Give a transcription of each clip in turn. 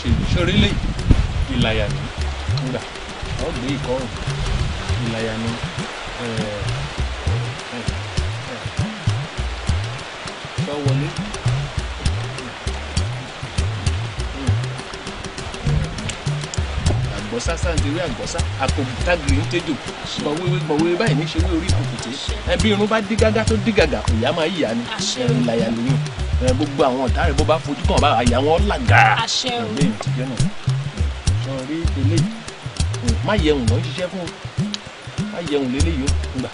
ṣe lè ṣe orílẹ̀ ìlàyà ní nígbà wọ́n gbé ìkọrùn ìlàyà ní fẹ́ wọlé. àgbọ̀sá sáńdéwé àgbọ̀sá àkòtágbé ń tẹ́jọ́ gbọ̀wéwé gbọ̀wéwé báyìí ní ṣe wé orí kùkùté ẹbí irun bá dí gágá tó dí gàgà kò máa yíyá ni ìlàyà lóyún gbogbo àwọn ọ̀tá bó bá fojú kàn bá àyà wọn làgà. àṣẹ o ọ̀rẹ́ ti jẹ́ náà sọ rí eléyìí má yẹun lọ ṣiṣẹ́ fún má yẹun lélẹ́yìí ó gbà.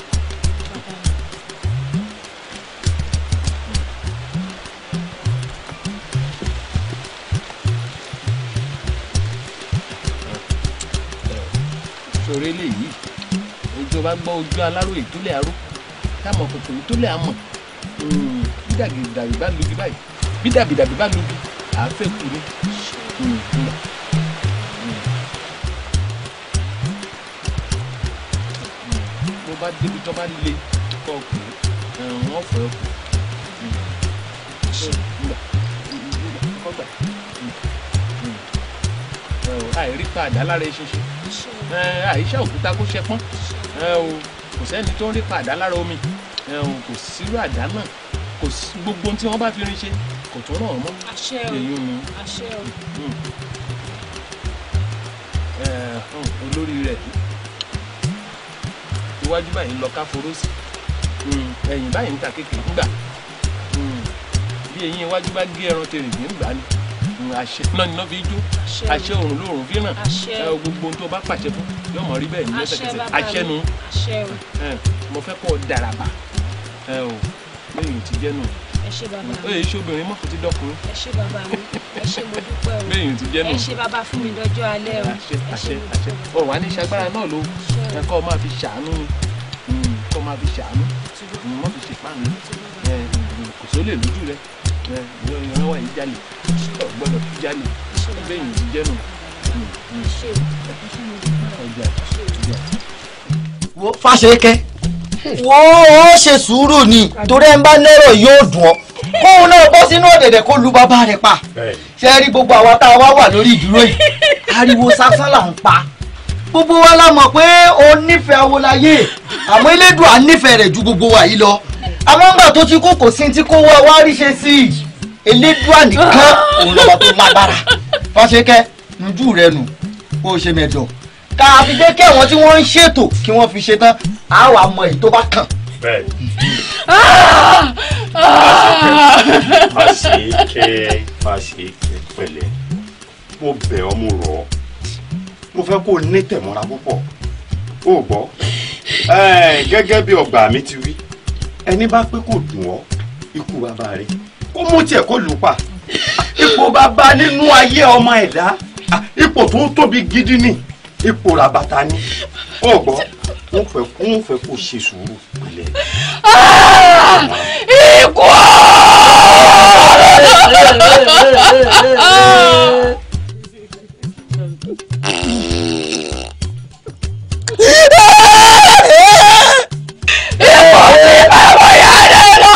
sọ̀rọ̀ eléyìí ojú ọba gbọ́ ojú aláròyé tó lè arú ká mọ̀ tó lè amọ̀ bí dàbìdàbì bá lójú báyìí bí dàbìdàbì bá lójú àáfẹ́ kù ní. mo bá débi tó bá le kọ́ ọkùnrin wọ́n fọ́ ẹ kù. àìrí pa àdá lára eṣinṣin àìṣe òkúta kó ṣe pọ́n kò sẹ́ni tó ń rí pa àdá lára omi kò sírú àdá náà kò sí gbogbo tí wọ́n bá fi rin ṣe kò tó náà mọ́ èyí mu hmm. hmm, olórí rẹ̀ iwájú báyìí lọ ká foró sí hmm, ẹ̀yìn báyìí ń ta kékeré ńgbà bí eyín iwájú bá gé ẹran tèrè ní ńgbà ni àṣẹ náà ni náà fi jó àṣẹ òrùn lóòrùn fi ràn gbogbo ohun tó bá pàṣẹ fún yóò mọ̀ rí bẹ́ẹ̀ ní ẹsẹ̀kẹsẹ̀ àṣẹ nu mo fẹ́ kọ́ daraba ẹ o lẹ́yìn ti jẹ́ nù. ẹ ṣé bàbá mi. oye iṣẹ́ obìnrin mọ́ kò ti dọ́kùnrin. ẹ ṣé bàbá mi ẹ ṣé mo dúpẹ́ o. lẹ́yìn ti jẹ́ nù. ẹ ṣé bàbá fún mi lọ́jọ́ alẹ́ o. àṣẹ àṣẹ àṣẹ ọ wà ní ìṣàgbára náà ló ẹ̀kọ́ máa fi ṣàánú ni hmm, kọ́ máa fi ṣàánú ni hmm, wọ́n fi ṣe páànù hmm, kò sólè lójú rẹ ìran wà yìí jalè gbọ́dọ̀ fi jalè lẹ́yìn ti jẹ́ nù. wo fáṣe kẹ́ wo ó ṣe sùúrù ni torí ẹ ń bá lẹ́rọ̀ yóò dùn ọ́ kóun náà bọ́ sínú ọ̀dẹ̀dẹ̀ kó lu bàbá rẹ̀ pa ṣe rí gbogbo àwa tá a wá wà lórí ìdúró yìí ariwo sásán là ń pa gbogbo wa la mọ̀ pé o nífẹ̀ẹ́ Awolaye àmọ́ elédùn à nífẹ̀ẹ́ rẹ̀ ju gbogbo wa yìí lọ àmọ́ ńgbà tó ti kó kò sí ti kó wá wá rí ṣe sí i elédùn ànìkan òun lọ́ba tó lágbára fàṣekẹ́ nujú rẹ nù kó o ṣe mẹ́jọ ká a fi jẹ́ kí àwọn tí wọ́n ń ṣètò kí wọ́n fi ṣe tán á wà mọ èyí tó bá kàn. bẹ́ẹ̀ ah! má ṣe kẹ́ má ṣe kẹ́ pẹ̀lẹ́ mo bẹ̀ ọ́ mo rọ̀ ọ́ mo fẹ́ kó o ní tẹ̀mọ́ra púpọ̀ o gbọ́ gẹ́gẹ́ bí ọgbà mi ti wí ẹni bá pé kò dùn ọ́ ikú bàbá rẹ̀ kó mú tiẹ̀ kó lù ú pa ipò bàbá nínú ayé ọmọ ẹ̀dá ipò tó tóbi gidi ni ipò rabata ni ó gbọ́ ń fẹ́ ń fẹ́ kó ṣe sùúrù pẹ̀lẹ́. ikú. ipò tí bàbá yára lọ.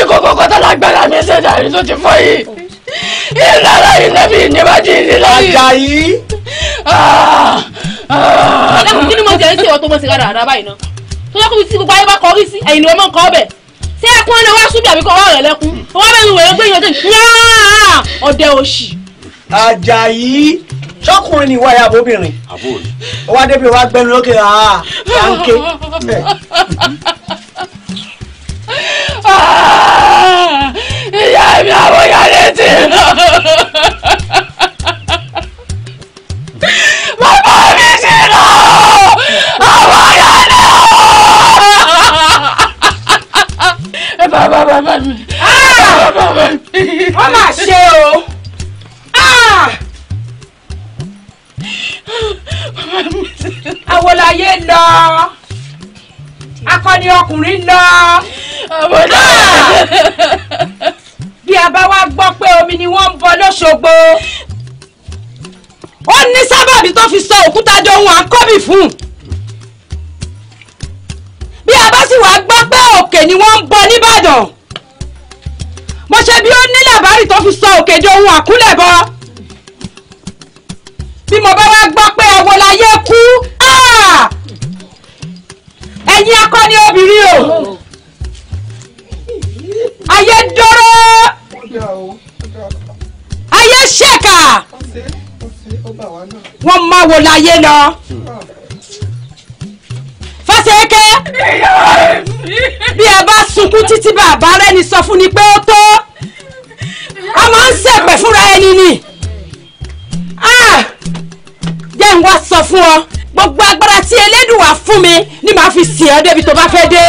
ikú kókó tó lágbára mi ṣe dàrí tó ti fọ́ yìí ìlànà ìlẹ́bí ìníbàjì ìlẹ́bí. Àjàyí. ọ̀dàkùn ah, ah. kí ni mo jẹ́ ẹ́ sí ìwọ tó mọ̀ sí rárá rárá báyìí náà tó yẹ kó fi sí gbogbo ayé bá kọrí sí ẹ̀yìn ló mọ̀ nǹkan ọbẹ̀ ṣé ẹkún ẹni wá súnbí àbíkọ ọwọ́ rẹ̀ lẹ́kún ọwọ́ bẹ́ẹ̀ ni wèrè gbé yọjọ́ yáà ọdẹ òṣì. Àjàyí sọkùnrin ni ìwà ẹ abóbìnrin wá débi ah, ìyá mi àwọn ìyá rẹ My bàbá mi ṣe lọ àwọn ọ̀yà lọ. ẹ bá bá bàbá mi. wọ́n máa ṣe o. awolaye lọ akọni ọkùnrin lọ. àbọ̀dá tí a bá wá gbọ́ pé omi ni wọ́n ń bọ lóṣogbo ó ní sábàbí tó fi sọ òkúta jọ ohun àkọ́bì fún bí a bá sì wá gbọ́ pé òkè ni wọ́n ń bọ nìbàdàn mo ṣe bí ó ní làbárì tó fi sọ òkè jọ ohun àkúlẹ̀ bọ bí mo bá wá gbọ́ pé ọwọ́ láyé kú ah! ẹ̀yin akọni obìnrin o ayé dọ́rọ̀ ayé ṣèkà wọ́n máa wò láyé lọ fásẹ̀kẹ́ bí ẹ bá sunkún títí bàbá rẹ ni sọ fún ni pé ó tó a máa ń ṣèpè fúnra ẹni ni ah! jẹ́ ń wá sọ fún ọ gbogbo agbára tí Elédùwà fún mi ni màá fi sìn ọ́ débi tó bá fẹ́ dé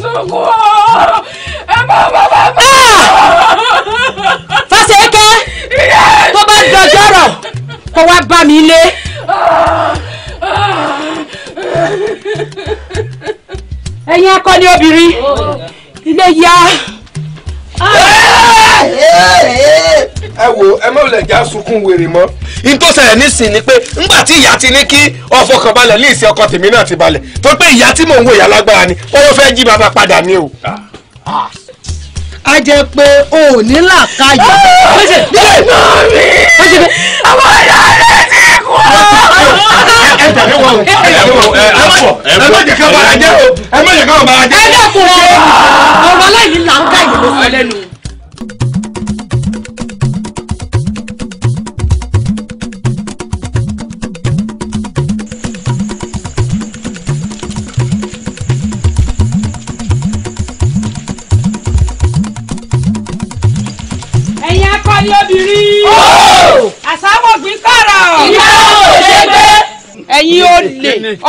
sunkún o ẹ bá bá bá bá. Ah! fásitì tó bá dọjọ́ rọ̀ kó wá bá mi lé. ẹ̀yin akọni obìnrin ilé ya. ẹ wo ẹ má wulẹ̀ já sunkún wèrè mọ́ n tó ṣẹlẹ̀ nísìn ni pé ńgbà tí ìyá ti ní kí ọfọ kan balẹ̀ ní ìsìn ọkọ tèmi náà ti balẹ̀ tó pé ìyá tí mò ń wo ìyá lágbára ni owó fẹ́ jí bàbá padà ni. o. a jẹ pé o ò ní làákàyè. ọ̀sẹ̀ náà mi àwọn ọ̀dọ́ rẹ̀ ti kú. ẹ tẹ̀lé wọn o ẹ tẹ̀lé wọn o ẹ pọ̀ ẹ má jẹ̀ ká bàrà jẹ́ o ẹ má jẹ̀ ká bàrà jẹ́ o. ẹ dẹ́kun ọ̀rọ̀ aláìní làákàyè ló sọ lẹ́nu.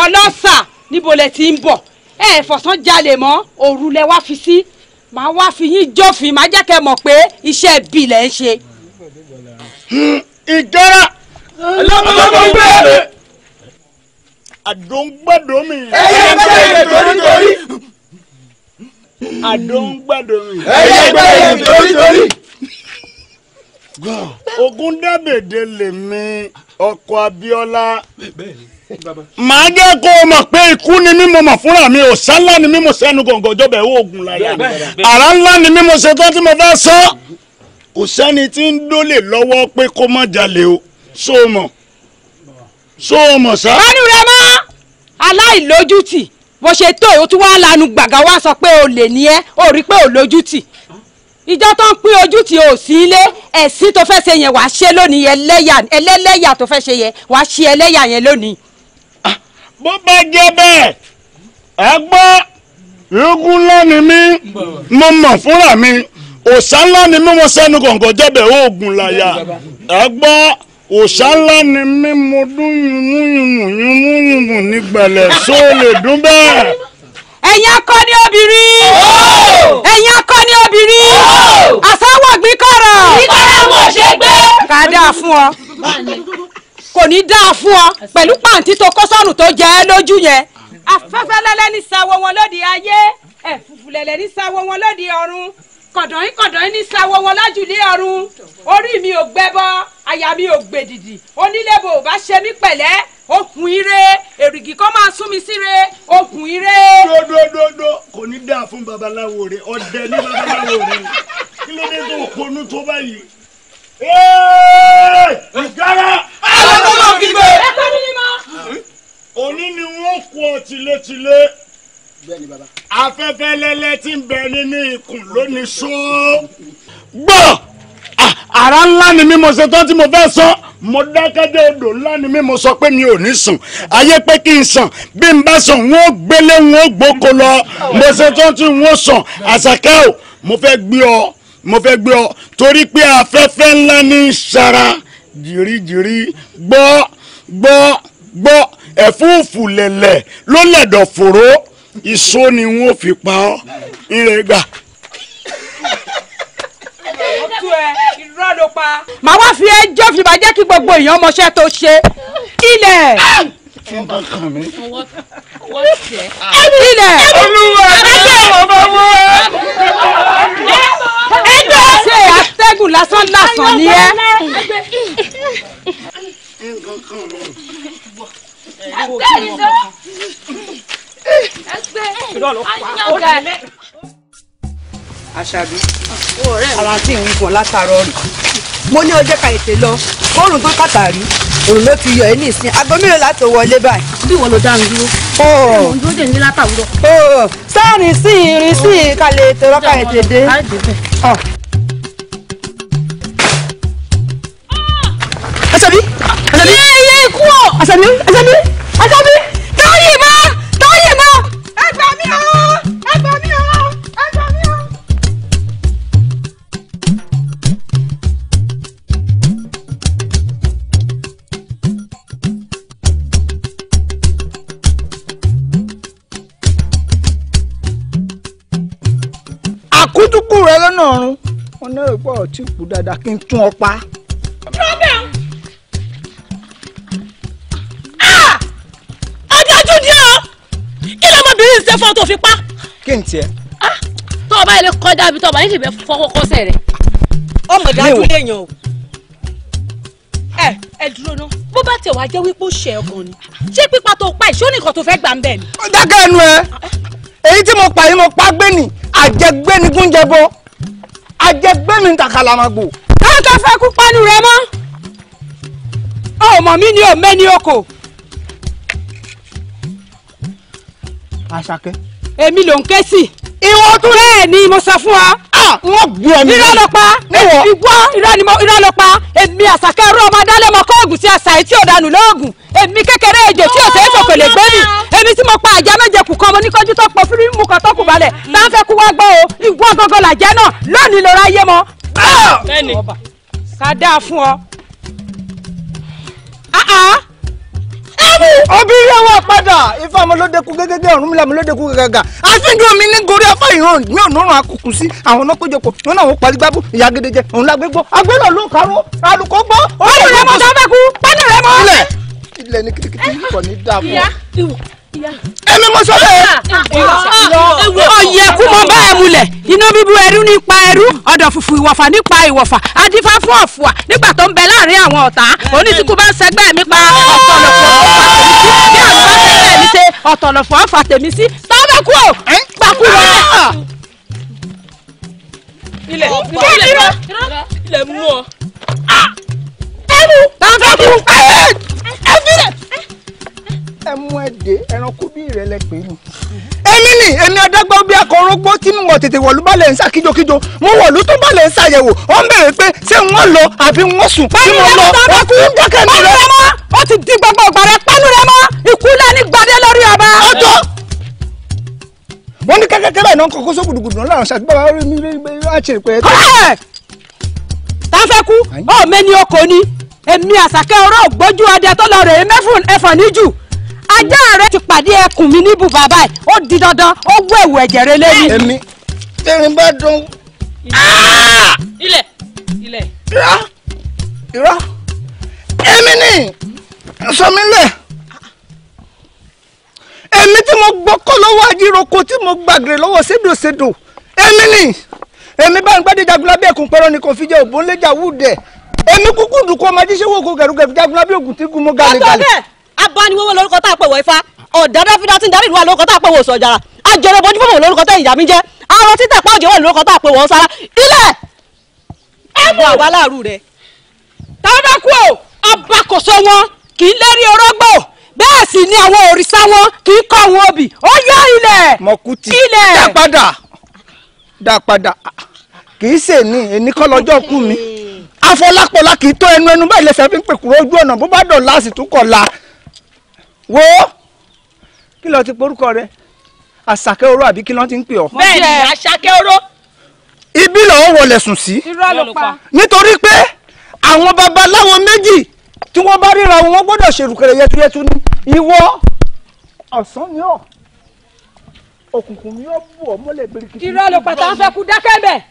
ọlọ́sà níbo lẹ ti ń bọ̀ ẹ fọ̀sán jalè mọ́ òru lẹ wá fi sí màá wá fi yín jófin màá jẹ́ kẹ́ mọ̀ pé iṣẹ́ bí lẹ ń ṣe. ìjọra lọ́mọdé bẹ́ẹ̀ àdóńgbàdó mi. ẹyẹ gbẹ́yẹ torítorí. àdóńgbàdó mi. ẹyẹ gbẹ́yẹ torítorí. Ògúndábèdé lèmi ọkọ Abíọ́lá. bẹ́ẹ̀ ni màá jẹ́ kó o mọ̀ pé ikú ni mí mo mọ̀ fúnra mi ò sálá ni mí mo sẹ́nu gọ̀ǹgọ̀ jọ́bẹ̀ oògùn láyà àrà ńlá ni mí mo ṣe tó tí mo fẹ́ sọ kò sẹ́ni tí ń dólè lọ́wọ́ pé kó má jalè o so mọ̀ so mọ̀ sá. bánú rẹ mọ aláìlójútì bó ṣe tó o tún wá lanu gbàgà wá sọ pé o lè ní ẹ o rí pé o lójútì ìjọ tó ń pín ojú tí sí ilé ẹ̀sìn tó fẹ́ ṣe yẹn wàá ṣe lónìí ẹlẹ́yà tó fẹ́ ṣe yẹn wàá ṣe ẹlẹ́yà yẹn lónìí bó bá jẹ́ bẹ́ẹ̀ ẹ gbọ́ irúgún ńlá ni mí mo mọ̀ fúnra mi òòṣà ńlá ni mí mo sẹ́nu kọ̀ǹkọ̀ jẹ́bẹ̀ oògùn làyà ẹ gbọ́ òòṣà ńlá ni mí mo dún yùmúyùmù yùmúyùmù ní gbẹ̀lẹ̀ só lè dún bẹ́ẹ̀. ẹ̀yin akọni obìnrin ẹ̀yin akọni obìnrin àsáwọ̀ gbín kí kọ́ra mo ṣe gbé. kàdá fún ọ kò ní dáa fún ọ pẹ̀lú pàǹtí tó kó sọ́rùn tó jẹ́ ẹ́ lójú yẹn. Mm-hmm. afẹ́fẹ́ lẹ́lẹ́ ní sáwọ́ wọn lóde ayé ẹ̀fùfù lẹ́lẹ́ ní sáwọ́ wọn lóde ọ̀run kọ̀dọ̀yìn kọ̀dọ̀yìn ní sáwọ́ wọn lájúlé ọ̀run orí mi ò gbẹ́bọ àyà mi ò gbèdìdì onílé bò bá ṣe mí pẹ̀lẹ́ okùn ire èrìgì kọ́ máa sún mi síre okùn ire. dódódódó kò ní dáa fún babaláwo rẹ ọdẹ ní babaláwo rẹ kí ló dé tó kọnu tó báyìí ìgárá. àwọn tó lọ kígbe. ẹgbẹ́ mi ni mọ́. òní ni wọ́n kú ọ tilétilé. bẹ́ẹ̀ni bàbá. afẹ́fẹ́ lẹ́lẹ́ tí ń bẹ nínú ikùn lónìí só. gbọ́ àrà ńlá ni mi mo ṣe tán tí mo fẹ́ sọ mo dákẹ́jẹ́ odò ńlá ni mi mo sọ pé mi ò ní sùn ayé pé kí n sàn bí n bá sùn n ó gbélé n ó gbóko lọ mo ṣe tán tí n ó sàn àṣàkẹ́ ò mo fẹ́ gbé ọ mo fẹ́ gbé ọ torí pé afẹ́fẹ́ ńlá ní í ṣara jìrìjìrì gbọ́ gbọ́ gbọ́ ẹ̀fúùfù lẹ̀lẹ̀ ló lẹ̀dọ̀ fòró ìṣó ni wọ́n fi pa ọ́ ìrẹ̀ gbà. màá wá fi ẹjọ́ fi bàjẹ́ kí gbogbo èèyàn mọṣẹ́ tó ṣe ilẹ̀ tí n bá kàn mí. ẹbílẹ̀ olúwa ẹgbẹ́ ọmọ wo. ẹjọ́ ṣe àtẹ́gùn lásán lásán ni ẹ. nǹkan kan lọ. ẹgbẹ́ ìjọ ẹgbẹ́ ayọ̀dà. Àṣàbí ara tí ń wọ̀ látàárọ̀ rẹ̀ mo ní ọjọ́ ka ètè lọ oòrùn tó kàtà òrùn ló fi yọ ẹ nísìn aago mélòó láti wọlé báyìí. bí ìwọ ló dá mi dúró. ooo dúró dè ní látàwúrọ. ooo sáàrin sí irin sí ìkàlẹ̀ ètò ọkà ètè dé. Àṣàbí Àṣàbí. ilé ikú o. Àṣàbí Àṣàbí Àṣàbí. lè pọ̀ tí kú dáadáa kí n tún ọ pa. Ah! ọ̀dájú ni ọ kí lọmọbìnrin ṣe fọ́ tó fi pa. kí n tiẹ̀. Ah! tó o bá ilé kọjá ibi tó o bá yín lè bẹ fọwọ́ kọsẹ̀ rẹ̀. ọmọ dájú lèèyàn o ẹ ẹ dúró ná bó bá tẹ̀ wá jẹ́ wípé ó ṣe ọkàn ni ṣé pípa tó pa ìṣó nìkan tó fẹ́ gbà ń bẹ̀ ni. ó dákẹ́ ẹnu ẹ èyí tí mo pa yìí mo pa gbé ni àjẹgbé gúnjẹ bó ajẹgbẹ́mi takala máa gbò. káàkiri fẹ́ kú panu rẹ mọ́ ọmọ mi ni ò mẹ́ni oko. àṣàkẹ́. èmi ló ń ké sí i ìwọ tún. bẹ́ẹ̀ ni mo sọ fún ọ. wọ́n gbé ọmọ irọ́ ló pa èmi irọ́ ni mo irọ́ ló pa èmi àṣàkẹ́ ọ̀rọ̀ ọmọ adálẹ̀ mọ kóògùn sí àṣà yìí tí ò dànù lóògùn èmi kékeré èjò tí ò sẹ́ sọ̀kò lè gbé mi èmi tí mo pa àjẹ́ méje kù kan mo ní kọjú tó pọ̀ fílí mú kan tó kù balẹ̀ mm. tá a fẹ́ kú wá gbọ́ o ìwọ gangan làjẹ́ náà lónìí lọ́ra yé mọ́. Ah! bẹ́ẹ̀ni ká dáa fún ọ. Ah, ah obìnrin àwọn àpadà ifá ọmọlódékun gẹ́gẹ́gẹ́ ọ̀run mi làmọlódékun gàgàgà àfihàn mi ní gorí afá ìran mi ò nọ́rùn akùnkùn sí àwọn ọ̀nà péjọpọ̀ wọn náà wọ́n parí gbábù ìyá gẹ́gẹ́jẹ òun lágbé gbọ́ agbọ́dọ̀ ló ń karùn alùkò gbọ́. ó lè mọ tó bẹ́ẹ̀ rẹ mọ́. ilẹ̀ ilẹ̀ ni kìtìkìtì yìí kò ní dáa fún èmi mo sọ bẹ́ẹ̀. ọ̀yẹ̀kú mo bá ẹ mulẹ̀ iná bíbú ẹrú nípa ẹrú ọ̀dọ̀ fùfù ìwọ̀fà nípa ìwọ̀fà adífá fún ọ̀fùà nígbà tó ń bẹ láàrin àwọn ọ̀tá onísìnkú bá ń sẹgbẹ́ mi pa ọ̀tọ̀lọ̀fọ̀ ọ̀fà tèmi sí bí àwọn bá sẹgbẹ́ mi ṣe ọ̀tọ̀lọ̀fọ̀ ọ̀fà tèmi sí tọ́wọ́ bá kú o gbàkú lọ. ilẹ̀ ilẹ̀ mú ọ. ẹrú bàbá kú tẹ́ mú ẹ dé ẹranko bí ìrẹ̀lẹ̀ pé ni. èmi ni èmi adágbọ́ bí akọrógbó tí mo tètè wọ̀lú balẹ̀ ń sá mo wọ̀lú tó balẹ̀ ń ṣàyẹ̀wò ó ń béèrè pé ṣé wọ́n lọ àbí wọ́n sùn tí mo lọ ó kú mi rẹ. ó ti di gbogbo ọgbà rẹ pẹ́lú rẹ mọ́ ìkúlẹ̀ ní gbadé lórí ọba. ọjọ́ wọ́n ní kẹ́kẹ́kẹ́ báyìí náà ń kọ́kọ́ sókùdùkùdù náà láwọn ṣàgbéyàwó ajá rẹ ti pàdé ẹkùn mi níbù bàbá ẹ ó di dandan ó wú ẹ̀wù ẹ̀jẹ̀ rẹ lẹ́yìn. èmi tẹ̀rín bá dùn. Ah! ilẹ̀ ilẹ̀. irọ́ irọ́ èmi ni sọmílẹ̀ èmi tí mo gbọ́kọ́ lọ́wọ́ ajíroko tí mo gbàgèrè lọ́wọ́ sédòsédò èmi ni èmi bá ń gbádé jagunlábí ẹkùn pẹrọ ni kò fi jẹ òbó ńlẹjà wúdẹ èmi kúkú dùn kó ọmọdé ṣé wò kó gẹrùgẹrù jagunlábí ògùn tí gun mọ gàlẹgàlẹ abániwọ́wọ́ lórúkọ tá a pè wọ ifá ọ̀dà dáfídá tí ń darí ìlú wa lórúkọ tá a pè wọ sọ̀jàrà àjọrò bojú fọ́mọ̀ lórúkọ tẹ̀ ìyá mi jẹ́ arọ títà pa òjò wọ̀ lórúkọ tá a pè wọ sára ilẹ̀ ẹ mú àwa láàrú rẹ. tàbá kú o abakòso wọn kì í lérí orógbò bẹ́ẹ̀ sì ni àwọn òrìṣà wọn kì í kọ́ wọn obì ó yá ilẹ̀ mọ̀kútì ilẹ̀ dá padà dá padà kì í ṣe ní ẹni kú mi afọlápọlá kì í tó ẹnu ẹnu báyìí lè fẹ́ fi ń pè kúrò ojú ọ̀nà bó bá dọ̀ láàsì tó kọ̀ la wo kí ló ti porúkọ rẹ àṣàkẹ́ oró àbí kí ló ti ń pè ọ́. bẹ́ẹ̀ni àṣàkẹ́ oró. ibi lọ́wọ́ wọlé sùn sí. irọ́ ló pa. nítorí pé àwọn babaláwo méjì tí wọ́n bá ríra wọn gbọ́dọ̀ ṣèrùkẹ̀rẹ̀ yẹtúyẹtú ni ìwọ ọ̀sán ni ọ́ òkùnkùn ni ó bù ọ́ mọ́lẹ̀ gbèrè kìkì. irọ́ ló tá a fẹ́ kú dákẹ́ bẹ́ẹ̀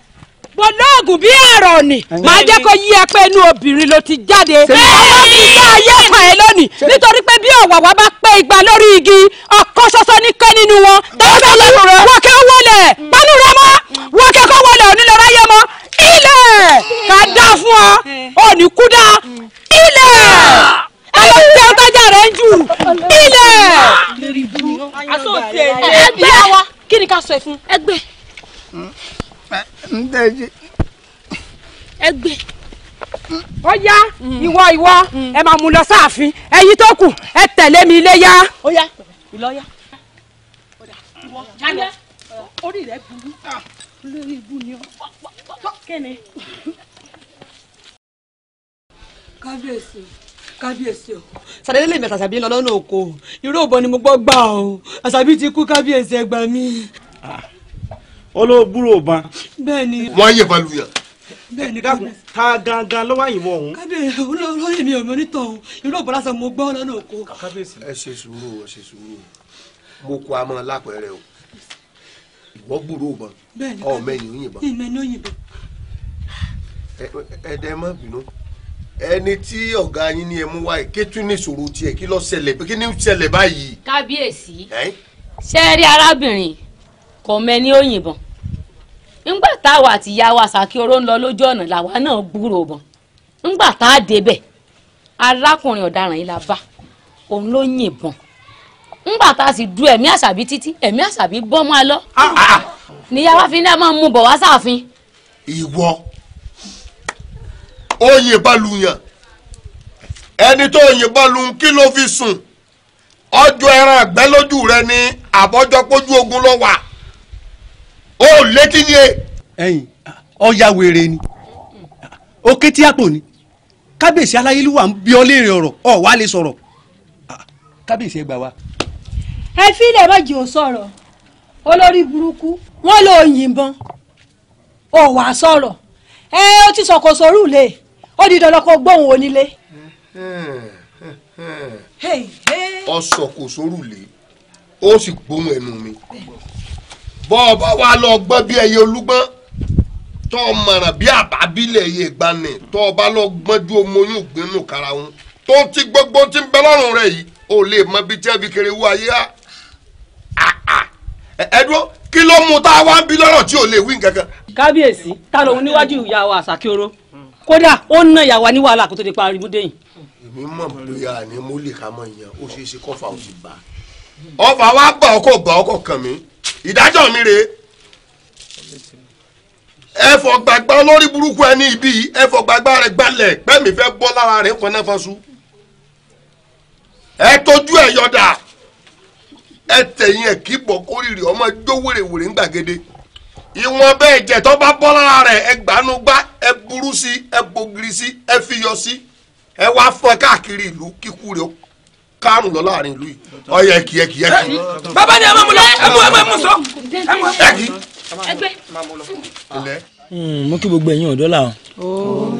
olóògùn bí ẹ̀rọ ni màá jẹ́ kó yí ẹ pé inú obìnrin ló ti jáde ọlọ́kùnrin ayé pa ẹ lónìí nítorí pé bí ọ̀wàwà bá pé igba lórí igi ọ̀kan ṣoṣo ní kẹ́ nínú wọn tẹ́lẹ̀ lọ́wọ́ wọ́kẹ́ wọlé pálú rẹ mọ́ wọ́kẹ́ kọ́ wọlé onílọ́rọ̀ ayé mọ́ ilẹ̀ ká dá fún ọ òní kú ilẹ̀ ẹ lọ sí ọtọ́jà rẹ jù ilẹ̀. aṣọ kí ni ká sọ ẹ̀ fún ẹgbẹ́. Hmm? ẹ gbé ó yá ìwọ ìwọ ẹ máa mú lọ sáàfin ẹyin tó kù ẹ tẹ̀lé mi ilé yá. ó yá ìlọ́yà ìwọ jálẹ̀ orí rẹ̀ burú ah. lórí ibú ni ọ kéne. kábíyèsí kábíyèsí o. sàdédé lè mẹ́ta sàbí lọ lọ́nà oko irú òbọ ni mo gbọ́ gbà o àṣàbí ti kú kábíyèsí ẹ gbà olóòbúrò ban. bẹ́ẹ̀ni. wọn á yẹ̀bọn lu yàn. bẹ́ẹ̀ni kábíyèsí. ta gangan ló wá yìnbọn ọ̀hún. kábíyèsí olóyè mi ò mọ onítọ̀ o irú ọ̀bọ̀ lásán mo gbọ́ lọ́nà oko. kábíyèsí. ẹ ṣe sùúrù ẹ ṣe sùúrù mo kó a lápẹẹrẹ o ìwọ gbúrò ban ọmọ ẹ̀yìn òyìnbọn. ìmẹ̀ni òyìnbọn. ẹ̀ẹ́dẹ̀ má bínú ẹni tí ọ̀gá yín ni ẹ mú wáyé kétú ní ìṣòro tiẹ̀ kí ló ṣẹlẹ̀ kí ni ó ṣẹlẹ̀ báyìí. kábíyèsí ṣe é rí arábìnrin kò ní ó yìnbọn ńgbà táwa àti ìyá wa ṣàkíoró ń lọ lójú ọ̀nà làwa náà gbúrò bọ̀ ńgbà tá a débẹ̀ arákùnrin ọ̀daràn yìí la bá òun ló yìnbọn ńgbà tá a sì du ẹ̀mí àṣàbí títí ẹ̀mí àṣàbí bọ́ mọ́ a ah, ah, ah. fi ní máa mú bọ̀ wá sáàfin. ìwọ oyè balùyàn ẹni tó oyè balùn kí ló fi sùn ọjọ́ ẹran àgbẹ̀ rẹ ni àbọ̀jọ́ pójú ogun ló wà. o létí ni e. ẹyin ọya wèrè ni òkè tí àpò ni kábíyèsí aláyélúwà ń bí ọ léèrè ọ̀rọ̀ ọ wàá lè sọ̀rọ̀ kábíyèsí ẹ gbà wá. ẹ fi ilẹ̀ méjì ò sọ̀rọ̀ olórí burúkú wọ́n lò yìnbọn ò wá sọ̀rọ̀ ẹ ó ti sọ̀kò lè ó di gbóhùn onílé. lè ó bọ́ọ̀bá wa lọ gbọ́n bí ẹyẹ olúgbọ́n tọ́ ọ mọ̀ràn bí àbábílẹ̀ ẹyẹ ìgbani tọ́ ọ bá lọ gbọ́n ju omoyún gbinú kara wọn tó ti gbogbo ti ń bẹ lọ́rùn rẹ̀ yìí ó lè mọ bí tí fi kiri wú ayé á ẹdúró kí ló mú tá a wá ń bí lọ́rọ̀ tí ò lè wí nǹkan kan. kábíyèsí ta lòun níwájú ìyàwó àṣàkíoro kódà ó ń ná ìyàwó ní wàhálà kó tó di parí múdéyìn. èmi mọ̀ bóyá àní mo lè ka mọ ìyàn ó ṣeé ṣe kọ́fà ò sì bá ọfà wa gbà ọkọ̀ bá ọkọ̀ kàn mí ìdájọ́ mi rèé ẹfọ gbàgbà olórí burúkú ẹni ibi ẹfọ gbàgbà rẹ gbalẹ pẹmí fẹ bọ lára rẹ kàn náà fasu ẹ tójú ẹ yọdà ẹ tẹ̀yìn ẹ kí bọ kórìrì ọmọ jó wèrèwèrè ń gbàgede ìwọn bẹ́ẹ̀ jẹ tó bá bọ lára rẹ ẹ gbanú gbá ẹ burú sí ẹ bògiri sí ẹ fiyọ sí ẹ wá fọ káàkiri ìlú kíkú rẹ ó karùn lọ láàrin ìlú yìí ọyẹ ẹkì ẹkì ẹkì. bàbá ni ẹ máa mú lọ ẹ mú ẹ máa mú sọ ẹ mú ẹkì. ẹgbẹ́ ilẹ̀. mo kí gbogbo ẹ̀yin ọ̀dọ́ la o.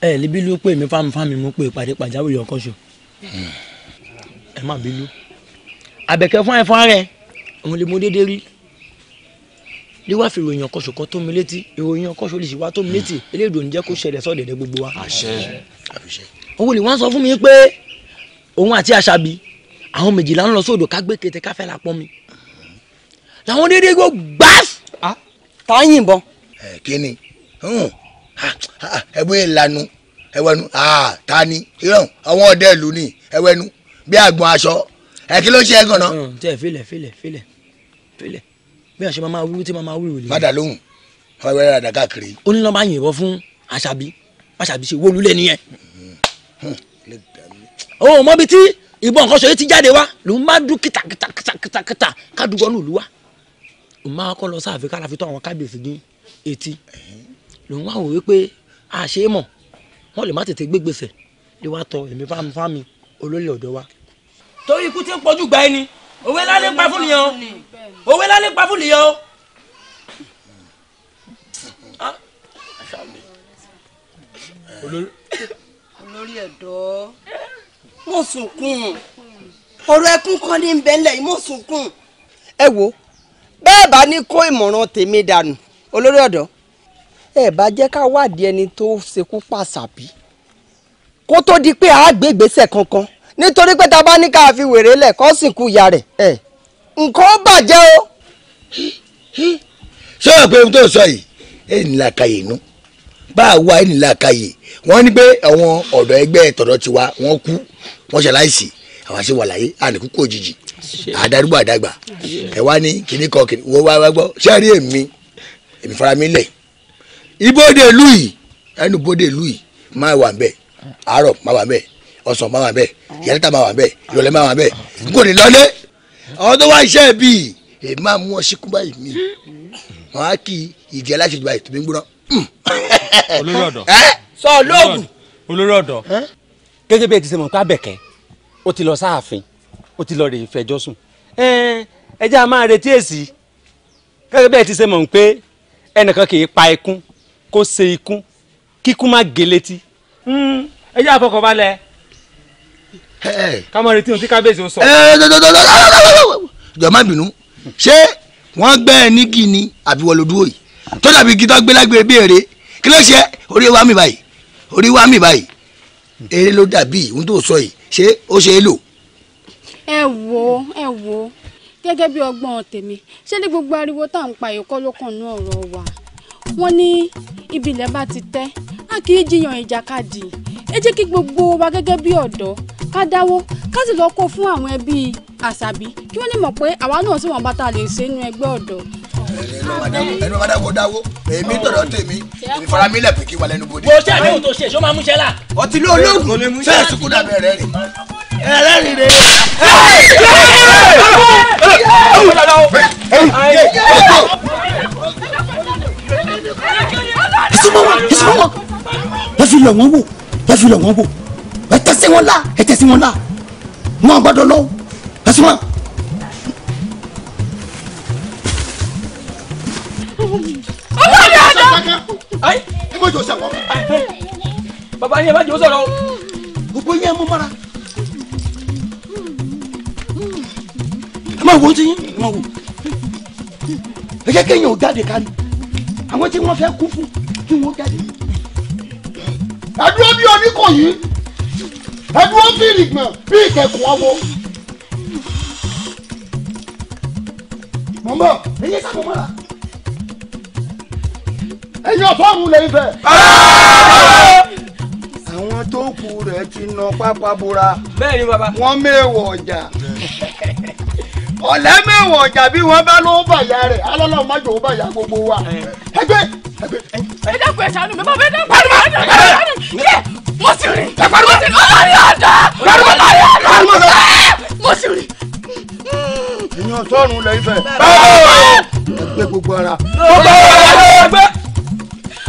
ẹ ẹ libi ló pè mí fámifámi mo pè ìpàdé pàjáwìrì ọkọ ṣo ẹ má bí lú. àbẹ̀kẹ́ fún ẹ fún ara ẹ òun lè mú déédéé rí ní wàá fi ìròyìn ọkọṣù kan tó mi létí ìròyìn ọkọṣù lè ṣe wá tó mi létí eléyìí ò ní jẹ́ kó ṣẹlẹ̀ sọ́dẹ̀dẹ̀ gbogbo wa. àṣẹ àfiṣẹ. owó ni sọ fún mi pé òun àti àṣàbí àwọn méjìlá ń lọ sódò ká gbé kété ká fẹ́ la pọ́n mi làwọn dédé gbó gbáf. Ah, ta ń yìnbọn. ẹ kí ni ẹbú ìlànà ẹwẹnu ah, ta ni àwọn ọdẹ ìlú ni ẹwẹnu bí àgbọn aṣọ ẹ kí ló ṣe é gànà. tẹ ẹ filẹ filẹ filẹ filẹ bí àṣẹ máa wúwo tí máa máa wúwo lè. lóhùn ọ̀rẹ́ rẹ̀ dàgá kiri. ó ní lọ́ọ́ máa yìnbọn fún àṣàbí àṣàbí ṣe wólulẹ̀ nìyẹn o mọ bi tí ìbọn nǹkan ṣòye ti jáde wá lòun máa dún kìtà kìtà kìtà kìtà kìtà kádùgbọ́ ní ìlú wa òun máa kọ́ lọ sáàfin kára fi tó àwọn kábíyèsí ní etí lòun wá wò wípé àṣé mọ̀ wọ́n lè má tètè gbé gbèsè lè wá tọ èmi fámi fámi olólè ọ̀dọ́ wa. torí ikú tí ń pọ̀jù gba ẹni òwe lálé pa fún nìyẹn o òwe lálé pa fún nìyẹn o. olórí ẹ̀dọ́. mo sunkún ọ̀rọ̀ ẹkún kan ní bẹ́lẹ̀ yìí mo sunkún. ẹ wo bẹ́ẹ̀ bá ní kó ìmọ̀ràn tèmi dànù olórí ọ̀dọ́ ẹ bá jẹ́ ká wádìí ẹni tó ṣekú pàṣàbí kó tó di pé a kankan nítorí pé ta ní ká fi wèrè lẹ̀ kó sìnkú ìyá rẹ̀ ẹ̀ nǹkan bàjẹ́ o. ṣé o tó sọ yìí èyí ni làkàyè nù. bá a wá ìnìlá kàyè wọ́n ní pé àwọn ọ̀dọ́ ẹgbẹ́ tọ̀dọ̀ tiwa wọ́n kú wọ́n ṣaláìsì àwọn àṣẹ wà láyé àníkú kò jìjì àdárúgbò àdàgbà ẹ wá ní kíní kan kíní wọ́n wá wá gbọ́ sẹ́rí èmi èmi fara mi lẹ̀ ibodè ìlú yìí ẹnu bodè ìlú yìí máa wà bẹ́ẹ̀ àárọ̀ máa wà bẹ́ẹ̀ ọ̀sán máa wà bẹ́ẹ̀ yẹlẹ́ta máa wà bẹ́ẹ̀ ìrọ̀lẹ́ máa wà bẹ́ẹ̀ n kò ní lọ́lé àwọn tó wá iṣẹ́ bíi èmi máa mú ọ síkú báyìí mi wọn á kí ìdí aláṣẹ ìjọba ètò mi gbúná olórí ọ̀dọ́ sọ olóògùn olórí ọ̀dọ́ gẹ́gẹ́ bí ẹ ti ṣe mọ̀ pé abẹ́kẹ́ ó ti lọ sáàfin ó ti lọ rè fẹjọ́ sùn ẹ jẹ́ a máa retí èsì gẹ́gẹ́ bí ẹ ti ṣe mọ̀ pé ẹnìkan kì í pa ikún kó ṣe ikún kíkún má gé létí ẹ jẹ́ àfọkànbalẹ̀ ká máa retí ohun tí kábíyèsí ó sọ. jọ̀ọ́ má bínú ṣé wọ́n gbẹ́ ẹ nígì ni àbí wọ́n lo dúró yìí tó dàbí gidá gbélágbé bí èrè kí ló ṣe orí wa mi báyìí orí wa mi báyìí eré ló dàbí ohun tó sọ yìí ṣé ó ṣe é lò. ẹ wo ẹ wo gẹ́gẹ́ bí ọgbọ́n tèmi ṣé ní gbogbo ariwo tá à ń pa ìkọ́ ló kàn ní ọ̀rọ̀ wa wọ́n ní ibi ilẹ̀ bá ti tẹ́ a kì í jiyàn ìjàkadì ẹ jẹ́ kí gbogbo wa gẹ́gẹ́ bí ọ̀dọ́ ká dáwó ká sì lọ kó fún àwọn ẹbí àṣàbí kí wọ́n lè mọ̀ pé àwa náà sì wọ́n bá ta lè ṣe nínú ẹgbẹ́ ọ̀dọ́ ẹnu mọ́dá kò dáwó èmi tọ̀dọ̀ tèmi èmi fara mi lẹ́pẹ̀ kí wà lẹ́nu bòde. mo ṣe àdéhùn tó ṣe ṣó máa mú ṣẹ́ là. ọtí ló lóògùn fẹ́ẹ̀ sùkúrú abẹ́ rẹ̀ rè ẹ̀rẹ́ rì rè. ìsúnmọ́ wọn ìsúnmọ́ wọn wọ́n fi lọ̀ wọ́n wò wọ́n fi lọ̀ wọ́n wò ẹ tẹ̀sí wọn la ẹ tẹ̀sí wọn la wọn gbọ́dọ̀ lọ ẹ súnmọ́. ọlọ́ọ̀dẹ ọ̀dọ́. ẹ bọ́jọ sẹ́wọ̀n. bàbá yẹn bá jẹ́ sọ̀rọ̀ o. gbogbo yẹn mú mọ́ra. ẹ máa wo ti yín ẹ máa wo. ẹ jẹ́ kéèyàn ò jáde ká ní. àwọn tí wọ́n fẹ́ kú fún kí wọ́n jáde. ẹ̀dúró bí Oníkòyí ẹ̀dúró bí ìrìgbọ̀n bí ìkẹ̀kùn ọwọ́. mọ̀mọ́ ẹ̀yẹ sábà mọ́ra ẹ̀yin ọ̀fọ́ọ̀mù lè fẹ́. àwọn tó kù rẹ̀ ti nà pápá bora. bẹ́ẹ̀ ni bàbá. wọ́n mẹ́wọ̀ ọjà. ọ̀lẹ́ mẹ́wọ̀ ọjà bí wọ́n bá ló bàyà rẹ̀ alọ́lọ́ má jòwó bàyà gbogbo wa. ẹgbẹ́ ẹgbẹ́. ẹ dákun ẹ ṣàánú mi bá bẹ dákun ẹ dákun ẹ dákun yẹ mo sì rìn. ẹ pariwo mo sì rìn ọlọ́ọ̀ni ọ̀dọ́ ọlọ́ọ̀ni ọ̀dọ́ mo sì rìn. ẹ̀yin ọ̀sọ́run lẹ́yìn fẹ́. ẹgbẹ́ gbogbo ara. gbogbo ara ẹgbẹ́.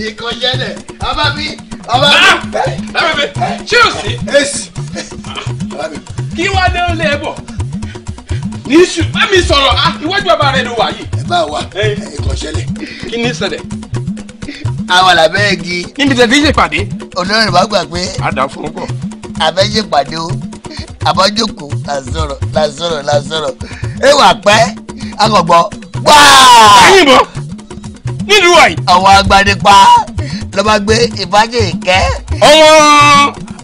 nìkan Abami, Abami, mi ọba mi. bàbá mi ṣé o sí. èsì. kí wàá dé ó lé e bọ̀ níṣu bá mi sọ̀rọ̀ ah, iwájú bàbá rẹ ló wà yìí. ẹ bá wa nǹkan ṣẹlẹ̀. kí ni ṣẹlẹ̀. àwọn làbẹ́ igi. níbi tẹ̀ fi ṣe pàdé. olórin bá gbà pé. a dà fún un kọ. àbẹ́ ṣe pàdé o àbájókòó la sọ̀rọ̀ la sọ̀rọ̀ la sọ̀rọ̀ ẹ wà pẹ́ akọ̀gbọ́ gbáà. ẹyin bọ́ nílùú àyè. àwọn agbanipa ló máa gbé ìbájẹ́ ìkẹ́. ọmọ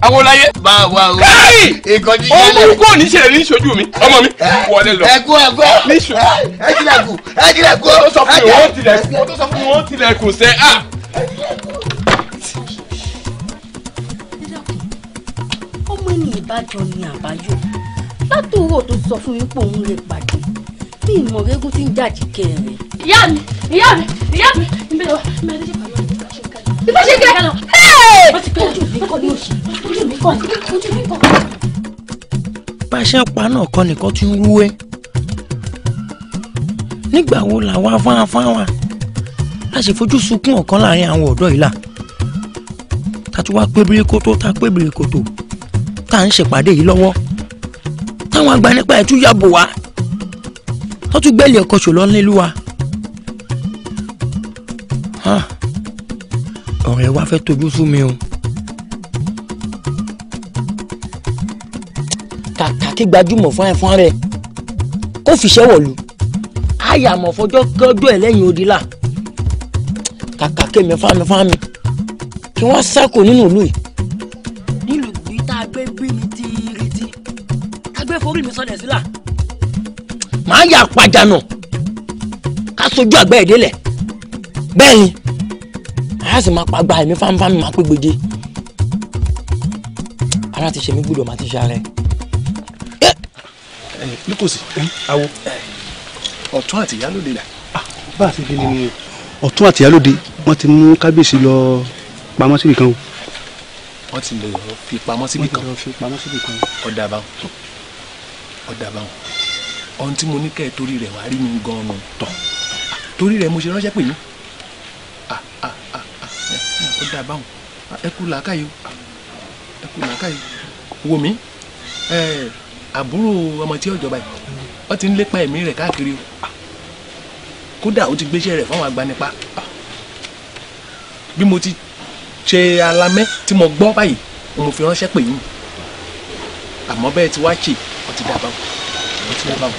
awolaye. báwo awo. káyì ìkọjú yẹlẹ. ọmọ kò ní ṣe rí ìṣojú mi ọmọ mi wọlé lọ. ẹkú ẹkú níṣu. ẹkílẹ̀kù ẹkílẹ̀kù. ó sọ fún mi wọ́n tilẹ̀kù ó sọ fún mi wọ́n tilẹ̀kù sẹ́ à. Ah! ọmọ ẹni ìbájọ ni àbáyọ látòwò tó sọ fún mi pé òun lè pàdé bí ìmọ̀ eégún ti ń jàjì kẹrin. ìyá mi ìyá mi ìyá mi ìbẹ̀rẹ̀ wa ìbẹ̀rẹ̀ ṣe pàlọ́ ìbá ṣe kẹ́ ojú mi kọ́ ní oṣù ojú mi kọ́ ojú mi kọ́. bá a ṣe pa náà kọ́ nìkan ti ń wú ẹ́ nígbà wo làwọn afáfáwa a sì fojú sunkún ọ̀kan láàrin àwọn ọ̀dọ́ yìí là ta tún wá pébìrì kótó ta pébìrì kótó tá ń ṣèpàdé yìí lọ́wọ́ táwọn agbanipa ẹ̀ tún yà wá wọ́n tún gbẹ́lẹ̀ ọkọ̀ ṣòlọ́ nílùú wa. ọ̀rẹ́ wa fẹ́ tójú fún mi o. kàkà kí gbajúmọ̀ fún ẹ̀fọn rẹ̀ kó fìṣẹ́ wọ̀lú àyàmọ̀ fọjọ́ kọjọ́ ẹ̀ lẹ́yìn odi là kàkà kémi fámifámi kí wọ́n sẹ́kù nínú ìlú yìí. nílùú gbé tá a gbé bí mi tí rí tí a gbé forí mi sọ̀dẹ̀ sílà màá yà pàjánù ká sojú àgbẹ̀ ìdílẹ̀ bẹ́ẹ̀ ni a sì máa pàgbà ẹ̀mí fáńfáńmí máa pé gbèje ara ti ṣe mí gbúdọ̀ máa ti ṣe ara ẹ̀. ẹ ẹ lukosi awo ọ̀tún àti ìyálòde là ah, bá a ti délé ni ọ̀tún àti ìyálòde wọ́n ti mú kábíyèsí lọ pamọ́ síbi kan o. wọ́n ti lọ fi pamọ́ síbi kan ọ̀dà báwọn ọ̀dà báwọn ọ̀n tí mo ní kẹ́ ẹ̀ torí rẹ̀ wá rí mi gan-an tọ̀ torí rẹ̀ mo ṣe ránṣẹ́ pè yín ó dáa báwọn ẹ kú làákàyè o ẹ kú làákàyè o wò mí àbúrò ọmọ tí ọjọba yìí wọ́n ti ń lépa ẹ̀mí rẹ̀ káàkiri o kódà ó ti gbéṣẹ́ rẹ̀ fáwọn agbanipa bí mo ti ṣe alamẹ́ tí mo gbọ́ báyìí mo fi ránṣẹ́ pè yín àmọ́ bẹ́ẹ̀ ti wá ṣe ó dáa báwọn ọtí ẹ bá wọ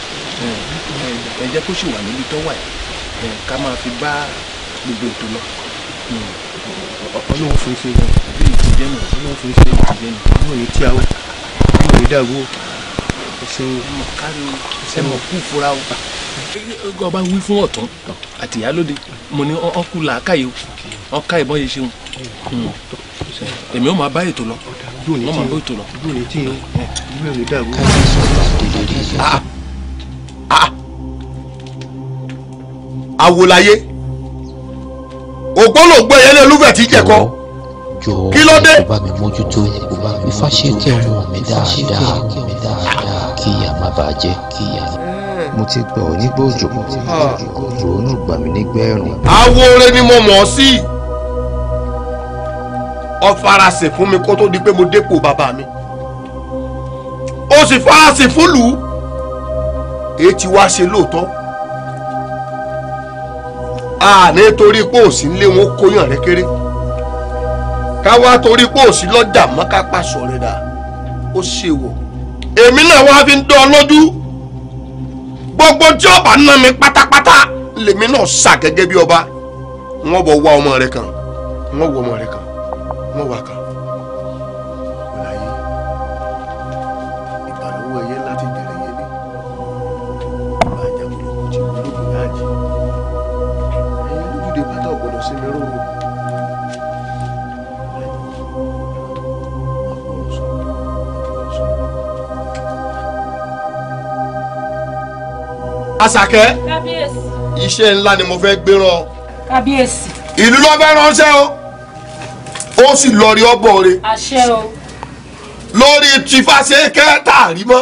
ẹ jẹ́ kó sì wà níbi tó wà yìí eh, ká máa fi bá gbogbo ètò lọ ọlọ́run fún ife gan bí ètò jẹ́ nù ọlọ́run fún ife ètò jẹ́ nù ọmọ yìí tí a wọ ọmọ yìí dàgbò ẹsẹ̀ ọmọ kárí o ẹsẹ̀ mọ̀ kú fura o. ọba wí fún ọ̀tún àti ìyálóde mo ní ọkù làákàyè o ọkà ìbọn yìí ṣeun èmi hmm. ò máa bá ètò lọ wọn máa bá ètò lọ. ìlú ò ní eh. dàgbò awolaye ògbólógbó ẹyẹlé olúfẹ tí jẹkọ kí ló dé. jọ̀ọ́ bá ṣe kí ọmọ mi dáadáa kí ìyá má bàa jẹ hmm. mo ti gbà ọ́ nígbà òjò gbà mí nígbà awo oore ni mo mọ̀ ọ́ sí ọ̀farasẹ̀ fún mi kó tó di pé mo dépò bàbá mi sì farasin fúlù èyí tí wá ṣe lóòótọ́ àní torí pé òsì ńlé wọn kóyàn rẹ kéré káwá torí pé òsì lọ́jà mọ́ ká pàṣọ rẹ̀ dà ó ṣe wọ̀ èmi náà wá fi ń dán ọ lójú gbogbo tí ọba ná mi pátápátá lèmi náà sà gẹ́gẹ́ bí ọba wọ́n bọ̀ wá ọmọ rẹ̀ kan wọ́n wọ ọmọ rẹ̀ kan wọ́n wà kan. àṣàkẹ́ iṣẹ́ ńlá ni mo fẹ́ gbé rán kábíyèsí ìlú ló fẹ́ ránṣẹ́ o ó sì lọ rí ọbọ̀ rẹ̀ àṣẹ o lórí tìfàṣẹ kẹta rí mọ́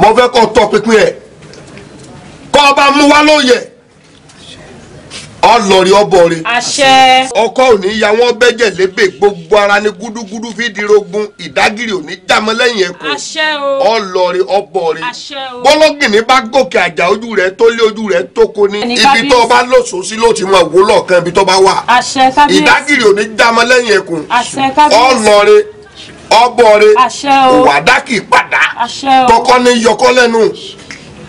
mo fẹ́ kó tọpinpin ẹ̀ kó o bá mú wá lóye ọlọrin ọbọrin ọkọ òní ya wọn bẹjẹ lébè gbogbo ara ní gúdúgúdú fi di rogun ìdágìrì òní jàmọ lẹ́yìn ẹkùn ọlọrin ọbọrin bọlọgìnì bá gòkè àjà ojú rẹ tó lé ojú rẹ tó ko ní ibi tó bá lòsò sí ló ti mọ òwúlọ kan ibi tó bá wà ìdágìrì òní jàmọ lẹ́yìn ẹkùn ọlọrin ọbọrin wàdákì padà tọkọ ní yọkọ lẹ́nu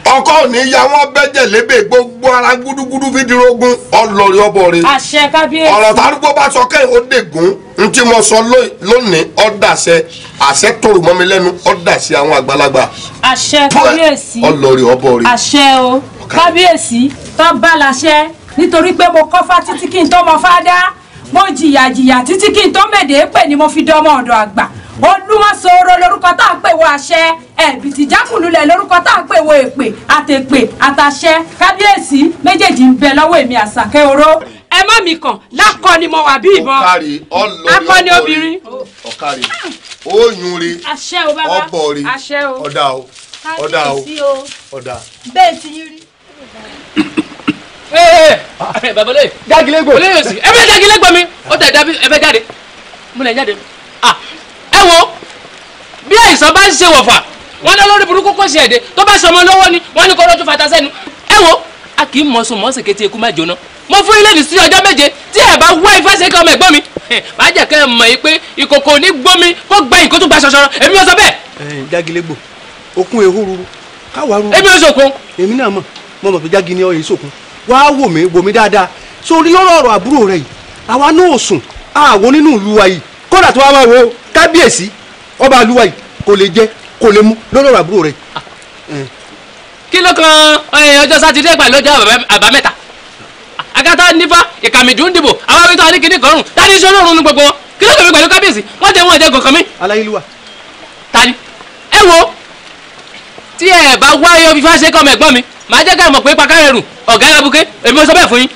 ọkọ òní ya wọn bẹjẹ lébè gbogbo ara gúdúgúdú fi dirogun ọlọrin ọbọrin àṣẹ kábíyèsí ọ̀rọ̀ tárúgbó bá sọ kẹ́hìn ó dègún n tí mo sọ lónìí ọ̀dàṣẹ àṣẹ tòrò mọ́ mi lẹ́nu ọ̀dàṣẹ àwọn àgbàlagbà àṣẹ kábíyèsí àṣẹ o kábíyèsí tó bá láṣẹ nítorí pé mo kọ́ fá títí kí n tó mọ fá dá mo jìyà jìyà títí kí n tó mẹ̀dẹ́ pè ni mo fi dọ́mọ ọ̀dọ̀ àgbà olúmọ̀sọ̀rọ̀ lórúkọ tá à ń pè wọ àṣẹ ẹ̀bìtìjákùnlulẹ̀ lórúkọ tá à ń pè wọ èpè àtèpè àtàṣẹ kábíyèsí méjèèjì ń bẹ lọ́wọ́ èmi àṣàkẹ́ oró ẹ má mi kàn lákọni mo wà bí ìbọn akọni obìnrin. ọ̀kàrí oyún rí ọbọ̀ rí ọ̀dà o ọ̀dà o ọ̀dà. bẹ́ẹ̀ ti yín rí. ee bàbá olóyè jágilégbò olóyè òsì ẹ bẹ jágilégbò mi ó tẹ ẹ bẹ jáde mo lè jáde ah ẹ wo bí àìsàn bá ń ṣe wọ̀fà wọn lọ lórí burúkú kò ṣe tó bá ṣọmọ lọ́wọ́ ni wọn ní kó lọ́jọ́ fata sẹ́nu ẹ wo a kì í mọ̀sùn mọ̀sùn kété ikú má jóná mo fún ilé ní sí ọjọ́ méje tí ẹ bá wá ifá ṣe ọmọ ẹ̀gbọ́n mi má jẹ́ kẹ́ ẹ mọ̀ yìí pé ìkòkò ní gbómi kó gbẹ̀yìn kó gba ṣọṣọrọ èmi ò sọ ruru. èmi ò èmi náà mo pé ni ọyẹ wò mí rẹ yìí àwa náà sùn ìlú wa yìí kábíyèsí ọba àlùwà yìí kò lè jẹ kò lè mú lọ́lọ́rọ̀ àbúrò rẹ. kí ló kan ọjọ́ sátidé pàlú ọjọ́ àbámẹ́ta akátá nífa ìkàmìdún dìbò àwọn abẹ́tọ́ adékiní kọrùn tani iṣẹ́ ọlọ́run ní gbogbo kí ló kàn mí pẹ̀lú kábíyèsí wọ́n jẹ́ wọn jẹ́ gọ̀kan mi. aláyélúwà. tani ẹ wo tí ẹ bá wáyé omi fáṣẹ kọ́ ọmọ ẹ̀gbọ́n mi màá jẹ́ ká mọ̀ pé pakárẹ̀ rù ọ̀gá alábùké èmi ò sọ bẹ́ẹ̀ fún yín.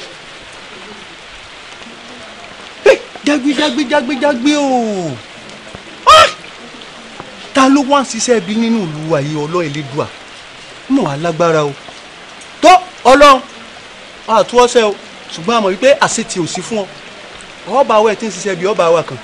jágbé jágbé jágbé jágbé ooo. Ah! ta ló wá ń ṣiṣẹ́ bí nínú ìlú wa yìí ọlọ́ ẹlẹ́dùà mọ̀ wá lágbára o tó ọlọ́run àtúwọ́sẹ́ o ṣùgbọ́n àmọ̀ wípé àṣetì ò sí fún ọ ọba wa ẹ̀ tí ń ṣiṣẹ́ bí ọba wa kan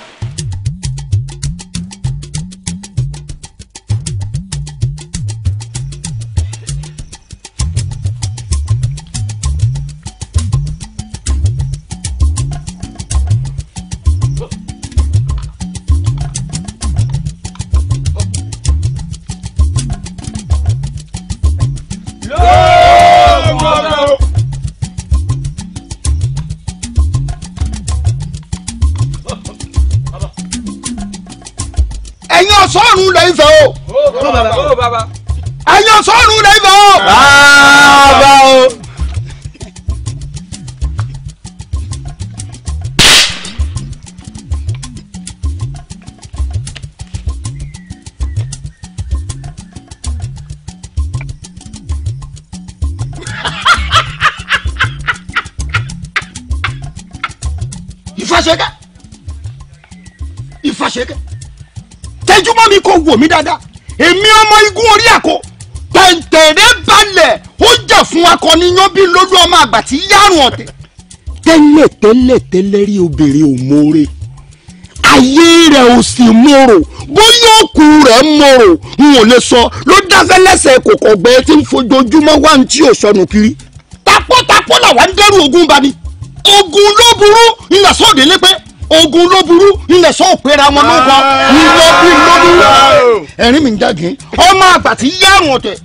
wọn tẹ. tẹ́lẹ̀ tẹ́lẹ̀ tẹ́lẹ̀ rí obìnrin ò mọ̀ọ́rẹ́ ayé rẹ̀ ò sì mòrò bóyá òkú rẹ̀ mòrò n ò lè sọ ló dáfẹ́ lẹ́sẹ̀ kòkò ọ̀gbẹ́ tí ń fojoojúmọ́ wá ní tí ò sọnù kiri tapọ́tapọ́ làwa ń dẹ́rù ogun bá mi ogun ló burú ilẹ̀ sọ́ọ̀dẹ̀ lé pé ogun ló burú ilẹ̀ sọ́ọ̀ pera wọn ló kọ ìlọ bí ló burú ẹ̀rín mi ń jágin ọmọ àgbà tí yá àwọn ọ̀tẹ̀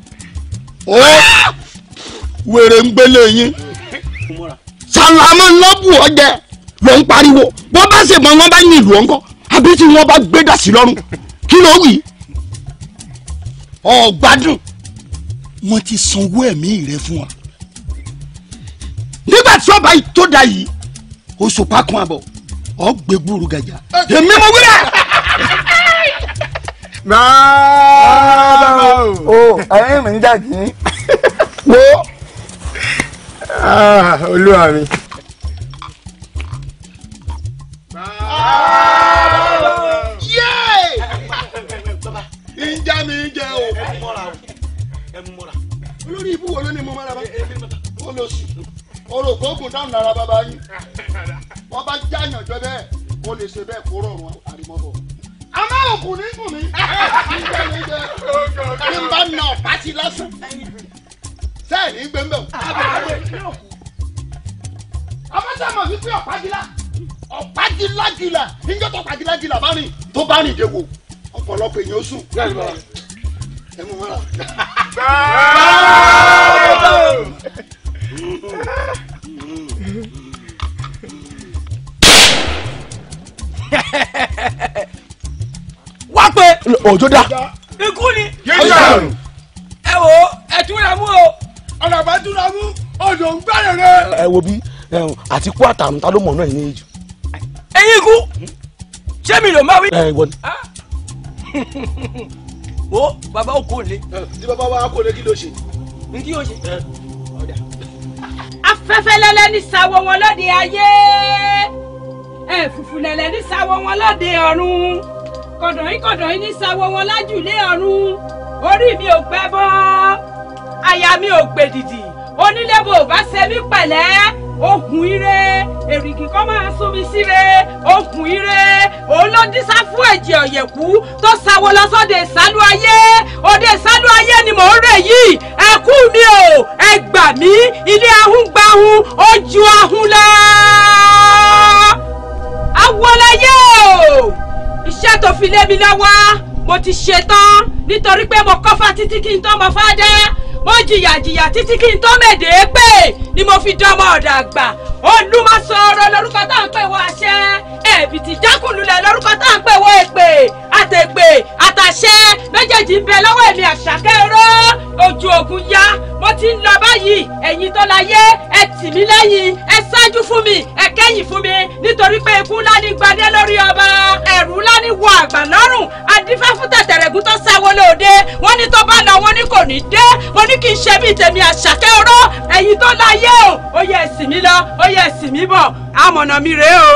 wèrè ń gbélé yín sàlámà lọ́bù ọ̀jẹ̀ ló ń pariwo bó bá ṣe mọ wọn bá yin ìlú ọ̀ńkọ́ àbí tí wọn bá gbé dà sí lọ́rùn kí ló wì í ọ̀gbádùn wọn ti sanwó ẹ̀mí rẹ fún wa nígbà tí ọba yìí tó da yìí oṣù pákó àbọ̀ ọ̀gbẹ́ gbúrú gàjà èmi mo wí rẹ̀. báwo mi ń jà kí. wo Ah, olúwa mi. ìjà mi jẹ o. olórí ibú wo ló ní mo máa ra bá olóṣù orògbò ògùn dáhùn lára bàbá yín wọn bá jáyàn jọ bẹ́ẹ̀ o lè ṣe bẹ́ẹ̀ kó rọrùn àrímọbọ. àmọ́ òkú ní kùn mí. ìjà mi jẹ kí n bá na ọ̀pá ti lásán sẹ́ẹ̀ ní gbẹ́mbẹ́ o. abájá mọ̀ wípé ah, ah, ah, ọ̀pájìlá ọ̀pájìlágìlà níjọ́tọ̀ ọ̀pájìlágìlà bá rìn tó bá rìn dé wo ọ̀pọ̀lọpọ̀ èèyàn sùn. ẹ mú wọn rà. wá pé. ọjọ́ dá. ikú ni. yéé ṣàrùn. ẹ wo ẹ tún ra mú o ọ̀nà àbájúra mú ọ̀dọ̀ ń gbẹ́rẹ̀ rẹ. ẹ wo bí àti kú àtàrùn ta ló mọ̀ náà ní ìjù. ẹyin kú ṣé mi ló máa wí. ẹ wọ ni. Ah. wo bàbá ò kò lé. tí bàbá wa kò lé kí ló ṣe. n kí yóò ṣe. afẹ́fẹ́ lẹ́lẹ́ ní sáwọ́ wọn lóde ayé ẹ fùfù lẹ́lẹ́ ní sáwọ́ wọn lóde ọ̀run kọ̀dọ̀yìn kọ̀dọ̀yìn ní sáwọ́ wọn lájùlé ọ̀run orí mi ò pẹ́ bọ́. Aya mi ò gbèdìdì onílé bò bá ṣe mí pẹ̀lẹ́ okùn ire èrìgì kan máa sún mi síre okùn ire òun ló dísá fún ẹ̀jẹ̀ ọ̀yẹ̀kú tó sáwó lọ sóde ìsálú ayé òde ìsálú ayé ni mò ń rè yìí ẹ̀kú mi o ẹ gbà ilé ahun gba ahun ó ahun lọ. awolaye o iṣẹ́ tó fi lé mi lọ́wọ́ mo ti ṣe tán nítorí pé mo kọ́fà títí kí n tó mọ fádá mo jìyà jìyà títí kí n tó mèdè pé ni mo fi dánmọ ọ̀dà àgbà olùmọ̀sọ̀rọ̀ lórúkọ tá à ń pè wọ àṣẹ ẹ̀bì tí jákùnlulẹ̀ lórúkọ tá à ń pè wọ èpè àtẹ̀gbè àtàṣẹ méjèèjì ń bẹ lọ́wọ́ èmi àṣàkẹ́rọ́ ojú ogun yá mo ti ń lọ báyìí ẹ̀yin tó láyé ẹ tì mí lẹ́yìn ẹ ṣáájú fún mi ẹ kẹ́yìn fún mi nítorí pé ikú ńlá ní gbadé lórí ọba ẹ̀rù ńlá ní wọ àgbà lọ́rùn adífáfún tẹ̀tẹ̀rẹ̀gún tó sáwọ́ ló dé wọ́n ní tó bá la wọ́n ní kò ní dé wọ́n ní kì í ṣe bíi tèmi àṣàkẹ́ ọ̀rọ̀ ẹ̀yin tó láyé o ó yẹ ẹ̀sìn mi lọ ó yẹ ẹ̀sìn mi bọ̀ àmọ̀nà mi rèé o.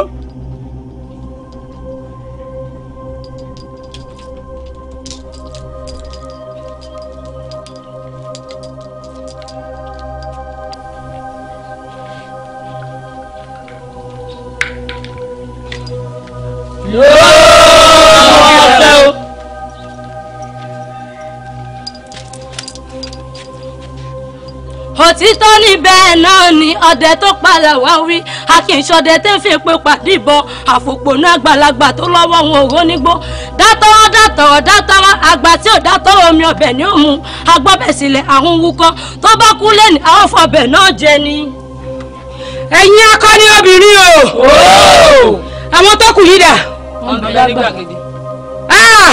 Yeah! òtítọ́ ní bẹ́ẹ̀ náà ni ọdẹ tó padà wá wí a tẹ́ fi pé pàdé ìbọn àfòpọ̀nú àgbàlagbà tó lọ́wọ́ wọn òró nígbó dátọ́wọ́ dátọ́wọ́ dátọ́wọ́ àgbà tí ò dátọ́wọ́ omi ọbẹ̀ ni ó mu agbọ́bẹ̀ sílẹ̀ wúkọ́ tó bá kú lẹ́nu àwọn fọbẹ̀ náà jẹ ni. ẹ̀yin akọni obìnrin o àwọn tó kù yìí dà. Ah!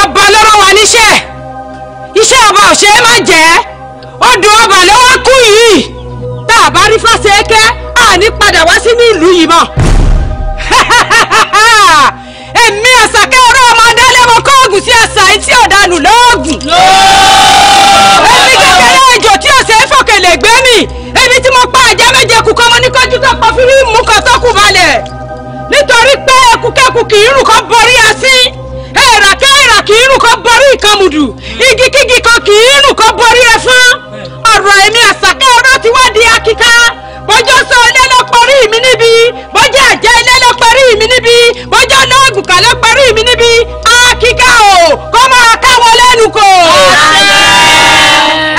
ọba lọ́rọ̀ wà níṣẹ́ iṣẹ́ ọba òṣèré má jẹ́ odò ọba ló wá kú yìí tá a bá rí fásiẹkẹ a ní padà wá sí ní ìlú yìí mọ́ èmi àṣàkẹ́ ọ̀rọ̀ ọmọdé lẹ́mọ kóògùn sí àṣà etí ọ̀dàlù lóògùn. èmi kékeré ẹjọ́ tí ọ̀sẹ̀ fòkèlè gbé mi èmi tí mo pa àjẹ́ méje kù kọ́ mo ní kọ́jú tó pa fílíìmù kan tó kù balẹ̀ nítorí pé ẹkùkẹ́kù kì í rù borí asín kì í rùn kọ́ borí nǹkan mùdù igi kígi kan kì í rùn kọ́ borí ẹ̀fọn ọ̀rọ̀ èmi àṣàkẹ́ ọ̀rọ̀ ti wá di akíká bọ́jọ́ sọ ilé lọ parí mi níbi bọ́jọ́ àjẹ́ ilé lọ parí mi níbi bọ́jọ́ lọ́ọ̀gùn lọ parí mi níbi akíká o kọ́ máa káwọn lẹ́nu kò.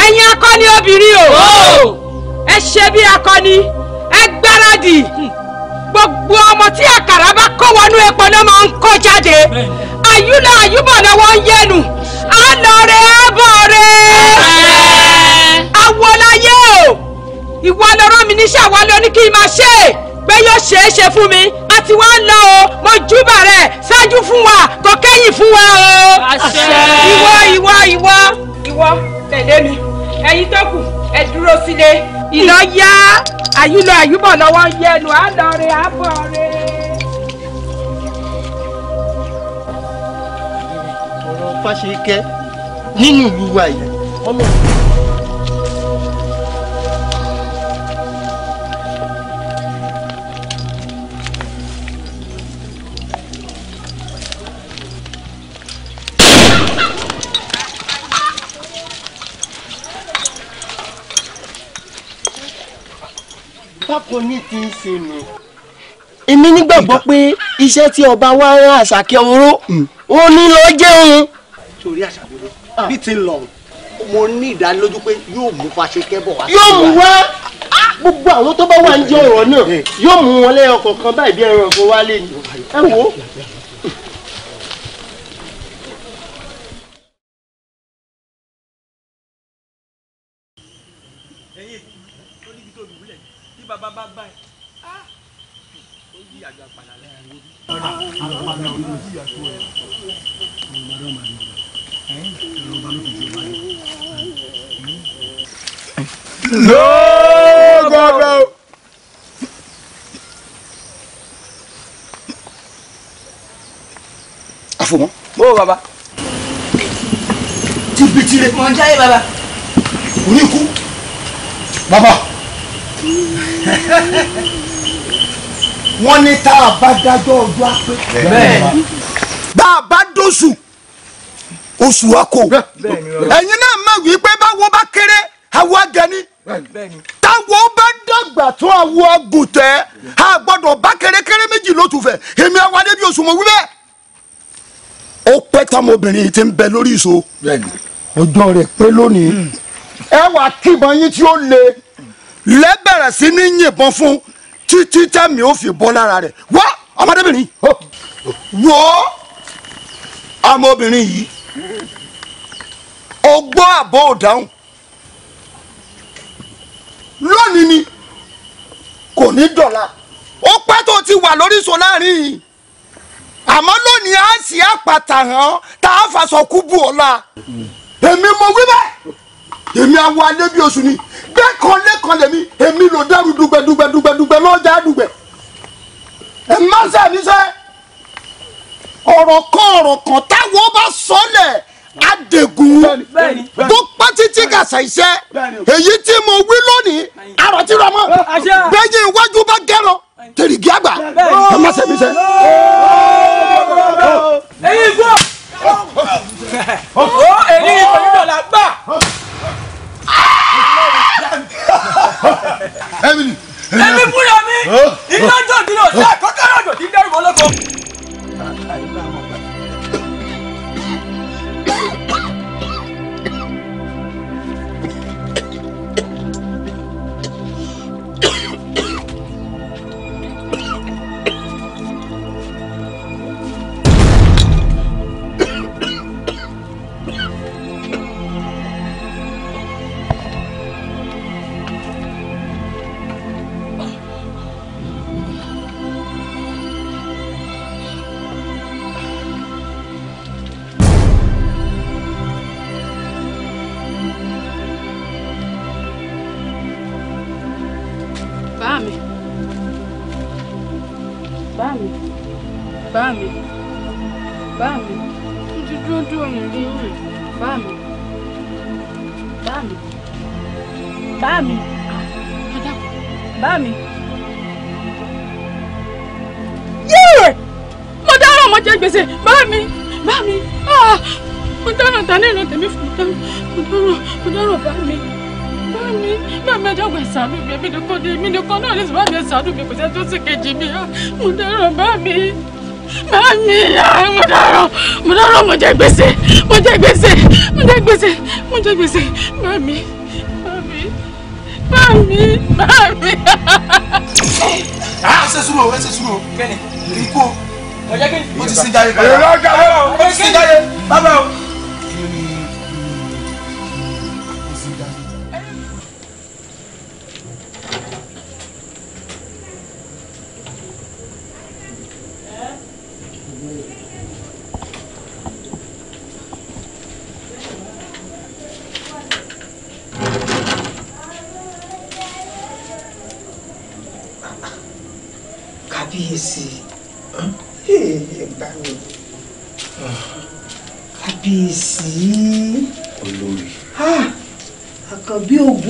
ẹ̀yin akọni obìnrin o ẹ ṣe bí akọni ẹ gbáradì gbogbo ọmọ tí àkàrà bá kó wọnú epo náà máa ń kó jáde àyú náà àyú bọ̀ náà wọ́n yẹnu àlọ́rẹ̀ àbọ̀rẹ̀ àwọláyé o ìwọ lọ́rọ́ mi níṣẹ́ àwa ló ní kí n máa ṣe pé yóò ṣeé ṣe fún mi a ti wá ń lọ o mo júbà rẹ ṣáájú fún wa kò kẹ́yìn fún wa o ìwọ ìwọ ìwọ ìwọ tẹ̀lé mi ẹ̀yin tó kù ẹ dúró sílé. ìlọ yá àyùlọ àyùbọ̀ lọ́wọ́ yẹnu àlọ́rẹ̀ àbọ̀rẹ̀. Fáṣekẹ́ nínú ìlú wa yìí ọlọ́run. bákan ní ti ń ṣe nù. èmi nígbàgbọ́ pé iṣẹ́ tí ọba wa rán Àṣàkẹ́ oró ó ní lọ́ọ́ jẹun torí àṣàbọ̀dé bí ti ń lọ mo ní ìdánilójú pé yóò mú fàṣẹ kẹ́bọ̀ wá. yóò mú wá gbogbo àwọn tó bá wà ń jẹ ọ̀rọ̀ náà yóò mú wọn lẹ́yọ kọ̀ọ̀kan báyìí bí ẹran ọ̀gbọ́n wálé ni ẹ wò ó. no go go. àfọmọ. bó o bàbá. ti bitire. mọ̀ n jáde baba. kò ní kú. bàbá. wọ́n ní tá a bá dájọ́ ọjọ́ àpè. bẹ́ẹ̀ bá a bá dóṣù oṣù wa kò ẹ̀yin náà mọ̀ wípé báwo táwọn bá dàgbà tó àwọ àgùntẹ a gbọ́dọ̀ bá kẹrẹkẹrẹ méjì ló tún fẹ èmi àwọn adébí oṣù mọ wíwẹ. ó pẹ́ táwọn obìnrin yìí ti ń bẹ lórí ìṣó ọjọ́ rẹ̀ pé lónìí hmm. ẹ wà kíbọn yín tí ó le lẹ́bẹ̀rẹ̀ sí ní yìnbọn fún títí tẹ̀mí ó fi bọ́ lára rẹ̀ wá ọmọdébìnrin wọ́ ọmọbìnrin yìí ọgbọ́n àbọ̀ ọ̀dáhùn lónìí ni kò ní dọ̀la ó pẹ́ tó ti wà lóríṣọ láàrin yìí àmọ́ lónìí á sì àpàtà hàn tá a fàṣọ kú bù ọ́ la èmi mo wí bẹ́ẹ̀ èmi awo alẹ́ bí oṣù ni lẹ́kọ̀ọ́ lẹ́kọ̀ọ́ lèmi èmi lò dẹ́rù dùgbẹ́ dùgbẹ́ dùgbẹ́ dùgbẹ́ lọ́jà dùgbẹ́ ẹ má sẹ́ mi sẹ́ ọ̀rọ̀ kan ọ̀rọ̀ kan táwọn bá sọ lẹ̀ adègùn tó pẹ́ títí gàṣà iṣẹ́ èyí tí mo wí lónìí àròtí rọ mọ́ bẹ́yìn iwájú bá gẹ́rọ tèrìgì àgbà ẹ má ṣe mi ṣe. èyí gbọ́ ó èyí ìfọ̀yúndọ̀ la gbà. Emily. Èmi fúnra mi, iná jòdì náà, ṣé àkọ́kọ́rọ́ jòdì dẹ́rù mọ́ lọ́kọ̀ọ́. Yeah. ṣàánú mi kò sẹ́ni tó sì kejì mi ah, mo dárò bá mi bá mi ah, mo dárò mo dárò mo jẹ gbèsè mo jẹ gbèsè mo jẹ gbèsè mo jẹ gbèsè bá mi bá mi bá mi a ah, ṣe sùúrù o ẹ ṣe sùúrù o kí ni kí kú o ti sin jáde bàbá o ti sin jáde bàbá o.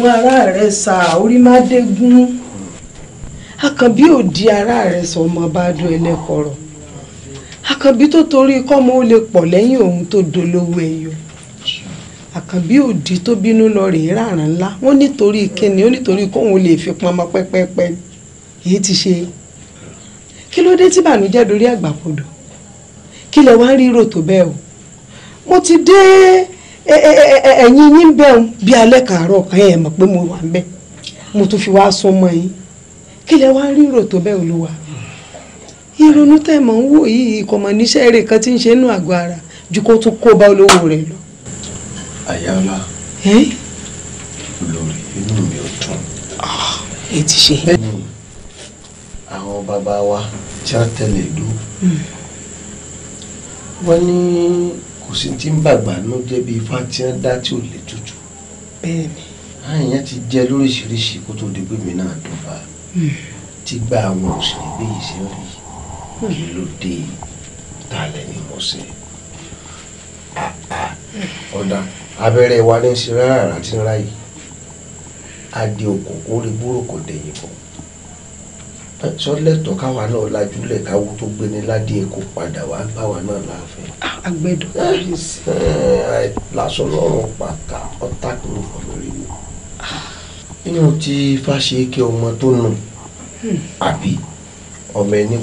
dẹ̀gùn ara rẹ̀ sà orí má dégún àkànbí ò di ara rẹ̀ sọ ọmọ bá dún ẹlẹ́kọ̀rọ̀ àkànbí tó torí kọ́mọ ó lè pọ̀ lẹ́yìn òun tó dolówó ẹyọ àkànbí òdì tó bínú lọ rèé ràrán ńlá wọn nítorí kíni ó nítorí kóun lè fi pamọ́ pẹ́pẹ́pẹ́ èyí ti ṣe kí ló dé tí bànújẹ́ dorí àgbàkodò kí lẹ wá ń rí rò tó bẹ́ẹ̀ o mo ti dé. De Eh, eh, eh, ẹ̀yin yín bẹ̀rù bí alẹ́ kàárọ̀ kan ẹ̀ mọ̀ pé mo wà ń bẹ̀ mo tún fi wá sún mọ́ yín kí lẹ wá rí ìrò tó bẹ́ẹ̀ olúwa ìrònú tẹ̀ mọ̀ ń wò yìí ìkọ̀mọ̀ níṣẹ́ eré kan tí ń ṣe nù àgọ́ ara ju kó tún kó bá olówó rẹ̀ lọ. àyàlá olórí inú mi ò dùn. Ah, ẹ ṣe. àwọn bàbá wa tí a tẹ̀lé ìlú hmm. wọ́n ní kò sí tí ń bàgbà nú débi ifá tí wọ́n dá tí ò lè tutù. bẹ́ẹ̀ni. àyàn ti jẹ lóríṣiríṣi kó tó di pé mi náà dùn fa hmm. tí gba àwọn òsèré bí yìí ṣe ń rí hmm. kí ló dé talẹ̀ ni mo ṣe. Hmm. ọ̀dà abẹ́rẹ́ wa ní ṣe rárá àti ráyè adé okòkò rí búrò kò dẹ̀yìn fún sọlẹtọ káwa náà lajúlẹ káwo tó gbé ní ládé kó padà wá báwa náà láàfin. agbẹdọ eh, kábíyèsí. Eh, eh, lásán lọrùn pàtà ọtá kìíní fọlọrí mi. inú tí fáṣeéké ọmọ tó nù hmm. àbí ọmọ ẹni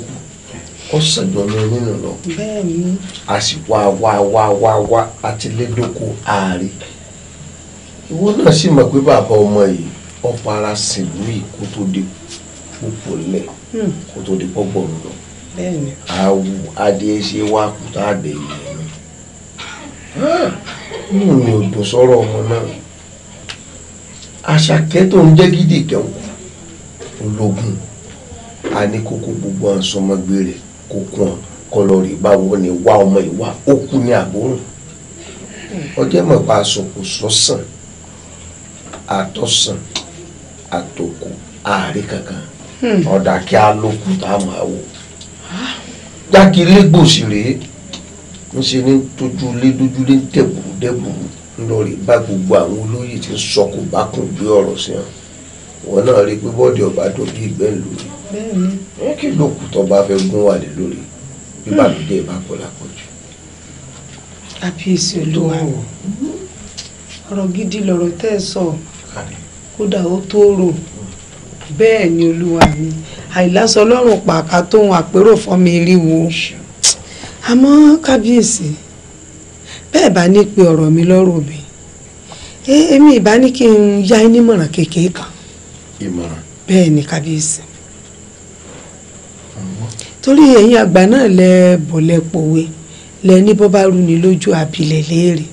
kù ó sàjọ ọmọ ẹni nù lọ. bẹ́ẹ̀ni. a sì wá wá wá wá wá àtìlédókò ààrẹ ìwọ náà sì mọ̀ pé bàbá ọmọ yìí ó fara sìnlú ìkó tó dé kù fòfò lẹ̀ hmm. kó tó di pọ́pọ̀ lọ. àwù adéṣe wà kúta àgbẹ̀ yìí mi hmm. ò ní odò sọ̀rọ̀ ọmọ náà àṣàkẹ́ tó ń jẹ́ gidi kẹ́wọ́ ológun a ní kókó gbogbo àǹsọmọgbére kókó hàn kọlọ́ọ̀rì báwo ni wá ọmọ ìwà ó kú ní àgbóhùn ọjọ́ mọ̀ bá a sọ̀kò sọ́sàn àtọ̀sàn àtòkù ààrẹ kankan. Hmm. ọ̀dà kí a lókun tá a máa wò jákè lẹ́gbòsì rèé ń ṣe ní tójúlé dójúlé ń tẹ̀bùrú dẹ́bùrú lórí bá gbogbo àwọn olóyè tí ń sọkò bá kùn gbé ọ̀rọ̀ sí hàn wọn náà rí i pé bọ́ọ̀dì ọba tó bí ìgbẹ́ ń lórí ẹ kí lókù tó bá fẹ́ gún wà lé lórí bíbàlódé bá kọ́ lápọ̀jù. àbíyèsí olúwa hmm. ọ̀rọ̀ gidi lọ̀rọ̀ tẹ́ ẹ sọ kódà ó tó rò bẹ́ẹ̀ ni olúwa mi àìlásọ ọlọ́run pàkà tóun àpérò fún mi rí wo àmọ́ kábíyèsí bẹ́ẹ̀ bá ní pe ọ̀rọ̀ mi lọ́rùn mi e, èmi ìbá ní kí n yá ẹ nímọ̀ràn kékeré kan bẹ́ẹ̀ ni kábíyèsí torí ẹ̀yin àgbà náà lẹ bọ̀lẹ̀ pòwe lẹ ní bọ́ bá rú ni lójú àbílẹ̀ léèrè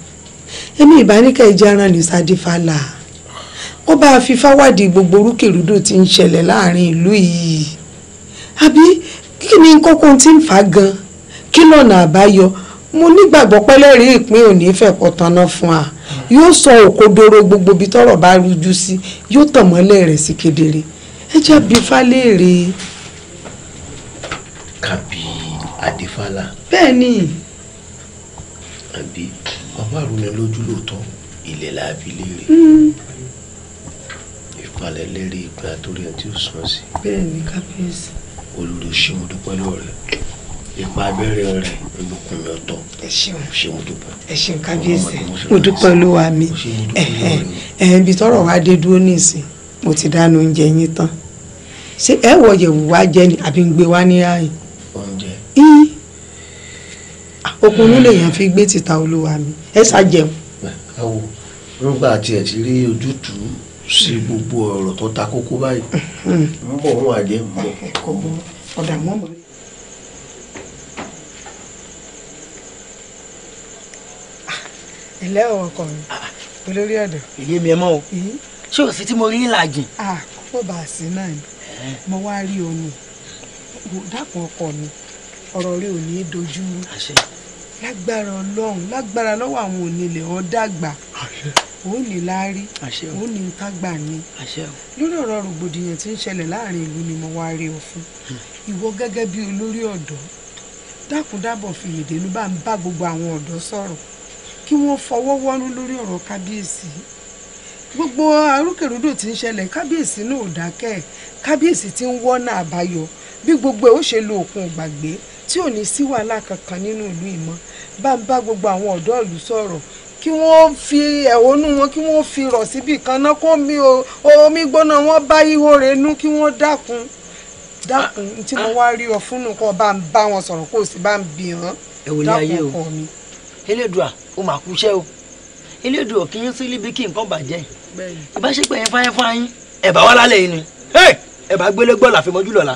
èmi ìbá ní kẹ́ ẹ jẹ́ aràn ní sádífàlà kó bá a fi fáwádìí gbogbo orúkèrúdò tí ń ṣẹlẹ̀ láàrin ìlú yìí àbí kí ni kókó tí ń fà gan kí lọ́nà àbáyọ mo nígbàgbọ́ pẹ́lẹ́rìí ìpín òní fẹ̀kọ́ tanná fún wa yóò sọ òkodoro gbogbo ibi tọ́rọ̀ bá rújú sí yóò tàn mọ́lẹ̀ rẹ̀ sí kedere ẹ jẹ́ bí falẹ́rè. kàbí adéfálà. bẹ́ẹ̀ àbí ọmọ àrùn ni lójú lóòótọ́ ilẹ̀ làbí léèrè. Hmm falẹ̀ lérí ìgbà torí ẹ̀ tí ó sùn sí. bẹ́ẹ̀ ni kábíyèsí. olùṣe mo dúpẹ́ lọ́rẹ̀ ipa abẹ́rẹ́ rẹ̀ olùkùn mi ọ̀tọ̀. ẹ ṣeun ṣe mo dúpẹ́. ẹ ṣeun kábíyèsí mo dúpẹ́ olúwa mi ibi tọ́rọ̀ wa dé dúró nísìn mo ti dáná oúnjẹ yín tán ṣé ẹ wọ yẹ̀wù wá jẹ ni àbí ń gbé wá ní ààyè. oúnjẹ. ọkùnrin lèèyàn fi gbé títa olúwa mi ẹ ṣàjẹun. ẹ wo nígbà tí ẹ ti rí ojútùú ṣe gbogbo ọ̀rọ̀ tó ta kókó báyìí ń hmm. bọ̀ wọn àjẹ́ ń bọ̀. ọ̀dà mọ́ bọ̀. Ah, ẹ̀lẹ́ ọ̀rọ̀ kan mi ah, ah. olórí ọ̀dọ̀. èyí mi ẹ mọ́ o ṣé o sì tí mo rí ìlàjìn. ó bá a sí náà ni mo wá rí omi dákun ọkọ mi ọ̀rọ̀ rẹ ò ní í dojú lágbára ọlọ́run lágbára lọ́wọ́ àwọn onílé ọ̀ dàgbà ó ní láárí ó ní tágbà ni lórí ọ̀rọ̀ rògbòdìyàn tí ń ṣẹlẹ̀ láàrin ìlú ni mo wá rí ọ fún hmm. ìwọ gẹ́gẹ́ bí olórí ọ̀dọ́ dákúndábọ̀ fìyèdè ló bá ń bá gbogbo àwọn ọ̀dọ́ sọ̀rọ̀ kí wọ́n fọwọ́ wọ́nú lórí ọ̀rọ̀ kábíyèsí gbogbo arúkèrúdò tí ń ṣẹlẹ̀ kábíyèsí náà ò dákẹ́ kábíyèsí tí ń wọ́nà àbáyọ bí gbogbo ẹ̀ ó ṣe lo òkun ògbàgbé tí ò ní sí wàhálà kankan nínú ìlú ìmọ̀ bá ń bá gbogbo àwọn ọ̀dọ́ ìlú sọ̀rọ̀ kí wọ́n fi ẹ̀hónú wọn kí wọ́n fi rọ̀ síbì kan náà kó omi gbóná wọn bá ihò rẹ̀ nú kí wọ́n dákun dákun tí mo wá rí ọ fún nǹkan bá ń bá wọn sọ̀rọ̀ kó o sì bá ń bì hàn dákun kọ mi. elédùà o mà kú iṣẹ́ o elédùà kì í sí líbi kí nǹkan bàjẹ́ ìbáṣepọ̀ yẹn fáyín fáyín ẹ̀bà wà lálẹ́ yìí ni ẹ̀bà gbélé gbọ́ làfimọ́jú lọ́la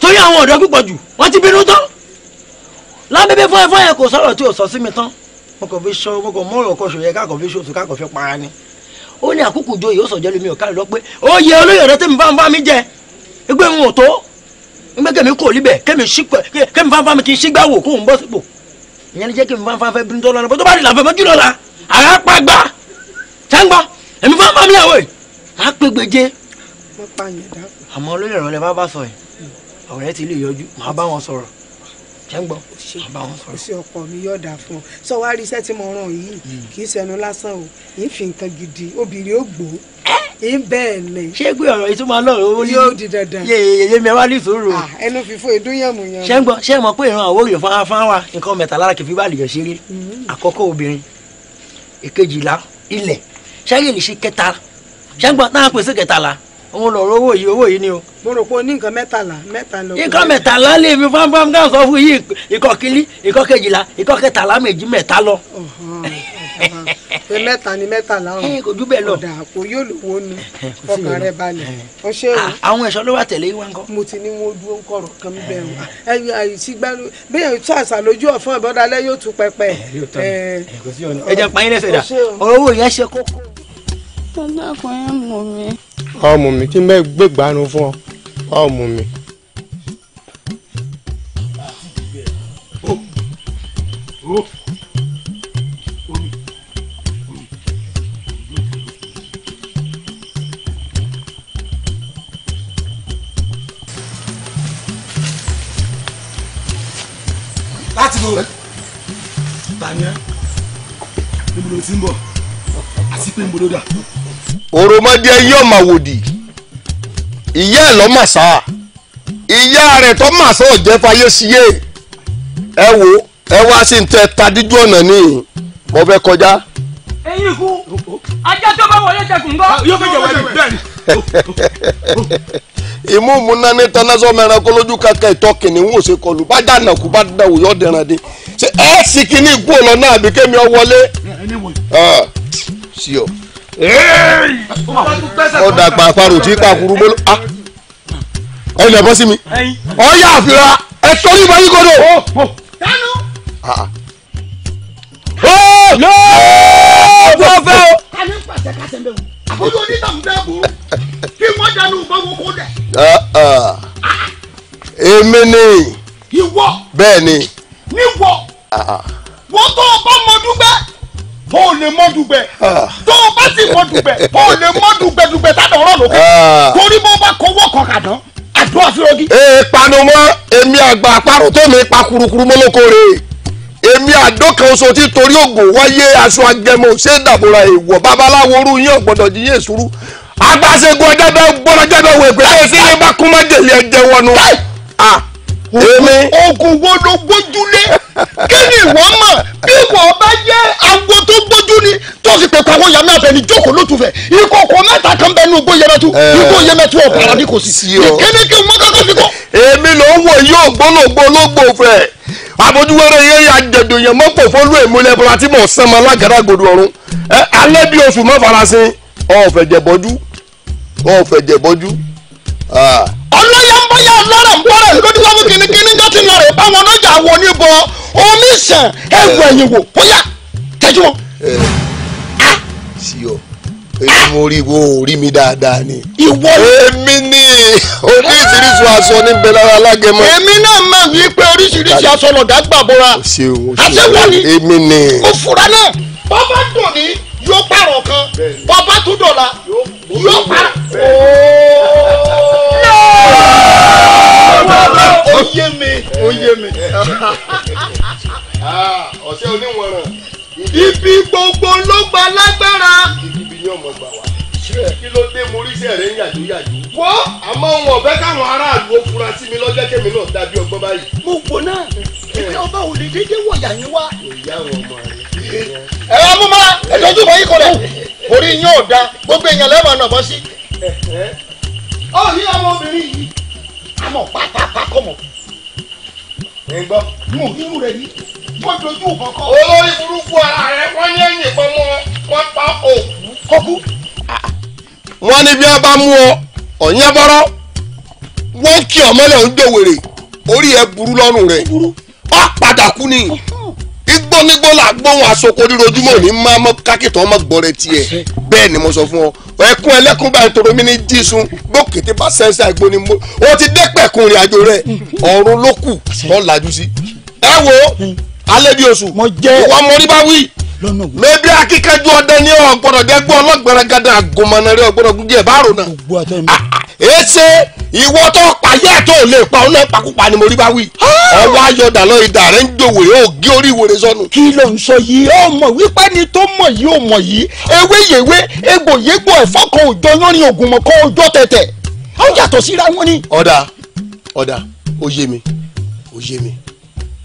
torí àwọn ọ̀dọ́ púpọ̀ jù wọ́n ti bínú tán lábẹ́bẹ́ fáyín fáyín kò sọ̀rọ̀ tí ò sọ sí mi tán mo kàn fi sọ mo kàn mọ ọ̀rọ̀ kan ṣòro yẹ káàkàn fi ṣòṣù káàkàn fi para ni ó ní àkókò ìjọ yìí ó sọ̀jọ́ lómi ọ̀ká lọ pé ó yẹ olóyè ọ̀rẹ́ tẹ́mi bá ń bá mi jẹ ẹgbẹ́ ń wò tó ẹgbẹ́ kẹ́mi kò líbẹ̀ kẹ́mi sípẹ́ kẹ́mi fáfá mi kì í sígbà wò kóun bọ́ sípò ìyẹn ni jẹ́ kẹ́mi fáfá fẹ́ bínú tó lọ́nà bó tó bá rí làfẹ́ mọ́jú lọ́la àrà pa gbà sáńgbà èmi fáfá mi làwọ̀ à pé gbèjé. àmọ́ olóyè ọ̀rẹ́ bá bá sọ yìí ọ̀rẹ́ ti lè yọjú màá bá wọn sọ̀rọ̀ jẹ́ngbọ́ bá wọn sọ̀rọ̀. òsì ọkọ mi yóò dà fún ọ sọ wá rí iṣẹ́ tí mo rán yìí hmm. kì í ṣẹnu lásán o ìfi nǹkan gidi obìnrin ó gbòó bẹ́ẹ̀ ni. ṣé gbé ọ̀rọ̀ yìí tó máa lọ́rọ̀ owó ní. yóò di dandan. yé yé yé mi wá ní ìṣòro. Ah, ẹnu fífo ìdún yàmù yàmù. ṣé ń gbọ́ ṣé mọ̀ pé ìran àwọn òòyàn fáwọn fáwọn wa nǹkan mẹ́tàlá kì í fi bá àlejò ṣeré. Hmm. àkọ́kọ́ obìnrin èkejìlá ilẹ̀ ṣẹ́yìn ní ṣe kẹta ṣé ń gbọ́ táwọn pèsè kẹtàlá òun lọ̀rọ̀ owó yìí owó yìí ni o. mo rò pé o ní nǹkan mẹ́tàlá mẹ́tàlá. nǹkan mẹ́tàlá lè fi fáńfáń dáhùn sọ fún yìí ikọ̀ kìíní ikọ̀ kejìlá ikọ̀ kẹtàlá méjì mẹ́ta lọ. pé mẹ́ta ni mẹ́tàlá o. kò jù bẹ́ẹ̀ lọ. ọ̀dà àpò yóò lò wó nu ọkàn rẹ balẹ̀. o ṣe o. àwọn ẹ̀ṣọ́ ló wà tẹ̀lé wá ń kọ́. mo ti ní wọn dúró ń kọ̀rọ̀ kan bẹ̀rù. bẹ́ẹ̀ tó àṣà lójú ọ̀fọ́n ìbọ̀dálẹ́ yóò tún pẹpẹ. ẹ jẹ́ pààyàn lẹ́sẹ̀ dà ọ̀rọ̀ owó yẹn ṣe kókó tó dákun ẹ mú mi. ọmọ mi tí mẹ gbẹgbàánu fún ọ ọmọ mi. Oh. láti bò rẹ tani ẹ níbo ló ti ń bọ̀ àti pé níbo ló dà. òròmọdé yí ọmọ àwòdì ìyá ẹ̀ lọ́màṣá ìyá rẹ̀ tó màṣá ọ̀jẹ́ fayé síyé ẹ wo ẹ wá sí ní tẹ tadíjú ọ̀nà ni mo fẹ́ kọjá. ẹyin kú ajá tó bá wọlé jẹkùn gbọ́. yóò fi jẹ wọlé bẹ́ẹ̀ ni. ìmú tanásọ kó lójú kankan ìtọ́ kìnìún ṣe bá kú bá dé sì kíní ìgbó lọ náà ó dàgbà àparò tí pàkúrú bó a ah! ẹ̀yin lè bọ́ sí mi ọ̀ya àfihàn ẹ̀ torí ìbọn yìí kodo. yóò tó fẹ́ o. a ní pàṣẹ ká tẹ̀lé o àbójú onítàn bẹ́ẹ̀ bò ó kí wọ́n dánú ìbáwọ̀ kó dẹ̀. Ah, ah. èmi ni. ìwọ. bẹ́ẹ̀ ni. níwọ. wọ́n tó o bá mọ dúpẹ́ fọ́ ò lè mọ́ dùgbẹ́ ah. tó o bá sì mọ́ dùgbẹ́ fọ́ ò lè mọ́ dùgbẹ́ dùgbẹ́ tá a dọ̀rọ̀ lókè ah. torí bó bá kọwọ́ kọ kàdán àdúrà sí ogi. ee panumọ èmi àgbà àparò tó mi pa kurukuru mọ́lọ́kọ rẹ̀ èmi àdó kan oṣù tí torí ògùn wáyé aṣọ agẹmọ ṣé dàbòrà èèwọ̀ babaláwo orú yín gbọ́dọ̀ jíyé sùúrù agbáṣegun ọjọ́ bẹ́ẹ̀ gbọ́dọ̀ jẹ́ bẹ́ẹ̀ wò pé ṣé ní bá kú má jèlé ẹ̀jẹ̀ wọnú èmi. oògùn wo ló gbójúlé kí ni ìwọ mọ̀ bí ìwọ bá jẹ́ agbo tó gbójú ni tó sì pèpè àwọn yàrá abẹ ní jókòó lótùfẹ́ ìkòkò mẹ́ta kan bẹ ní ugbó yẹmẹtu ugbó yẹmẹtu ọ̀bàrà ni kò sì sí o. ìkéde kí n mọ kankan fi kọ. èmi ló ń wọ yóò gbólógbó lógbó fẹ àbójúwẹ́rẹ́ yẹn yà jẹ̀dọ̀ yẹn mọ́ pò fọ́lú èmúlẹ̀ bọ́lá tí mò ń sẹ́mọ alágàdàgodo ọ̀run alẹ́ bí oṣù mọ́ farasin ọ̀fẹ̀jẹ̀ bọ́jú ọ̀fẹ̀jẹ̀ ló ti sọ fún kìnnìkìnnì jọ́ ti lọ rè báwọn ọlọ́jà wọ ní bọ ẹ̀wọ̀ ẹ̀yìn wò ó yà tẹ́jú wọn. sí o èyí mo rí wo rí mi dáadáa ni. ìwọ ni. èmi ni oríṣiríṣi aṣọ níbẹ̀ lára alágẹmọ. èmi náà máa wí pé oríṣiríṣi aṣọ lọ̀dà gbàbọ̀ra. àṣewọ́ ni èmi ni. ó fura náà bàbá dùn ní yóò pààrọ̀ kan bàbá tó dọ̀la yóò pààrọ̀. ó yé mi ó yé mi. Ah, ọ̀sẹ̀ oníwọ̀nràn. ibi gbogbo ló gba lágbára. ibi ni ọmọ gbà wá kí ló dé moríṣẹ́ rẹ̀ ń yàjú yàjú. wọ́ àmọ́ wọn ọ̀bẹ káwọn aráàlú ó fura sí mi lọ́jọ́ kẹ́mi náà dábí ọgbọ́n báyìí. mo gbò náà eh. ìpín ọba ò lè dédé wọ̀yà yín wá. ìyá àwọn ọmọ rẹ. ẹ mú máa ẹjọ́ tó bá yín kọlẹ̀ orí yín ò da gbogbo èèyàn lẹ́ẹ̀mọ̀ ọ̀nà bọ́ sí. Eh, eh. ó yí ọmọbìnrin yìí àmọ̀ pátápá kọ̀mọ̀ ẹ gbọ́ mo kí irú rẹ̀ yìí wọ́n dojú kọ̀ọ̀kan. olórí burúkú ara rẹ wọ́n ní ẹ̀yìn ìbọn pa òkú. kọ́kú. wọ́n ní bí wọ́n bá mú ọ ọ̀yẹ́ bọ́rọ́ wọ́n kí ọmọlẹ̀ ń dòwèrè orí ẹ burú lọ́rùn rẹ̀ ọ padà kú ni nígbónígbó là gbóhùn aṣoko rírojúmọ́ ní má mọ́ kákìtàn ọmọ gbọ́rẹ̀ tiẹ̀ bẹ́ẹ̀ ni mo sọ fún ọ ẹkún ẹlẹ́kún báyìí toro mi ní jísun gbókété bá sẹ́ńsà ìgbóni mo o ti dé pẹ̀kun ìrìn àjò rẹ ọ̀run ló kù ọ làjú sí ẹ wo alẹ́ bí oṣù ìwà mọ́rí bá wí lóbi akíkanjú ọdẹ ní ọ̀gbọ́dọ̀ dẹ́gbọ́ ọlọ́gbẹ̀rẹ̀ gada àgùnmọ̀nà rẹ ọ̀gbọ́dọ̀ gúdí ẹ̀ bá rò náà èsè ìwọ tó payẹ tó lè pa ọ̀nà pakúpa ni mo rí bá wí. ọwọ́ ayọ̀dà lọ ìdá rẹ̀ ń dòwèrè ó gé orí ìwòrè sọnù. kí ló ń sọ yìí ó mọ̀ wípé ni tó mọ̀ yìí ó mọ̀ yìí ewé yèwé egbò yégbò ẹ̀fọ́ kan òjò lórin ògùn mọ̀ kan òjò tẹ̀tẹ̀ ó yàtọ̀ síra wọn ni. ọ̀dà ọ̀dà ó yé mi ó yé mi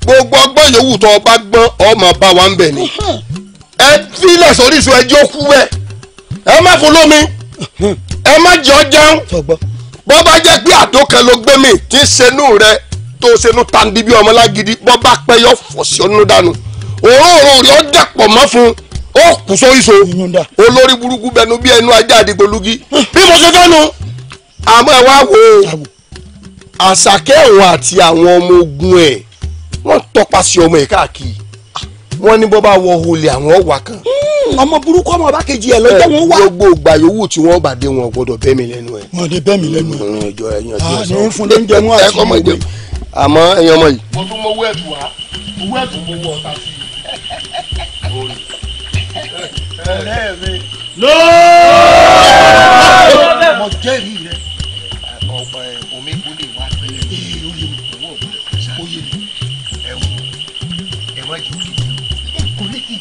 gbogbo ọgbọ́n yòówù tó o bá gbọ́n ọmọ bá wa ń bẹ̀ ni ẹ fílẹ̀ sọ́rí ìṣó ẹjọ́ kú ẹ ẹ má fún lómi ẹ má jọ jẹun bọ́ bá jẹ́ pé àdókè ló gbé mi tí ń ṣenú rẹ tó ṣenú tandi bí ọmọ lágídí bọ́ bá pẹ́ yọ fọ̀sí ọ̀nù dànù òórùn rẹ ó dẹ̀pọ̀ mọ́ fún ó kù sóríṣo olórí burúkú bẹnu bí ẹnu ajá àdìgbòlugi bí mo ṣe fẹ́nu àmọ́ ẹ wá wò ó àṣàkẹ́ òun àti àwọn ọmọ ogun ẹ̀ wọ́n tọpasẹ̀ ọmọ ẹ̀ káàkiri wọ́n ní bó bá wọ olè àwọn wà kan hmm. ọmọ burúkú ọmọ ọba kejì ẹ lọjọ wọn wá. gbogbo ìgbà yòówù tí wọn bá dé wọn gbọ́dọ̀ bẹ́ mi lẹ́nu ẹ. wọn dé bẹ́ mi lẹ́nu hmm, ah, ẹ. ìjọ ẹyin ọdún ọsàn àwọn fún lóúnjẹ wọn àti ọmọ ìgbẹ. àmọ́ ẹyin ọmọ yìí. mo tún mọ owó ẹ̀tù wá owó ẹ̀tù mo wọ ọ̀tá sí i. ọ̀rẹ́ mi. lóòótọ́. mo jẹ́rìí rẹ.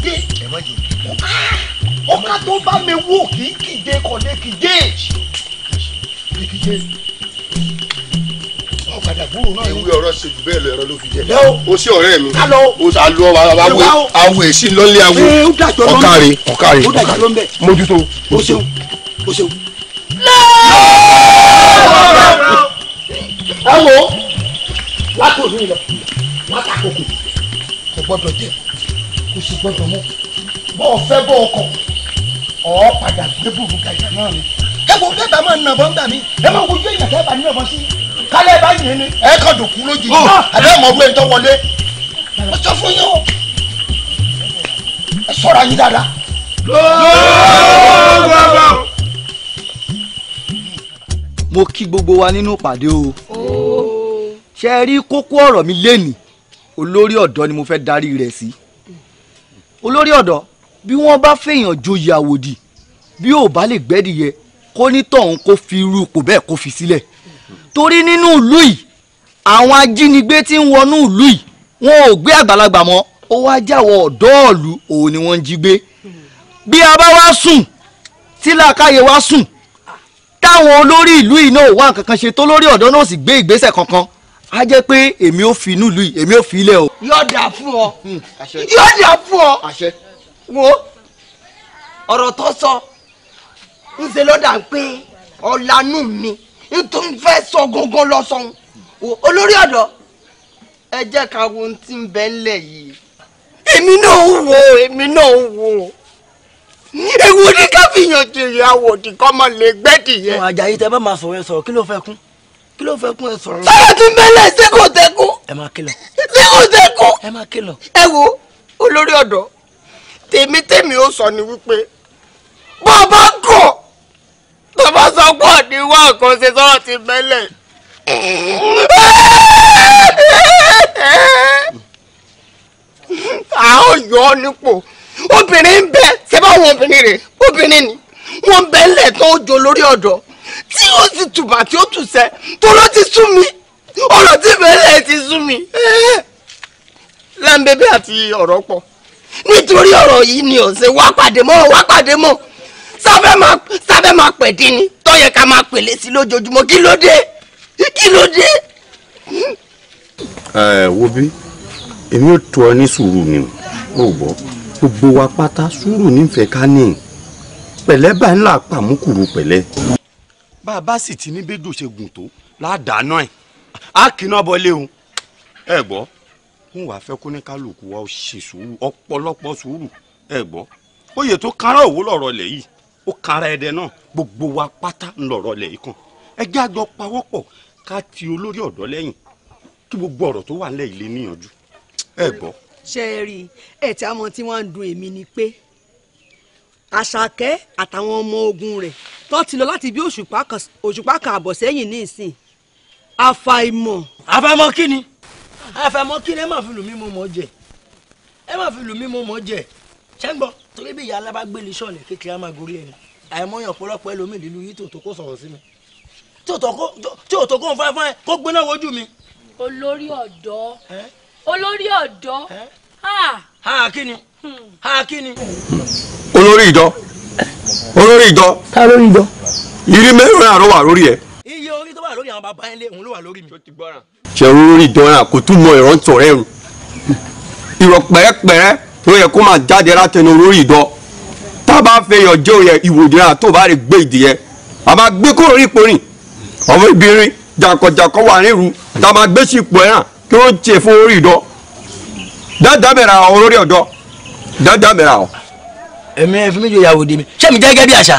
kìdé ah! ọkà tó bá mi wò kì í kìdé kọ̀dé kìdé kìdé gbúrò náà. ìwé ọ̀rọ̀ ṣe jù bẹ́ẹ̀ lọ ẹ̀rọ ló fi jẹ. o ṣe ọ̀rẹ́ mi. alo o ṣe alu ọba awo awo èsì lọ́lé awo ọ̀kàrè ọ̀kàrè mójútó. o ṣeun o ṣeun. ẹ wo látòlú lọ wọn kò gbọdọ̀ jẹ kò sì gbọdọ̀ mú bọ́ ọ fẹ́ bọ́ ọkọ̀ ọ padà gbé bùbù kàìsà náà ni. ẹ wo bẹ́ẹ̀ bá máa nà bọ́ ń gbà mí ẹ máa wojú ìyàn kẹ́ bá ní ọ̀bọ sí kálẹ̀ bá yẹn ni. ẹ kàn dùn kú lójú yìí àbẹ́ ọmọ ọdún ẹni tó wọlé mo sọ fún yín o ẹ sọ̀rọ̀ ayé dáadáa. mo kí gbogbo wa nínú ìpàdé o ṣe rí kókó ọ̀rọ̀ mi lénìí olórí ọ̀dọ́ ni mo fẹ́ darí rẹ̀ sí. Si olórí ọ̀dọ́ bí wọ́n bá fẹ́yàn joyè àwòdì bí ò bá lè gbẹ́dìyẹ kó ní tọ̀hún kó fi irú ipò bẹ́ẹ̀ kó fi sílẹ̀ torí nínú ìlú yìí àwọn ajínigbé tí ń wọnú ìlú yìí wọn ò gbé àgbàlagbà mọ́ ó wá jáwọ́ ọ̀dọ́ ọ̀lú òun ni wọ́n ń jí gbé bí a bá wá sùn tí làákàyè wá sùn táwọn olórí ìlú yìí náà wá nǹkan ṣe tó lórí ọ̀dọ́ náà sì gbé ìgbésẹ̀ kankan á jẹ́ pé èmi ò fi inú ìlú yìí èmi ò fi ilẹ̀ o. yóò dà fún ọ hmm, yóò dà fún ọ wo ọ̀rọ̀ tó sọ ń ṣe lọ́dà pé ọ̀lànú mi n tó ń fẹ́ sọ gangan lọ sọ̀hún olórí ọ̀dọ́ ẹ jẹ́ ká wo ohun tí ń bẹ ńlẹ̀ yìí. èmi náà ń wo èmi náà ń wo ewu ni ká fi yànjú ìyàwó tí kọ́mọ lè gbẹ́dìyẹ. ọ̀hún Àjàyí tẹ bá máa sọ̀rọ̀ sọ̀rọ̀ kí ló fẹ́ kún kí ló fẹ́ kún ẹ sọ̀rọ̀. sọ̀rọ̀ ti mẹ́lẹ̀ ṣé kò tẹ́kún. ẹ máa kìlọ̀. ṣé kò tẹ́kún. ẹ máa kìlọ̀. ẹ wo olórí ọ̀dọ́ tèmi tèmi ó sọ ni wípé bó o bá kọ̀ tó bá sọ pé ọ̀dí wá nǹkan ṣe sọ̀rọ̀ ti mẹ́lẹ̀. a ó yọ ọ nípò obìnrin ń bẹ ṣe bá obìnrin rè obìnrin ni wọn bẹ ń lẹ tó jọ lórí ọ̀dọ́ tí ó ti tùbà tí ó tù sẹ́ tọ́lọ́ ti sú mi ọ̀rọ̀ tí bẹ́ẹ̀ ti sú mi láńbẹ́bẹ́ àti ọ̀rọ̀ pọ̀ nítorí ọ̀rọ̀ yìí ni ọ̀sẹ̀ wá pàdé mọ́ wá pàdé mọ́ sábẹ́ máa sábẹ́ máa pẹ̀ dín ni tó yẹ ká máa pèlè sí lójoojúmọ́ kí ló dé kí ló dé. ẹ wo bí èmi ò tọ́ ọ ní sùúrù ni ò gbọ́ gbogbo wa pátá sùúrù nífẹ̀ẹ́ ká ní pẹ̀lẹ́ báyìí ńlá pàmùkùrù pẹ̀lẹ́. bá a bá sì ti ní bẹ́ẹ̀dù ṣe gùn tó ládàáná ẹ̀ á kíná o ẹ gbọ́ ń wàá fẹ́ kó ní kálukú wa ṣe sùúrù ọ̀pọ̀lọpọ̀ sùúrù ẹ gbọ́ òwú lọ̀rọ̀ lẹ̀ yìí ó kára ẹ̀dẹ̀ náà gbogbo wa pátá ń lẹ̀ yìí kan ẹgbẹ́ àjọ pawọ́pọ̀ ká ti olórí ọ̀dọ́ lẹ́yìn kí gbogbo ọ̀rọ̀ tó wà lẹ́yìn lé níyànjú ẹ gbọ́. ṣe tí wọ́n dun èmi ni pé àṣàkẹ́ àtàwọn ọmọ ogun rẹ̀ tó ti lọ láti bí òṣùpá kan àbọ̀ sẹ́yìn ní ìsìn àfàìmọ̀. àfàìmọ̀ kí ni àfàìmọ̀ kí ni ẹ má fi lù mí mo mọ̀ jẹ ẹ má fi lù mí mo mọ̀ jẹ ṣẹ́ńgbọ́n torí bí ìyá alábàgbélé sọ̀lẹ̀ kékeré á máa gorí ẹni àìmọyàn ọ̀pọ̀lọpọ̀ ẹlòmíì lílu yìí tó tó kó sọ̀rọ̀ sí mi tí ò tó kó ń fáfáfá kó gbéná wojú mi. olórí ọ̀dọ́ olórí ọ̀dọ́. ha kí ni olórí ìjọ olórí ìjọ. ta lórí ìjọ. ìrí mẹ́rin àrò wà lórí ẹ̀. iye orí tó wà lórí àwọn bàbá ẹ̀ lé òun ló wà lórí mi. ṣẹ̀rù lórí ìjọ náà kò tún mọ ìrántọ̀ rẹ̀ rùn. ìrọ̀ pẹ̀rẹ́pẹ̀rẹ́ tó yẹ kó máa jáde látẹnu olórí ìjọ. tá a bá fẹ́ yọ jẹ́ òye ìwòdì náà tó bá rè gbé ìdíyẹ. a máa gbé kóró rí ìporin. ọmọ ìbírin jàǹkànjàǹkàn wà níru tá a máa gbé sí ipò ẹ̀ràn kí wọ́n tiẹ̀ fún olórí ìjọ. dáadáa bẹ̀rẹ̀ àwọn olórí ọ̀dọ́ Dada mìíràn o. èmi ẹ mi di mi ṣé mi jẹ́ gẹ́gẹ́ bí àṣà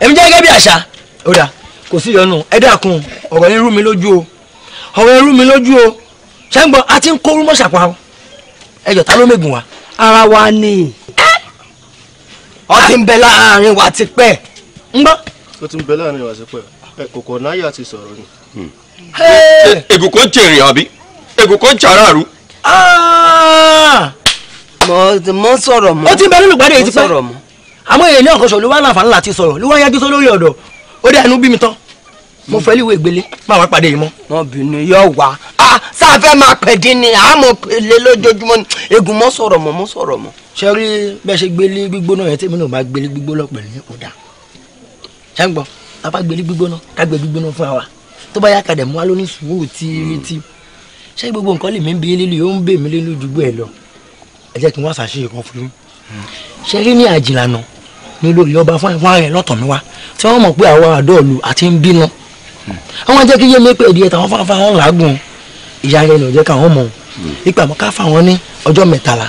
èmi jẹ́ gẹ́gẹ́ bí àṣà ó dà kò sí ìyọnu ẹ ọ̀rọ̀ yẹn rú mi lójú o ọ̀rọ̀ yẹn o ṣé ń gbọ́ a ti ń kó rúmọ̀ ṣàpá o ẹ ara wa ni ọ ti ń bẹ láàrin wa ti pẹ́ ń gbọ́. ó ti ń bẹ láàrin wa ti pẹ́ ẹ kòkò ti sọ̀rọ̀ ni. Hmm. mọ sọ̀rọ̀ mọ́. ó ti bẹ nínú gbàdé yìí ti pẹ́ àmọ́ èyí ní ọ̀kọ́ṣọ́ ló wá láǹfààní láti sọ̀rọ̀ ló wá yájú sọ lórí ọ̀dọ̀ ó dé ẹnu bí mi tán mo fẹ́ líwé ìgbélé má wá pàdé yìí mọ́. wọn bìnú yọ wá a sáfẹ́ máa pẹ̀ dín ni àmọ́ pèlè lójoojúmọ́ ni egun mọ́ sọ̀rọ̀ mọ́ mọ́ sọ̀rọ̀ mọ́. ṣé rí bẹ́ẹ̀ ṣe gbélé gbígbóná yẹn tèmi náà bá gbélé gbígbóná pẹ̀lú ní kódà ṣé ń gbọ́ a bá gbélé gbígbóná ká gbé gbígbóná fún wa tó bá yá kadẹ̀ mú wa lóní sùúrù tí tí mm. ṣé gbogbo nǹkan lè mí bí ẹ jẹ́ kí wọ́n ṣàṣeyẹ kan fún yín ṣe rí ní àjìlànà ní olórí ọba fún àwọn ààrẹ lọ́tọ̀ mi wá tí wọ́n mọ̀ pé àwọn àdọ́ọ̀lù àti ń bínú àwọn jẹ́ kí yé mi pé ìdíyẹ táwọn fáfá wọn làágùn ìyá rẹ lọ jẹ́ káwọn mọ̀ ipa àmọ́ ká fáwọn ní ọjọ́ mẹ́tàlá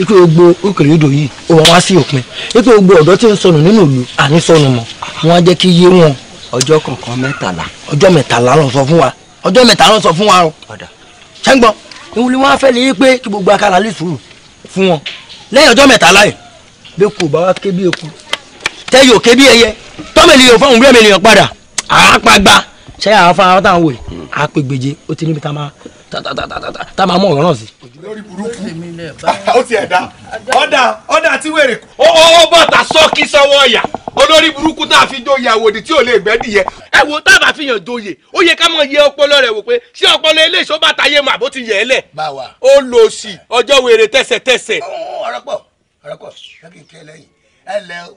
ikú gbogbo òkèlè odò yìí ó wá wá sí òpin ikú gbogbo ọ̀dọ́ tí ń sọnù nínú ìlú àní sọnù mọ̀ wọ́n jẹ́ kí yé wọn. ọjọ́ kọ̀ọ̀kan mẹ́tàlá. ọjọ́ mẹ́tàlá ló sọ fún wa ọjọ́ mẹ́tàlá ló sọ fún wa o ṣẹ́ńgbọ́n ìwúlí wọn fẹ́ lè yí pé kí gbogbo akara lè sùúrù fún wọn lẹ́yìn ọjọ́ mẹ́ta láì bí kò bá wá ké bí eku tẹ́ yóò ké bí ẹyẹ tọ́mẹ̀lì yóò fọ́n rẹ́mẹ̀lì yóò padà àápagba ṣẹ́yà àwọn fáwọn táwọn wò yìí àápègbèje ó ti níbi tá a máa tá a máa mú ọ̀rọ̀ náà sí. lórí burúkú ó ti ẹ̀dá ọ̀dà ọ̀dà tí wèrè ó bọ̀tà sọ́ọ̀kì sọ́wọ́ ọ̀yà olórí burúkú tá a fi jó ìyàwó di tí ò lè gbẹ́dì yẹ. ẹ wo tá a bá fi yàn joyè ó yẹ ká mọ iye ọpọlọ rẹ wò pé ṣé ọpọlọ ilé ìṣó bàtà yé mà bó ti yẹ ẹ lẹ. báwa ó lọ sí ọjọ́ wèrè tẹ̀sẹ̀tẹ̀sẹ̀. ọ̀rọ̀ pọ̀ ọ̀rọ̀ pọ̀ ṣé kí n kí ẹ lẹ́yìn ẹ lẹ o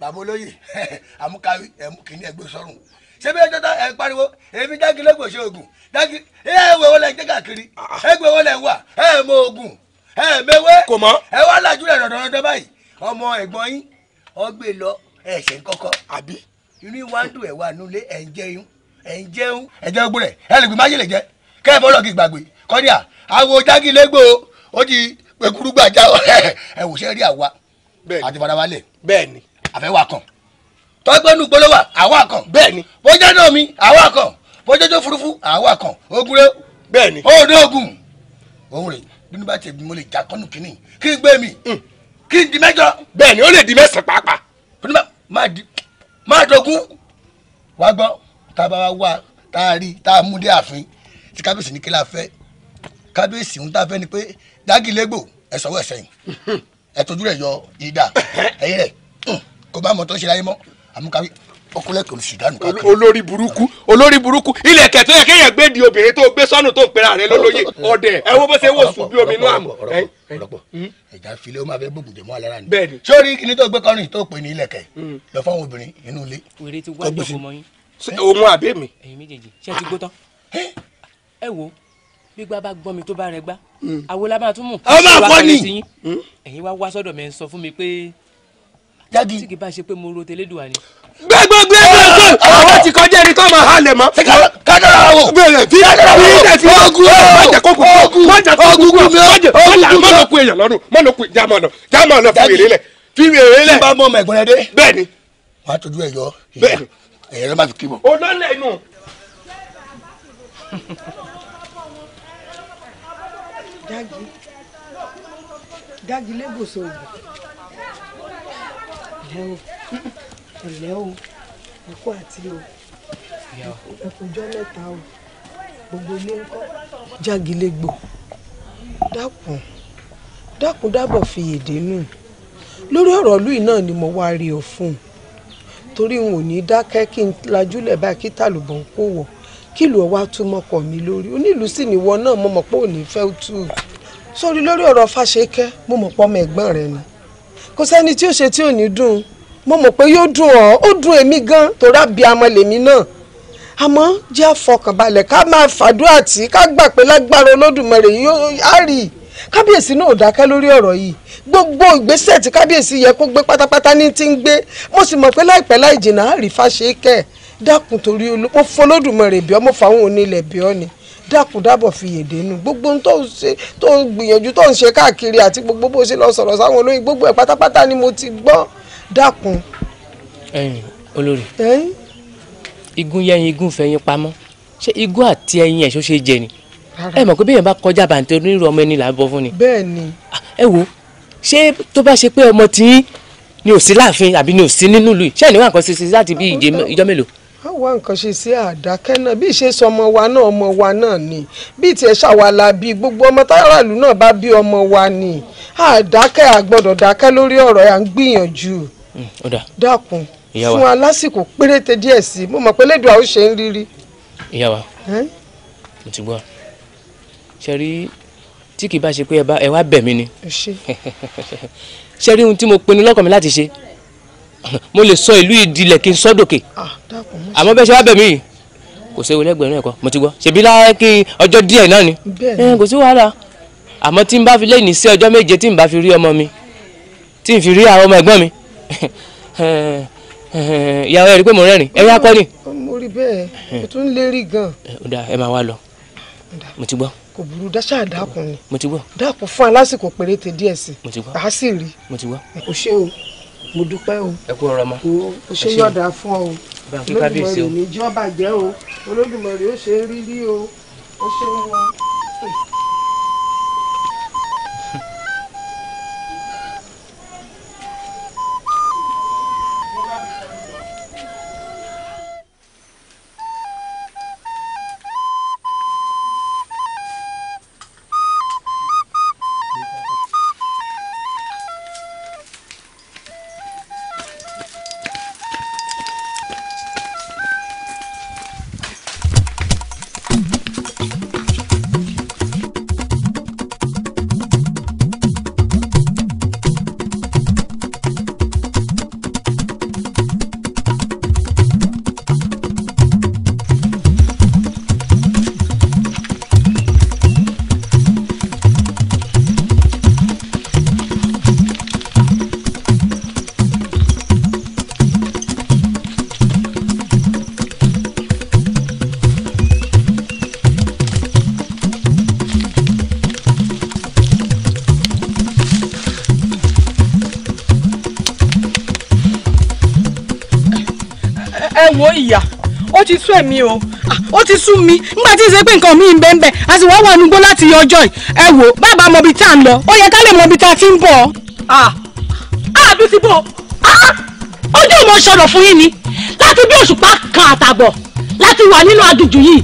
bàbá olóyè àmúkàwé ẹ̀mú kìíní ẹgbẹ́ sọ́run ṣé bí ẹjọ́ ẹ pariwo èmi jákèlé gbòṣe oògùn dájú ẹ wẹ wọlé jẹ káàkiri ah. ẹ gbé wọlé wà ẹ mọ ogun ẹ mẹwẹ kò mọ ẹ wà lájú rẹ dọdọdọdọ báyìí ọmọ ẹ̀gbọ́n yín ọgbẹ lọ ẹsẹ kọkọ àbí inú wa ń dùn ẹ wà nulẹ ẹ ń jẹun ẹ ń jẹun ẹ jẹ gbọrẹ ẹ lè gbé májèlé jẹ kẹ ẹ bọ lọgì gbàgbé kọ́díà àwọn jágìlégbò ó ti pẹkuru gbàjà ẹ wò sẹ́rí àwa àti farabalẹ̀ bẹ́ẹ̀ni àfẹ́wà kan tọ́gbẹ́nu gbọ́dọ̀ wà àwa kan bẹ́ẹ̀ni bójá náà mi àwa kan bójójó furuufu àwa kan ogun rẹ bẹ́ẹ̀ni òde ogun òun rè bínú bá tiẹ̀ bí mo lè jà kọ́nù kínní kí n gbé mi hmm. kí n di mẹ́jọ. bẹ́ẹ̀ni ó lè di mẹ́sàn pàápàá. bínú máa di máa dogun wá gbọ́ tá a bá wá tá a rí tá a mú dé ààfin tí kábíyèsí ní kí la fẹ́ kábíyèsí ń tá a fẹ́ ni pé dágìlégbò ẹ sọwọ́ hmm. ẹ sẹ́yìn ẹ tójú rẹ̀ yọ ìdá ẹ̀yìn rẹ̀ hmm, kó bá mọ̀ tó ṣe láyé mọ́ àmúkàwé ọkùnrin kò sùdánù káàkiri. olórí burúkú olórí burúkú ilẹ̀ kẹtọ́ yẹ kéèyàn gbé di obìnrin tó gbé sọ́nù tó ń pera rẹ lólóye ọ̀dẹ̀ ẹ wo bó ṣe wò sùn bí omi inú àmọ́. ọ̀rọ̀pọ̀ ẹ̀já filé ó máa fẹ́ gbógun dè mọ́ alára ni. bẹ́ẹ̀ni sórí kìnìún tó gbé kọrin tó pè ní ilẹ̀ kẹ hmm. lọ fáwọn obìnrin inú ilé. wèrè ti wá ìjọba ọmọ yín. òun àbẹ́ mi. ẹ̀yin méjèèjì ṣé ti gbó tán. ẹ wo bí gbá bá gbọ́n mi tó bá rẹ gbá hmm. àwo la máa tún mú. ọ máa fọ́ ni. Hmm. ẹ̀yin wá wá sọ́dọ̀ mi sọ fún mi pé. jáde tí kì bá ṣe pé mo ro tẹ́lẹ̀dùn wa ni gbẹgbẹgbẹgbẹ àwọn ah, ah, ti ah. kọjá ẹni tó máa halẹ̀ mọ́. kádàrà wò bẹ̀rẹ̀ bí ilẹ̀ ti ogun ọjà kókò ọjà ogun mi ọjà mọ ló kú èèyàn lọ́rùn mọ ló kú jàmọ̀ náà jàmọ̀ náà fi wèrè lẹ̀ fi wèrè lẹ̀. bá mọ ọmọ ẹ̀gbọ́n rẹ dé. bẹ́ẹ̀ni. wàá tọ́jú ẹ yọ ẹyẹ rẹ má fi kí bọ. olólè inú. dági dági lébùsọ̀ ògùn ẹ̀lẹ́ o ẹ̀kú àti o ẹ̀kújọ́ mẹ́ta o gbogbo ilé ńkọ́ jágilégbò dákun dákun dábọ̀ fi èdè nù lórí ọ̀rọ̀ lùí náà ni mo wá rí o fún un torí n ò ní dákẹ́ kí n lajúlẹ̀ báyìí kí tàlùbọ̀ ń kó wọ̀ kí ìlú ọwá tún mọ́kọ̀ mi lórí onílù sì ni ìwọ náà mo mọ̀ pé ò ní fẹ́ tú u sórí lórí ọ̀rọ̀ fàṣekẹ́ mo mọ̀ pọ́ ọmọ ẹ̀gbọ́n rẹ ni kò sẹ́ni tí ó ṣe tí ò ní dùn mo mọ̀ pé yóò dùn ọ́ ó dùn èmi gan torí abiyamọ lèmi náà àmọ́ jẹ́ àfọkànbalẹ̀ ká máa fàdúrà tí ká gbà pé lágbára olódùmarè yóò á rí i kábíyèsí náà ò dákẹ́ lórí ọ̀rọ̀ yìí gbogbo ìgbésẹ̀ tí kábíyèsí yẹ kó gbé pátápátá ní ti ń gbé mo sì mọ̀ pé láìpẹ́ láì jìnnà á rí fàṣẹ kẹ́ dákun torí mo fọlódùmarè bíọ́ mo fàwọn onílẹ̀ bíọ́ ni dákun dábọ̀ fi yèdè nù gbogbo ohun tó ń ṣe tó ń gbìyànjú tó ń ṣe káàkiri àti gbogbo bó ṣe lọ sọ̀rọ̀ sáwọn olóyìn gbogbo ẹ̀ pátápátá ni mo ti gbọ́ dákun. ẹyin olórí igun yẹyin igun fẹyin pamọ́ ṣé igun àti ẹyin ẹṣọ ṣe jẹ ni ẹ mọ̀ pé bẹ́ẹ̀ bá kọjá bàǹtẹ onírú ọmọ ẹni là ń bọ fún ni. bẹ́ẹ̀ni. Ah, ẹ wo ṣé tó bá ṣe pé ọmọ tí ni ò sí láàfin àbí ni ò sí nínú ìlú yìí ṣé ìníwá nǹkan ṣe sí láti bí ìjọ mélòó a wá nǹkan ṣe sí àdákẹ́ náà bí ìṣe sọ ọmọ wa náà ọmọ wa náà ni bí tiẹ̀ ṣàwàlà bí gbogbo ọmọ táráàlú náà bá bí ọmọ wa ni àdákẹ́ àgbọ́dọ̀ dákẹ́ lórí ọ̀rọ̀ à ń gbìyànjú. Hmm, dákun fún wa lásìkò péréte díẹ̀ sí i mo mọ̀ pé lẹ́dùn àwọn ṣe ń rírí. ìyá wa mo ti gbọ́ ṣe rí tí kì í bá ṣe pé ẹ wá bẹ̀ mí ni ṣe rí ohun tí mo pinnu lọ́kàn mi láti ṣe mo lè sọ ìlú ìdílẹ̀ kí n sọ dòkè ah, àmọ́ bẹ́ẹ̀ ṣe wá bẹ̀ mí yìí kò séwu lẹ́gbẹ̀rún ẹ̀kọ́ mo ti gbọ́ ṣèbí láàkì ọjọ́ díẹ̀ náà ni kò sí wàhálà àmọ́ tí n bá fi lẹ́yìn sí ọjọ́ méje tí n bá fi rí ọmọ mi tí n fi rí àwọn ọmọ ẹ̀gbọ́n mi ìyàwó ẹ rí pé mo rẹ́rìn ẹ yá kọ́ ni. mo rí bẹ́ẹ̀ mo tún lè rí gan. ọ̀dà ẹ máa wá lọ mo ti gbọ́. kò burú dáṣà dákun ni. mo ti gbọ́. dákun fún alásìkò péréte díẹ̀ sí. mo ti gbọ́. àá sì rí. mo ti gbọ́. o ṣé o mo dúpẹ́ o. ẹ kú ọ̀rọ̀ ma. o ṣe yọ̀dà fún ọ o. olódùmarè ní jọba jẹ́ o olódùmarè ó ṣe é rí rí o ó ṣe é wọ. sú èmi o ah, ó ti sú mi nígbà tí ń ṣe pé nǹkan mi ń bẹ́ ń bẹ́ a sì wọ́n wà nígbó láti yọ ọjọ́ yìí ẹ wò bàbá mọ ibi tá à ń lọ ó yẹ ká lè mọ ibi tá a ti ń bọ̀. Ah, ah, àbí ti bò ojú ìmọ̀ sọ̀rọ̀ fún yín ni láti bí òṣùpá kan àtàbọ̀ láti wà nínú aginjù yìí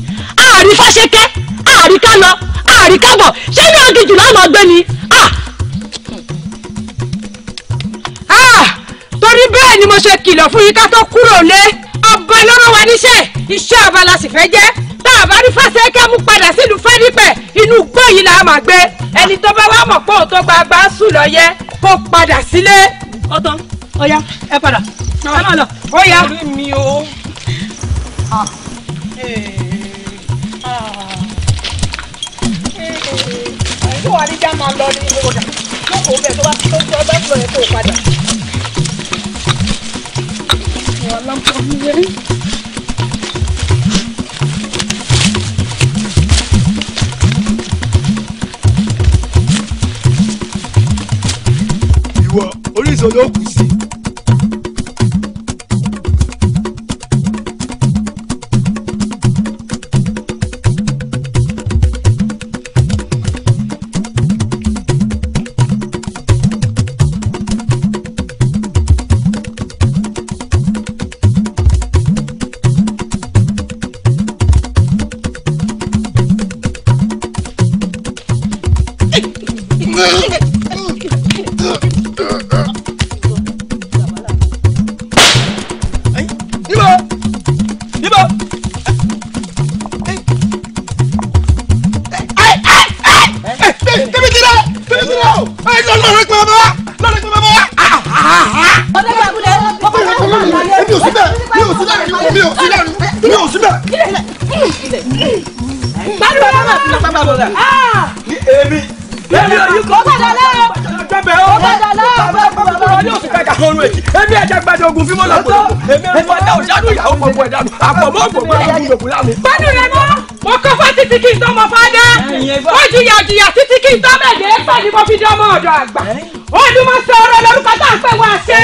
àárí fáṣẹkẹ́ àárí ká lọ àárí ká bọ̀ ṣé ní aginjù láwọn ọgbẹ́ ni. torí bẹ́ẹ̀ ni mo ṣe kìlọ̀ fún yín ká tó kúrò lé ọ̀bọ lọ́rọ̀ wa níṣẹ́ iṣẹ́ abala sì fẹ́ jẹ́ tá a bá rí fáṣẹ́kẹ́ mú padà sílùú fẹ́rípẹ̀ inú igbó yìí la máa gbé ẹni tó bá wà mọ̀ pé òun tó gba agbá sùn lọ yẹ kó padà sílé. ọtọ ọya ẹ padà ẹ lọ. ọya orí mi o. ìlú ah. wa ní já máa lọ ní ìlú ọjà lóko bẹ́ẹ̀ tó bá tó tó bá tó yẹ kó padà. ìwà mi wẹ́rẹ́. ó jìyà jìyà títí kí n tọ́mẹ̀dé pẹ̀ ni mo fi dán ọmọ ọ̀dọ̀ àgbà olùmọ̀sán ọ̀rọ̀ lórúkọ tá à ń pè wọ́n àṣẹ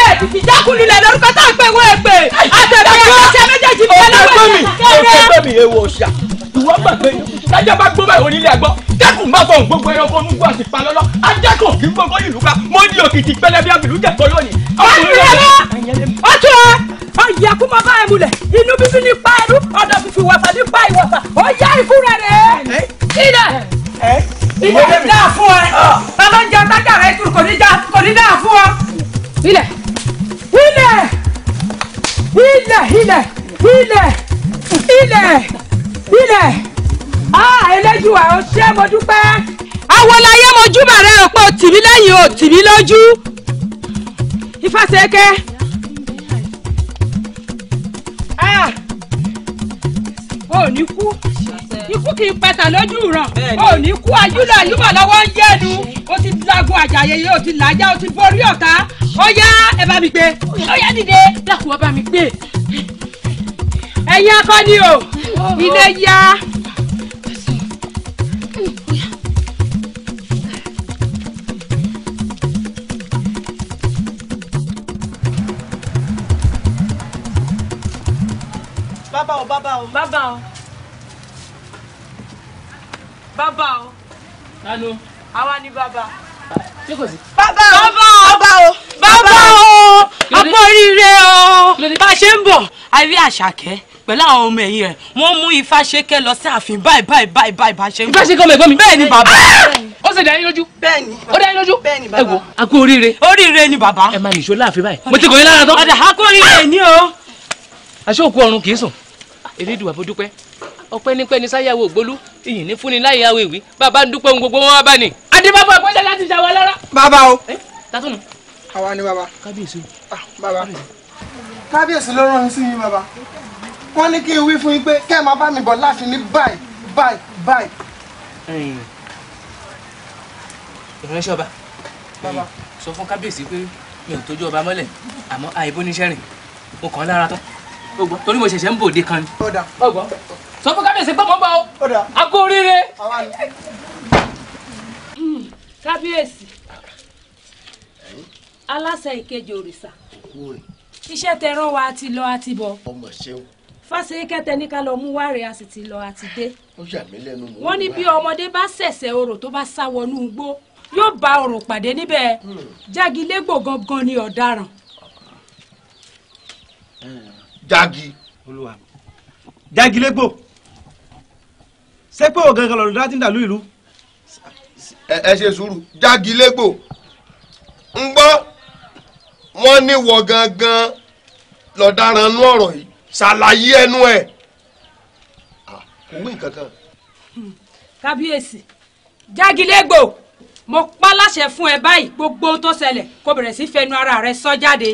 ẹ̀ẹ́dìtì jákùnlélẹ̀ lórúkọ tá à ń pè wọ́n èpè àtẹ̀bẹ̀rẹ̀ àṣẹ méjèèjì bẹ́ẹ̀ lọ́wọ́ ìṣàkẹ́rẹ́ ìwọ gbàgbé tájà bá gbọ́ báyìí onílé àgbọ́ dẹ́kun bá fọ̀ gbogbo ẹranko nùgbò àti palọ́lọ́ adákọ̀ kì í gbogbo ìlú ká mo ní òkìtì pẹlẹbí àbìlú jẹ̀kọ́ lónìí. ọ̀sùn yẹn lọ ọtún ẹ ọ̀yà kó máa bá ẹ mulẹ̀ inú bíbí ní pa ẹnu ọ̀dọ̀ fífi wàfà ní pa ìwàfà ọ̀yà ikú rẹ̀ rẹ̀. Ah. kò ní dáa fún ẹ bàbá ń jẹ tájà rẹ jù kò ní dáa fún ọ. ilẹ̀ ilẹ̀ ilẹ̀ ilẹ̀ ilẹ̀ ilẹ̀ ilẹ̀ ah eléjúwa ó ṣe mo dúpẹ́. awolaye mojú bàrẹ̀ ọ̀pọ̀ tìmí lẹ́yìn ò tìmí lójú. ifásẹ́kẹ́. ikú kì í pẹ̀tàn lójú ràn ò ní kú ayúlọ̀ ayúbọ̀ lọ́wọ́ ń yẹ́nu ó ti lagun àjàyè yìí ó ti làájá ó ti borí ọ̀tá ó yá ẹ bá mi gbé ó yá dìde dákun ọba mi gbé ẹ̀yin akọni o ilé yá. bàbá o bàbá o bàbá o. Baba o. alo. àwa ni Baba. ṣé kò sí. bàbá o Baba o Baba o ọkọ oríire o bá a ṣe ń bọ̀ àbí àṣàkẹ́ pẹ̀lú àwọn ọmọ ẹ̀yìn rẹ̀ wọ́n mú Ifáṣẹ́kẹ́ lọ sí ààfin báyìí báyìí báyìí báyìí bá ṣe ń bọ̀. Ifáṣẹ́kẹ́ ọmọ ẹ̀gbọ́n mi. bẹ́ẹ̀ ni bàbá. ó sì dá yín lójú. bẹ́ẹ̀ ni bàbá ó dá lójú. bẹ́ẹ̀ ni bàbá ẹ wo a kú oríire. oríire ni bàbá. ẹ máa nìṣó láàfin báyìí. mo ti kò yín lára tán. ọ̀dà a oríire ni o. aṣọ òkú ọrùn kì í sùn. elédùn àbójúpẹ́ ọpẹ́ ní pẹ́ ní sáyàwó ògbólú ìyìn ní fúnni láyé awé ìwí bàbá ń dúpẹ́ ohun gbogbo wọn wá bá ní. adébáfọ ìpínlẹ̀ láti ṣe àwọn alára. bàbá o. ẹ tatúnú. àwa ni bàbá. kábíyèsí. Ah, bàbá kábíyèsí ló rán mi sí yín bàbá wọ́n ní kí n wí fún yín pé kẹ́ ẹ máa bá mi bọ̀ láàfin ní báyìí báyìí báyìí. ìránṣẹ́ ọba sọ fún kábíyèsí pé mi ò tójú ọba mọ́lẹ̀ àmọ́ àìbóníṣẹ́rìn mo kàn án lára tán torí mo ṣẹ̀ṣẹ̀ ń bòde kan ni. ọ̀gbọ́n sọ fún kábíyèsí pé mò ń bọ̀ o àgọ́ oríire. Hmm, kábíyèsí aláṣẹ ìkejì òrìṣà iṣẹ́ tẹ rán wa àti lọ àti bọ̀. ọmọ ṣeun fásikẹ́ tẹni ká lọ mú wáre a sì ti lọ àti dé. ó yà mí lẹ́nu mọ́. wọ́n ní bí ọmọdé bá ṣẹ̀ṣẹ̀ orò tó bá sá wọnú igbó yóò bá orò pàdé níbẹ̀ hmm. jágilégbò gangan ni ọ̀daràn. jági olúwa ṣé pé ògàn kan lọ́dún dá ti ń dàlú ìlú. ẹ ṣe sùúrù jágilégbò ń gbọ́ wọ́n ní wọ gangan lọ́daràn nú ọ̀rọ̀ yìí ṣàlàyé ẹnu ẹ̀ kò wí nǹkan kan. Hmm. kábíyèsí jágilégbò mo pa láṣẹ fún ẹ báyìí gbogbo tó ṣẹlẹ̀ kó bẹ̀rẹ̀ sí fẹnu ara rẹ sọ jáde.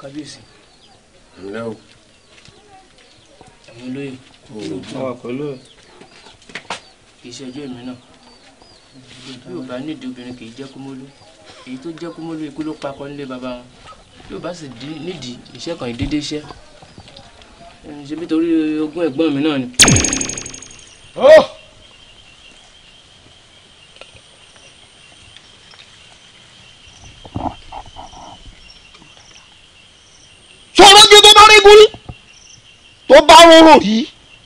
kábíyèsí olóyè wà pẹ̀lú ẹ̀. kì í ṣe ọjọ́ èmi náà bí ò bá nídìí obìnrin kì í jẹ́ kúmólú èyí tó jẹ́ kúmólú ikú ló pakọ́ nílé bàbá wọn bí ò bá sì nídìí iṣẹ́ kan ìdédé iṣẹ́ ṣe bí torí ogún ẹ̀gbọ́n mi náà ni. rorò yìí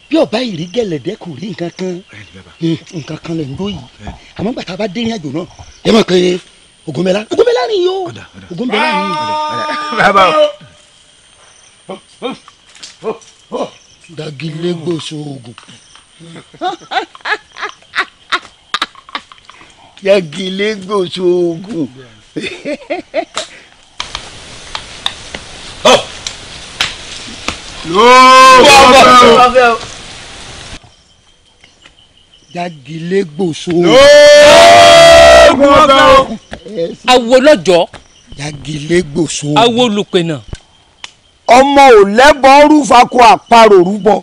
bí ọba ìrí gẹlẹdẹ kò rí nǹkan kan nǹkan kan lè ń dó yìí gbàtà bá dérin àjò náà ẹ mọ̀ pé ogunbẹ́lá ogunbẹ́lá ni yìí o ogunbẹ́lá ni yìí. Ah, dagilégbòso ogun dagilégbòso ogun. lóòótọ́ jágilé gbòòso lóòótọ́ lóòótọ́ awo lọ́jọ́ jágilé gbòòso awo olùpẹ̀nà. ọmọ ò lẹ́bọ̀ rúfakọ àparò rúbọ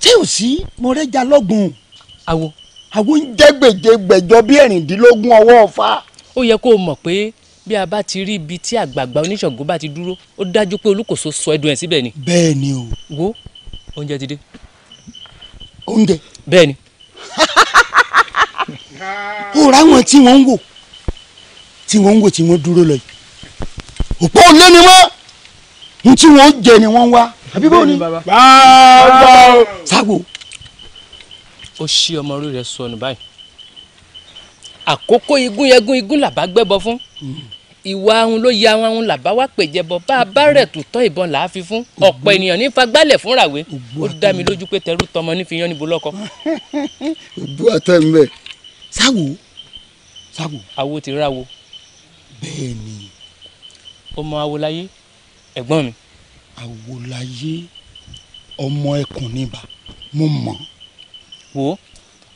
tí ò sí mọ̀rẹ́jà lọ́gùn. awo. awo ń jẹ́ gbèjègbèjọ bí ẹ̀rìndínlógún ọwọ́ ọ̀fà. ó yẹ kó o mọ̀ pé bí a bá ti rí ibi tí àgbààgbà oníṣàngó bá ti dúró ó dájú pé olúkòso sọ ẹdùn ẹ̀ síbẹ̀ ni. bẹ́ẹ̀ ni o. wo oúnjẹ ti dé. oúnjẹ. bẹ́ẹ̀ ni. ó ráwọn tí wọ́n ń wò tí wọ́n ń wò tí wọ́n dúró lọ yìí òpó olé ni wọ́n n tí wọ́n jẹ ni wọ́n wá àbí bó ni. bàbá o. sago. ó ṣí ọmọ orí rẹ̀ sọnù báyìí àkókò igun yẹgun igun làbá gbẹ́bọ fún. Hmm ìwà ahun ló ya àwọn ahun làbá wá pèjẹbọ bá a bá rẹ̀ tó tọ́ ìbọn là á fi fún ọ̀pọ̀ ènìyàn ní fagbálẹ̀ fúnra wé ó dá mi lójú pé tẹrú tọmọ nífi yan níbo lọ́kọ. òbú àtẹ̀m̀bẹ̀ sáwò sáwò. awo ti ráwo. bẹ́ẹ̀ni. ọmọ awolaye ẹ̀gbọ́n mi. awolaye ọmọ ẹkùn níbà mo mọ̀. wo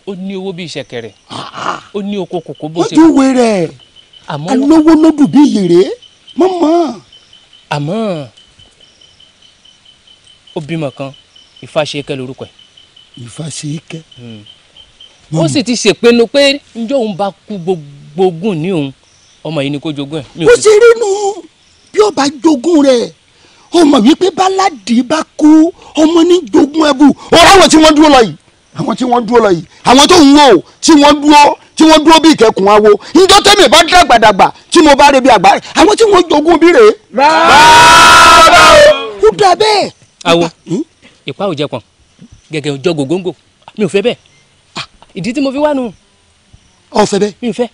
ó ní owó bíi ṣẹ̀kẹ̀rẹ̀ ah, ah. ó ní oko bó ṣe. wọ́n ti wé rẹ̀ àmọ́ alówó lódù bí ìlèrè mọ́mọ́. àmọ́ ó bímọ kan ìfàṣekẹ́ lórúkọ ẹ̀. ìfàṣekẹ́. Hmm. ó sì ti ṣèpinnu pé njọ́ òun bá kú gbogbo ogún ní òun ọmọ yìí ni kó jogún ẹ̀. ó ṣe rí nu bí ó bá jogún rẹ̀ ó mọ̀ wípé báládì bá kú ọmọ ní jogún ẹ̀bù ọ̀rọ̀ àwọn tí wọ́n dúró lọ yìí àwọn tí wọ́n dúró lọ yìí àwọn tó ń wò tí wọ́n dúró tí wọ́n dúró bí ìkẹkùn awo njọ́ tẹ́mi bá dàgbàdàgbà tí mo bá rẹ bí àgbà àwọn tí wọ́n jogún bí rè. bàbá o kú dà bẹ́ẹ̀. awo ìpá ò jẹpọn gẹ́gẹ́ ọjọ́ gògóńgò mi ò fẹ́ bẹ́ẹ̀ ah, ìdí tí mo fi wá nù. ọ fẹ́ bẹ́ẹ̀ mi ò fẹ́.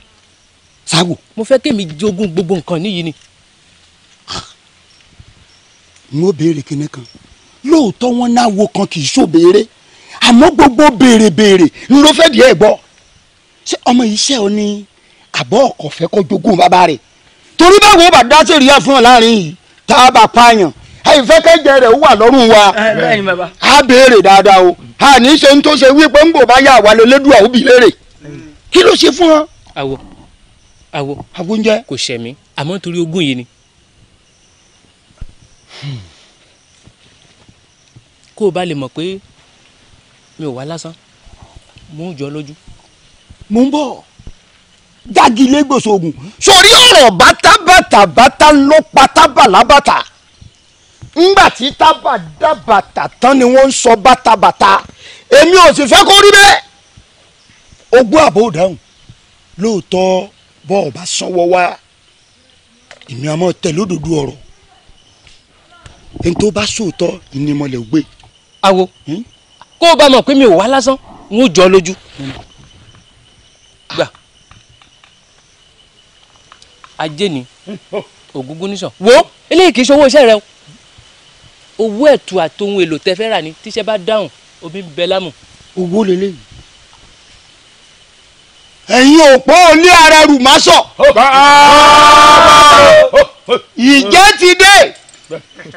sáwù. mo fẹ́ kémi jogún gbogbo nǹkan níyì ni. n ó béèrè kinní kan lóòótọ́ wọn náà wo kan kì í ṣòbéèrè àmọ́ gbogbo béèrè béèrè ń lọ fẹ́ díẹ̀ gbọ́ ṣé ọmọ iṣẹ́ ò ní àbọ̀ ọkọ̀ fẹ́ kó jogún bàbá rẹ̀ torí báwo bá dá sí ìrìyà fún ọ láàrin yìí tá a bá pààyàn àìfẹ́kẹ́jẹ rẹ̀ wà lọ́rùn wa a béèrè dáadáa o a ní í ṣe ń tó ṣe wípé ń bò bá yà wà lélẹ́dùn àwọn òbí kí ló ṣe fún ọ. àwọ àwọ àwọ oúnjẹ kò ṣẹ̀mí àmọ́ torí ogún yìí ni kó o bá lè mọ̀ pé mi ò wá lásán mò ń jọ lójú mò ń bọ̀ jágilé gbòsògùn sórí ọ̀rọ̀ bátábàtàbátà ló pa tábàlábàtà ńgbà tí tábàdàbàtà tán ni wọ́n ń sọ bátabàtà èmi ò sì fẹ́ kó rí bẹ́ẹ̀ ogbó àbò dáhùn lóòótọ́ bọ́ọ̀ bá sanwó wá èmi àmọ́ tẹ̀ lódodo ọ̀rọ̀ ẹni bá sòótọ́ ìnímọ̀lẹ̀ gbé. awo hmm? kó o bá mọ̀ pé mi ò wá lásán ń jọ lójú hmm gbà ajé ni hmm, oh. ògúngún nísàn wo eléyìí kì í ṣe owó iṣẹ́ rẹ o owó ẹ̀tù àtohun èlò tẹ fẹ́ rà ni tíṣẹ́ bá dáhùn omi ń bẹ lámù. owó leléyìí ẹ̀yin òpó olé ara rù má sọ oh. ìjẹ́ ti dé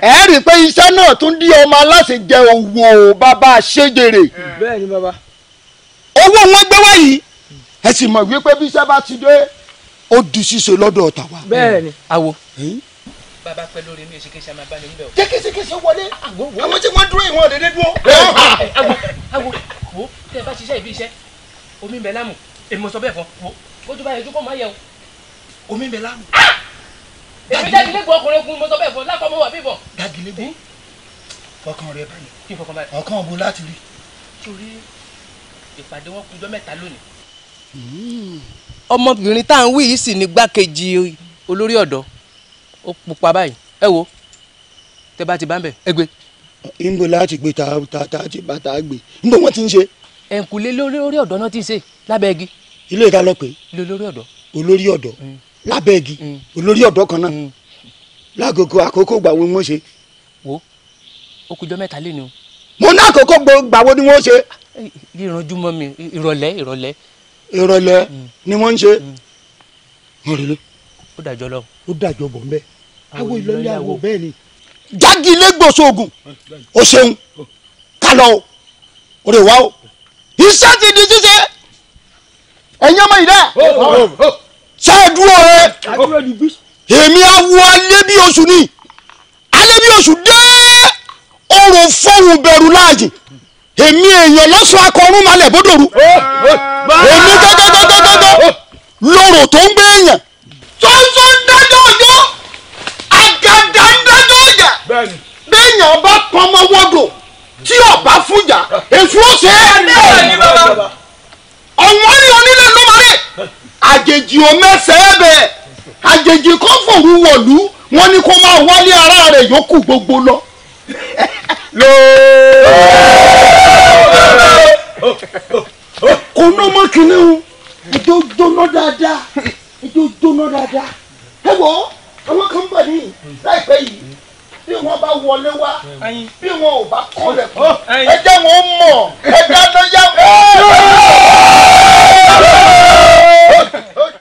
ẹ rí i pé iṣẹ́ náà tún dí ọmọ aláṣẹ jẹ òwò bàbá ṣèjèrè owó wọn gbé wá ẹ sì mọ̀ wípé bí iṣẹ́ bá ti dé ó di ṣíṣe lọ́dọ̀ ọ̀tà wa. bẹ́ẹ̀ni awo. bàbá pẹ lórí mi èsì kẹsì àmà bá ní níbẹ̀ o. jẹ́ kẹsì kẹsì wọlé àwọn tí wọ́n dúró ìwọ̀n dédé dúró. awo awo wo tẹ bá ṣiṣẹ́ ibi iṣẹ́ omi ń bẹ lámù èmi mo sọ bẹ́ẹ̀ fọ wo bójú bá yẹ ojú kọ́ máa yẹ o omi ń bẹ lámù. Ah! èmi dágilégbò ọkùnrin kun mo sọ bẹ́ẹ̀ fọ lákọ̀ mọ́ wà bíbọ̀. dágilégbò fọkàn rẹ balẹ̀ ọkàn bo láti rí. torí ìpàdé wọn kújọ mẹ́ta lónìí ọmọbìnrin tá à ń wí yìí sì ni gbákejì olórí ọ̀dọ́ ó pupa báyìí ẹ wo tẹ bá ti bá ń bẹ ẹ gbé. níbo láti gbé tààtà àti bàtà gbé níbo wọn ti ń ṣe. ẹ̀ǹkùlé lórí ọ̀dọ́ náà ti ń ṣe lábẹ́ igi. ilé ìta lọ pé. ilé olórí ọ̀dọ́. olórí ọ̀dọ́ mm. lábẹ́ igi mm. olórí ọ̀dọ́ kan náà mm. lágogo àkókò gbà wo ni wọ́n ṣe. wo ó kújọ mẹ́ta lé ni o. mo ní àkókò gbà wo ni wọ́n ṣe. ìrànjú mọ́ mi ìrọ̀lẹ́ ìrọ̀lẹ́ ìrọ̀lẹ́ ni wọ́n ń ṣe. Mm. ó dàjọ́ lọ. ó dàjọ́ bọ̀ ń bẹ́ẹ̀ awo ìlọlẹ́ awo bẹ́ẹ̀ ni. jági ilé gbòsògùn o ṣeun kálọ o o lè wá o iṣẹ́ ti di ṣíṣe ẹ̀yin ọmọ yìí dẹ́ ṣe é dúró rẹ èmi awo alẹ́ bí oṣù ni alẹ́ bí oṣù dé ọ̀rọ̀ fọ́hùn bẹ̀rù láàyè. èmi èèyàn lọ́sọ̀ akọrún malẹ̀ bódòru èmi gẹ́gẹ́gẹ́gẹ́gẹ́ lòrò tó ń gbé èèyàn. sọ́nsọ́ ń dájọ́ ọjọ́ àgàdà ń dájọ́ ọjà bá pọnmọ́ wọ́dọ̀ tí ọba fújà èṣù ọ̀sẹ̀ ọ̀wọ́n onílé ló máa rẹ̀ àjèjì ọmẹsẹ̀ bẹ̀ àjèjì wọ̀lú wọn ni kó máa wálé ara rẹ̀ gbogbo lọ. kò ná ọmọ kìnìún ìjọ jóná dáadáa ìjọ jóná dáadáa ẹ wọ àwọn kan bọ̀ ní láìpẹ́ yìí bí wọn bá wọlé wá bí wọn ò bá kọlẹ̀ fún ẹ jẹ́ wọn mọ̀ ẹ dáná yá wọ́n.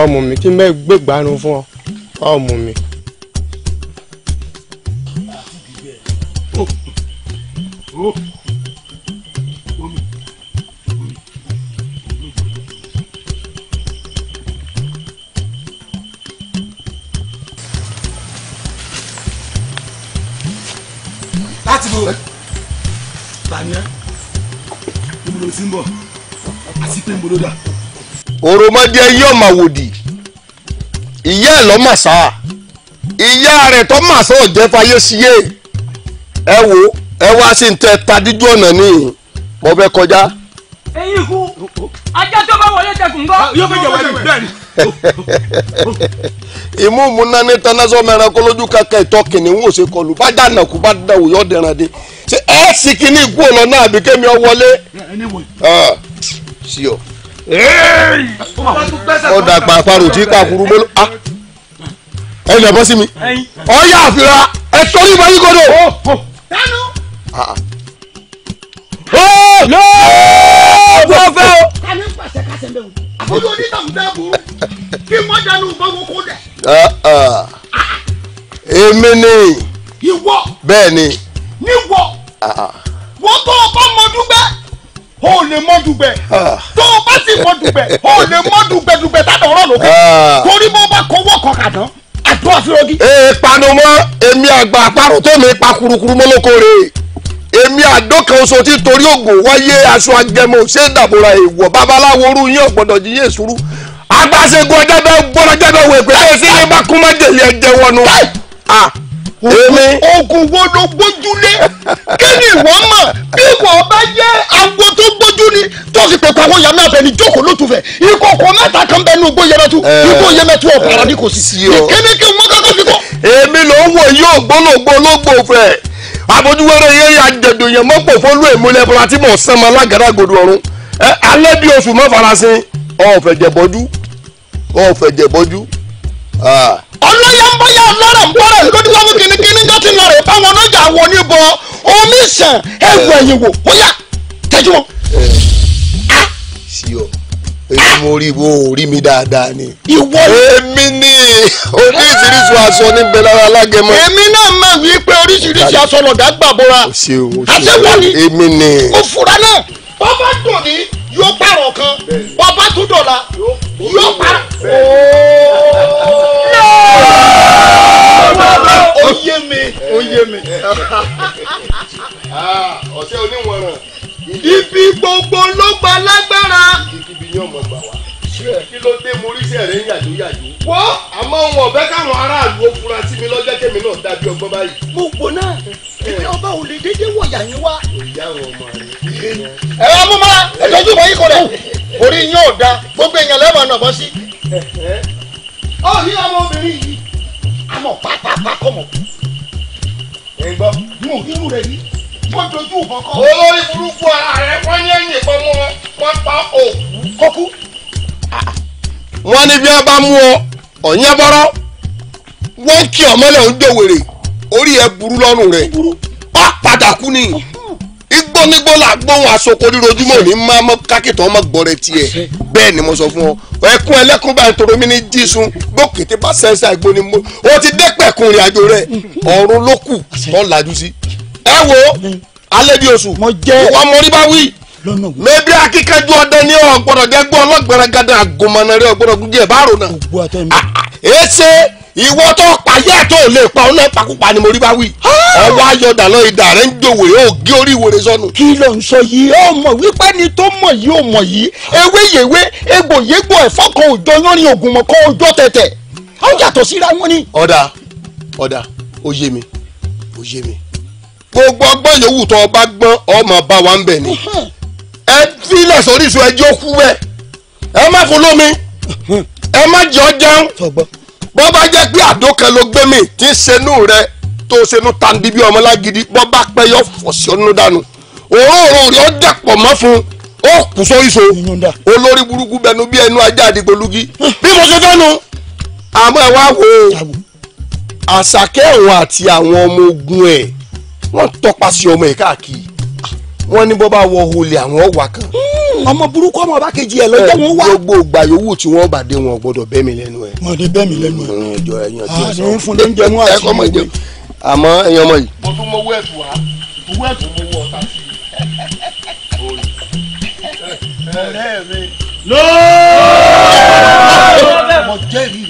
ọmọ mi kí n bẹ gbẹgbàánu fún ọ ọmọ mi. láti bo tàníà níbo ló ń bọ̀ àti pé níbo ló dà. òròmọdé yóò máa tó mà sá ìyá rẹ̀ tó mà sá ò jẹ́ fayé síyé ẹ wo ẹ wá sí ń tẹ tadíjú ọ̀nà ni mo fẹ́ kọjá. ẹyin kú ajá tó bá wọlé tẹkùn gan. Ah, yóò fi jẹ̀wọ́ ẹni bẹ́ẹ̀ ni. ìmú múná ní tanásọ mẹ́rin kọlójú kankan ìtọ́ kìnìún wò ṣe kọlù bá dà nàkú bá dà wò yọ dẹran dé ṣe ẹ sì kíní ikú ọ̀nà náà àbí kémi ọ wọlé. Ah, sí ọ. ó dàgbà àparò tí kàkúrú mélòó. Ah! ẹnì ẹ̀bọ́ sí mi ọ̀ya àfihàn ẹ̀ torí ìbọn yín kodo. Ah, ah. lóòótọ́ fẹ́ o. ta ni pàṣẹ kásẹ̀ mẹ́wò àbójú onítàwọn bẹ́ẹ̀ burú kí wọ́n dánú gbọ́ngàn kó dẹ̀. Ah, èmi ni. ìwọ. bẹ́ẹ̀ ni. níwọ. wọ́n tó o bá mọ dúpẹ́ o lè mọ dùgbẹ tó o bá sì mọ dùgbẹ o lè mọ dùgbẹ dùgbẹ tá a dọ̀rọ̀ lókè torí bó bá kọwọ́ kọkàdán àtọ́ àsúrọ́gí. ìpanumọ́ èmi àgbà àparò tó mi pa kurukuru mọ́lókòrè èmi àdókan oṣù tí torí ògùn wáyé aṣọ agẹmọ ṣé dàbòrà èèwọ̀ babaláwo orú yín ọ̀gbọ́dọ̀ jí yé sùúrù agbáṣegun ọjọ́ bẹ́ẹ̀ gbọ́dọ̀ jẹ́ bẹ́ẹ̀ wò pé bẹ́ẹ̀ sí ní bá kú má jèlé ẹ̀jẹ̀ wọnú èmi. oògùn wo ló gbójúlé kí ni ìwọ mọ̀ bí ìwọ bá jẹ́ agbo tó gbójú ni tó sì pèpè àwọn yàrá abẹ ní jókòó lótú fẹ ìkòkò mẹ́ta kan bẹ ní ogbó yẹmẹtu igbó yẹmẹtu ọ̀pára ni kò sì sí o. ìkíni kí n mọ kọ́kọ́ fi kọ́. èmi ló ń wò yóò gbólógbó lógbó fẹ àbójúwèrè yẹn àjẹdò yẹn mọ́pò fólú èmúlẹ̀ fúnra tí mò ń sánmọ́ alágàdàgodo ọ̀run alẹ́ bí oṣù mọ́ farasin ọ̀fẹ̀jẹ̀bọ́jú ọ̀fẹ̀jẹ̀bọ́jú ọlọ́yà ń bọ́yà ọlọ́rẹ̀ ń bọ́rẹ̀ ló ti lọ́wọ́ ń dọ́tí lọ́rẹ̀ fáwọn ọlọ́jà àwọn oníbọ oníṣàn ẹ̀wù ẹ̀yìn wò bóyá tẹ́jú wọn. Ah! sí èyí mo rí ibo orí mi dáadáa ni. ìwọ èmi ni oríṣiríṣi aṣọ níbẹ̀ lára alágẹmọ. èmi náà máa wí pé oríṣiríṣi aṣọ lọ̀gá gbàbọ̀ra àṣẹwọ́ni èmi ni. ó fura náà bọ́bá dùn ní yóò pààrọ̀ kan bọ́bá tún dọ̀la yóò pààrọ̀ ooo ó yé mi ó yé mi. Ah, ọ̀sẹ̀ oníwọ̀nràn. ibi gbogbo ló gba lágbára. ibi ni ọmọ gbà wá kí ló dé mo rí sẹ́rẹ̀ ń yàjó yàjó. wọ́n àmọ́ wọn ọ̀bẹ káwọn aráàlú ó fura sí mi lọ́jọ́ tèmi náà dàbí ọgbọ́n báyìí. mo gbọ́ náà èmi ọba ò lè déédéé wọ̀yà yín wá. ìyá wọn ọmọ rẹ. ẹ wá mú mọ́ra ìtọ́jú ìwọ yìí kò rẹ̀ orí yín ò da gbogbo èèyàn lẹ́wọ̀n ọ̀nà bọ́ sí. ó ní ọmọ obìnrin yìí àmọ́ pátápátá kọ̀ mọ̀. ẹ gbọ́ mo irú rẹ̀ yìí wọ́n dojú ìbọn kọ́. olórí burúkú ara rẹ̀ pa òkú. kókú wọ́n ní bí wọ́n bá mú ọ ọ̀yẹ́ bọ́rọ́ wọ́n kí ọmọlẹ̀ ń dòwèrè orí ẹ burú lọ́rùn rẹ̀ wá padà kú ni igbó nígbó là gbóhùn aṣoko rírojúmọ́ ní má mọ́ kákìtàn ọmọ gbọ́rẹ̀ tiẹ̀ bẹ́ẹ̀ ni mo sọ fún ọ ẹkún ẹlẹ́kún bá ń toro mi ní jísun gbókètè bá sẹ́nsà ìgbó ni mo o ti dẹ́pẹ̀kun ìrìn àjò rẹ ọ̀run ló kù tó lajú sí ẹ wo alẹ́ bí oṣù ìwà mọ́rí bá wí lọ́nà wo. mẹbi akíkanjú ọdẹ ni ọ gbọ́dọ̀ jẹ gbọ ọlọgbẹrẹgàdà àgùnmọ̀nàrẹ ọgbọ́dọ̀ gúnjẹ ìbárò náà. ògbó ọtọ mi. èsè ah, ah, ìwọ tó pàyà tó lè pa ọ́nà pakúpa ni mo rí bá wí. Ah! ọwọ́ ayọ̀dà lọ ìdá rẹ̀ ń jòwè ó gé orí ìwòrè sọnù. kí ló ń sọ yìí ó mọ̀ wípé ni tó mọ̀ yìí ó mọ̀ yìí ewé yèwé egbò yégbò ẹ̀fọ́ kan òjò lórin ògùnmọ̀ kan òjò tẹ̀tẹ̀ ó yàtọ̀ síra wọn ni. ọ̀dà ọ̀dà ó yé mi ó yé mi gbogbo ọgbọ́n yòówù tó o bá gbọ́n ọmọ bá wa ń bẹ̀ ni. Uh -huh fílẹ̀ sórí ìṣó ẹjọ́ kú bẹ́ẹ̀ ẹ má fún lómi ẹ má jẹ́ ọ jẹun bọ́ bá jẹ́ pé àdó kan ló gbé mi tí ń ṣenú rẹ tó ṣenú tandi bí ọmọ lágídí bọ́ bá pẹ́ yọ fọ̀sí ọ̀nù dànù òórùn rẹ ó dẹ̀pọ̀ mọ́ fún ó kù sórí ìṣó olórí burúkú bẹnu bí ẹnu ajá àdìgbòlugi bí mo ṣe fẹ́ nu àmọ́ ẹ wá wò ó àṣàkẹ́ òun àti àwọn ọmọ ogun ẹ̀ wọ́n tọpasẹ̀ ọmọ ẹ̀ káàkiri wọ́n ní bó bá wọ olè àwọn wà kan. Hmm, ọmọ burúkú ọmọ ọba kejì ẹ lọ́jọ́ wọn wá. Eh, gbogbo ìgbà yòówù tí wọ́n bá dé wọn gbọ́dọ̀ bẹ́mi lẹ́nu ẹ̀. wọn ní bẹ́mi lẹ́nu ẹ̀. ẹjọ ẹyàn tí ó sọ àwọn fún lóúnjẹ mú eh, àti ìwé. àmọ́ ẹyàn ọmọ yìí. mo tún mọ owó ẹ̀tù wá owó ẹ̀tù mo wọ ọ̀tá sí i. ọ̀rẹ́ mi. lóòó. mo jẹ́rìí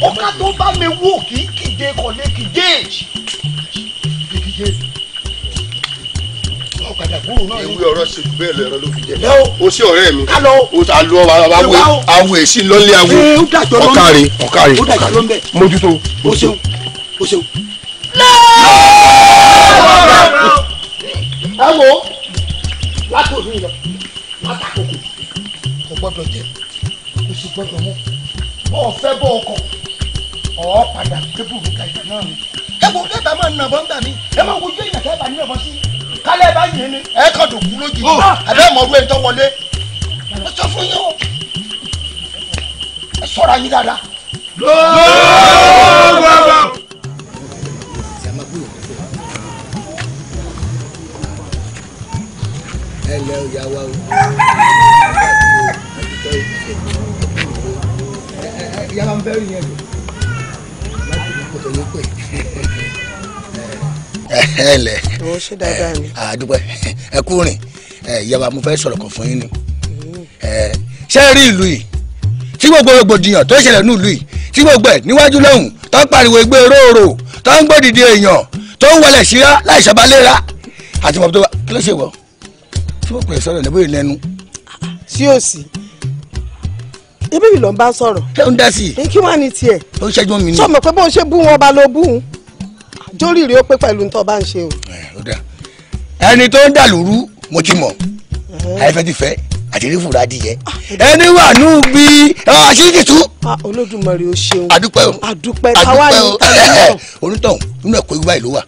ọ̀ká tó bá mi wò kì í kọ̀lé kìje kìje ọ̀kadàgbòrò ṣe jù bẹ́ẹ̀ lọ ẹ̀rọ ló fi jẹ. o ṣe ọ̀rẹ́ mi. kálọ̀ o ta lu awo awo èsì awo ọ̀kàrè ọ̀kàrè ọ̀kàrè o ṣeun o ṣeun. ẹ wo láti òní lọ láti àkókò kò gbọ́dọ̀ jẹ kò sì gbọ́dọ̀ mọ ọ fẹ́ bọ ọkọ ọ̀ padà débù mi ka ìgbà náà mi. kẹ́kọ̀ọ́ kẹ́ bá máa nàbọ̀ ńgbà mi ẹ máa wojú ìyàn kẹ́ bá nàbọ̀ sí kálẹ̀ bá yẹn ni. ẹ kàn dùn kú lójú àbẹ́ ọmọdún ẹ̀ ń tọ́ wọlé. mo sọ fún yín o ẹ sọ̀rọ̀ ayé dáadáa. lọ́wọ́ ẹ lẹ ọyà wa o. yàrá ń bẹ́rù yẹn lò ṣòkòtò ló pè. ẹ ẹ lẹ àdúpẹ́ ẹ kú rìn ìyá wa mo fẹ́ kan fún yín ni ṣé rí ìlú yìí tí gbogbo rògbòdìyàn tó ṣẹlẹ̀ ní ìlú yìí tí gbogbo ẹ̀ níwájú lọ́hùn tó ń pariwo ìgbé róòrò tó ń gbòdìdì èèyàn tó ń wọlé síra láì ṣọba léra àti mọ̀tò kí ló ṣe wọ̀ tí mo pè é sọ̀rọ̀ lẹ́bùrẹ́ lẹ́nu. sí òsì ebi mi ló ń bá sọ̀rọ̀. ṣé ń dá sí i. kí wàá ní tiẹ̀. ó ń ṣẹ́jú mi ni. sọmọ pé bó ń ṣe bú wọn ọba ló bú un jórí rèé ó pé pẹ̀lú ntọ́ bá ń ṣe o. ẹni tó ń dà lóru mo ti mọ̀ àìfẹ́ ti fẹ́ àti rí fúra adìyẹ ah, ẹni wà nù bí àṣírí tù. Ah, olódùmarè o ṣeun adúpẹ́ o adúpẹ́ táwa ni táwa ni. onítọ̀hún nínú ẹ̀kọ́ egun báyìí ló wà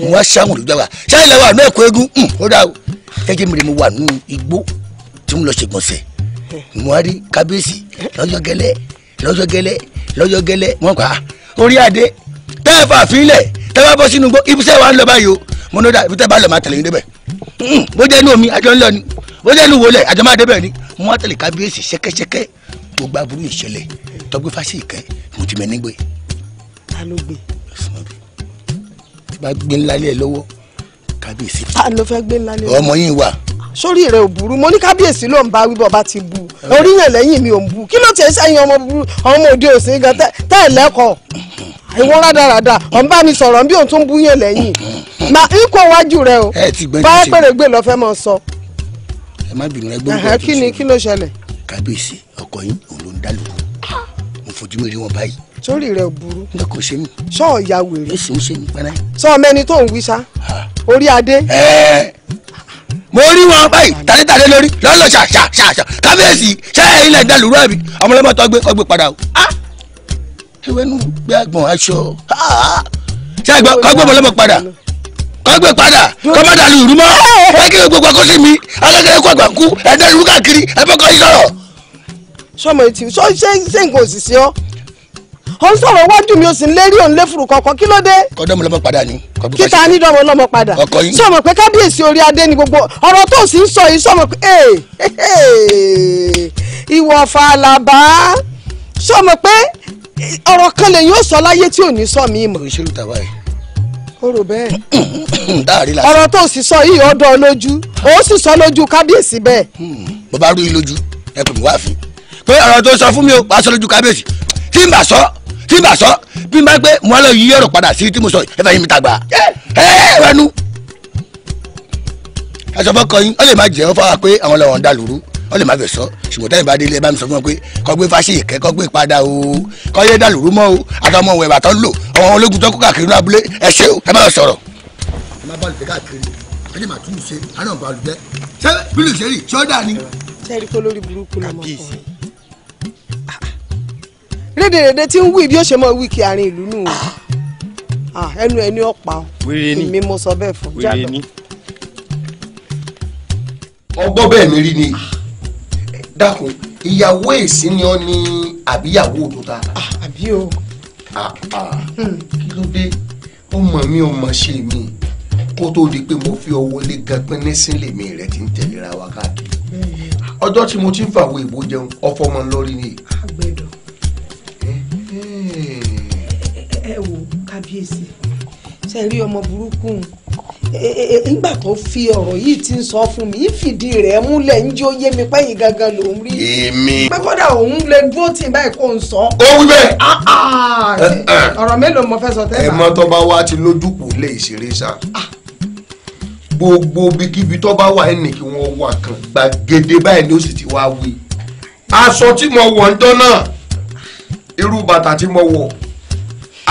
mo wá ṣáà muhari kábíyèsí lọ́jọ́ gẹ́lẹ́ lọ́jọ́ gẹ́lẹ́ lọ́jọ́ gẹ́lẹ́ wọ́n kà á orí adé tẹ́ ẹ fà fílẹ̀ tẹ́ bá bọ́ sínú gbó ibiṣẹ́ wa ń lọ báyìí o mo ní ọ̀dà ibi tẹ́ bá lọ máa tẹ̀lé yín débẹ̀ hmm, bó jẹ́ omi àjọ ń ni bó jẹ́ inú wọlé àjọ máa débẹ̀ ni mo wá tẹ̀lé kábíyèsí ṣẹ́kẹ́ṣẹ́kẹ́ gbogbo aburú ìṣẹ̀lẹ̀ tọgbẹ́ fásitì kẹ́ mo ti mẹ́ nígbẹ́. ta ló bá gbé ńlá lé ẹ lọ́wọ́ kábíyèsí. ló fẹ́ gbé ńlá lé. ọmọ yín wà sórí rẹ ò burú mo ní kábíyèsí ló ń bá wíbọ̀ bá ti bu oríyàn lẹ́yìn mi ò ń bu kí ló tiẹ̀ sẹ́yìn ọmọ burú ọmọ òde òsín gan tẹ́ ẹ̀ lẹ́kọ̀ọ́ ìwọ rádaràda ọ̀n bá mi sọ̀rọ̀ bí òun tún bú yàn lẹ́yìn mà ń kó wájú rẹ o báyà pèrègbè lọ fẹ́ mọ sọ. ẹ má bínú ẹgbẹ́ òkú kí ni kí ló ṣẹlẹ̀. kábíyèsí ọkọ yín òun ló ń dá lóko mo fojú mi rí wọn báyìí. sórí rẹ ò burú. n kò ṣe mí. sọ ọ̀ya wèrè. èsì ń ṣe mí pẹ́rẹ́. sọ ọmọ ẹni tó ń wí sá. orí adé. ẹẹ mo rí wọn báyìí tàdétàdé lórí lọ́lọ́ ṣà ṣà ṣà ṣà kábíyèsí ṣe ilẹ̀ ìdálùrọ̀ ẹ̀bí ọmọlẹ́mọ tó gbé ọgbẹ́ padà o. Ah! ewé nu gbé àgbọn aṣọ ah! ṣe àgbọn kọ́ gbé ọmọlẹ́mọ padà kọ́ gbé padà kọ́ má dàlú ìrú mọ́ ẹ kí gbogbo ẹkọ sí mi alágbèrè kó àgbà kú ẹ̀dá ìrú káàkiri ẹ bọ́ kọ́ yí sọ̀rọ̀. sọmọ etí sọ ṣé ṣé nǹkan sí ọ ó ń sọ̀rọ̀ wájú mi ó sì ń lérí òun lé furu kọ̀ọ̀kan kí ló dé. kọ́dọ̀ mo lọ́mọ padà ni. kíta ní dọ́mọ lọ́mọ padà. ọkọ yín. sọmọ pé kábíyèsí orí adé ni gbogbo ọ̀rọ̀ tó sì ń sọ yìí sọmọ pé ìwọ Fàlàbá sọmọ pé ọ̀rọ̀ kan lè yóò sọ láyé tí ò ní sọ mí mọ̀. òṣèlú tàbá yìí ó rò bẹ́ẹ̀. ọ̀rọ̀ tó sì sọ yìí ọ̀dọ̀ lójú ó sì sọ lójú kábíyèsí bẹ́ẹ̀. Hmm, mo bá rú yín lójú ẹ pè mí wá fi pé ọ̀rọ̀ tó sọ fún mi ò wá sọ lójú kábíyèsí tí n bá sọ tí bá sọ bí n bá gbé mo lọ yí ọ̀rọ̀ padà sí tí mo sọ ẹ fẹ́ yín mi ta gbà ẹ ẹ wẹnu. aṣọ́fọ́ kọ yín ọ lè má jẹ́ ọ fáwọn pé àwọn lọ́wọ́ ń dà lóru ọ lè má fẹ́ sọ ṣùgbọ́n tẹ́yìn bá délé ẹ bá mi sọ fún wọn pé kọ́ gbé fásì ìkẹ́ kọ́ gbé padà o kọ́ yé dà lóru mọ́ o àtọmọ òun ẹ̀bà tó ń lò àwọn ológun tó kó káàkiri ní abúlé ẹ ṣe o ẹ má lọ sọ̀rọ̀. ẹ má bá lùfẹ́ káàkiri ẹ ni. sẹ́ẹ̀rì kó lórí burúkú lọ́mọ kan rédèrèdè tí ń wí bí ó ṣe mọ wí kí àárín ìlú nù o ah. ah, ẹnu ẹni ọ̀pá o èmi mo sọ bẹ́ẹ̀ fún jàdọ̀. ọgbọ́n bẹ́ẹ̀ mi rí ni ah. dákun ìyàwó èsì ni ọ ní àbíyàwó òdòdó. àbí o. Hmm. kí ló dé ọmọ mi ọmọ ṣe mi kó tó di pé mo fi ọwọ́ lé gangan nísìn lèmi rẹ ti ń tẹ̀léra wa káàkiri ọjọ́ tí mo ti ń fàwọ̀ èbó jẹun ọ̀fọ̀ ọmọ ńlọrin ni kábíyèsí ṣe rí ọmọ burúkú nígbà tó fi ọ̀rọ̀ yìí ti ń sọ fún mi ìfìdí rẹ̀ múlẹ̀ ń jó yé mi pẹ́yìn gangan lòún rí. èmi. pé kódà òun lè dúró tì báyìí kó n sọ. ó wí bẹ́ẹ̀. Ah, ah, eh, eh. ọ̀rọ̀ mélòó mo fẹ́ sọ tẹ́lá. ẹ̀mọ́ tó bá wá ti lójúkù lè ṣeré sá ah. gbogbo bikibi tó bá wà ẹnì kí wọ́n wà kan gbàgede báyìí ni ó sì ti wá wí aṣọ tí mo wọ̀ ń dán náà irú bàtà tí mo wọ̀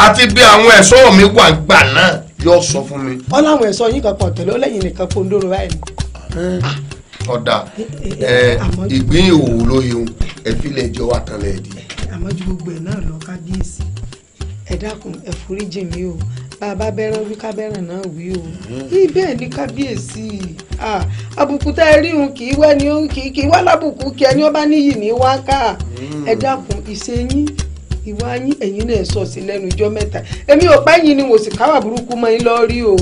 àti bí àwọn ẹ̀ṣọ́ mi wà gbà náà yóò sọ fún mi. wọ́n láwọn ẹ̀ṣọ́ yín kankan tẹ̀lé ó lẹ́yìn nìkan kó ń dóró báyìí. Ah, ọ̀dà eh, eh, eh, ìgbín ìhòòhò ló yẹun ẹ̀fílẹ̀ jẹ́ wà tán lẹ́ẹ̀dì. àmọ́ ju gbogbo ẹ̀ náà lọ kábíyèsí ẹ dákun ẹ foríjì mi o bàbá bẹ́ràn wí kábẹ́ràn náà wí o hmm. ibẹ̀ ni kábíyèsí ah, àbùkù tá ẹ ríhun kì kì í wá lábùkù kí ẹni ó níyì ní wákà hmm. ẹ dákun ìṣẹ́yìn ìwà yín ẹ̀yin náà sọ sí lẹ́nu ijọ́ mẹ́ta èmi ò pẹ́ yín ni mo sì káwà burúkú mọ́ yín lọ rí o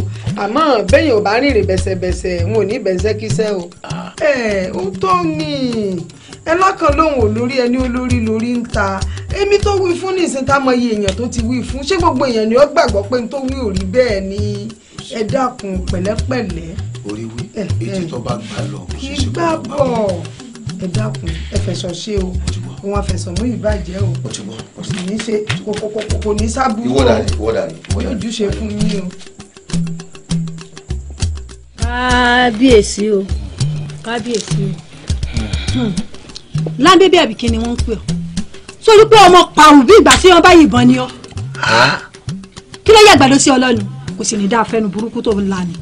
àmọ́ bẹ́yìn ò bá rìnrìn bẹ́sẹ̀bẹ́sẹ̀ n ò ní bẹ́sẹ̀kísẹ́ o. Ah. ẹ ó tó ní ẹ lọ́kàn lòun ò ẹni olórí lórí ń ta èmi tó wí fún nìsín tá mọ iye èèyàn tó ti wí fún ṣé gbogbo èèyàn ni ó gbàgbọ́ pé n tó wí ò rí bẹ́ẹ̀ ni ẹ dákun pẹ̀lẹ́pẹ̀lẹ́. orí wí ètí tó bá gbà lọ. kì í gbà ẹ dákun ẹ fẹ̀sọ̀ ṣe o kó wọn fẹsọ̀ mú ìbàjẹ́ o kò sì ní ṣe kò ní sábúrú o yóò júṣe fún mi o. kábíyèsí o kábíyèsí o hmm. láńdé bí àbíkí ni wọ́n ń pè ọ́ sórí pé ọmọ pàrọ̀ bí ìgbà tí wọ́n bá yìnbọn ni ọ́ kí ló yẹ àgbàdo sí ọlọ́nu kò sì ní dá afẹ́nu burúkú tó ń lani.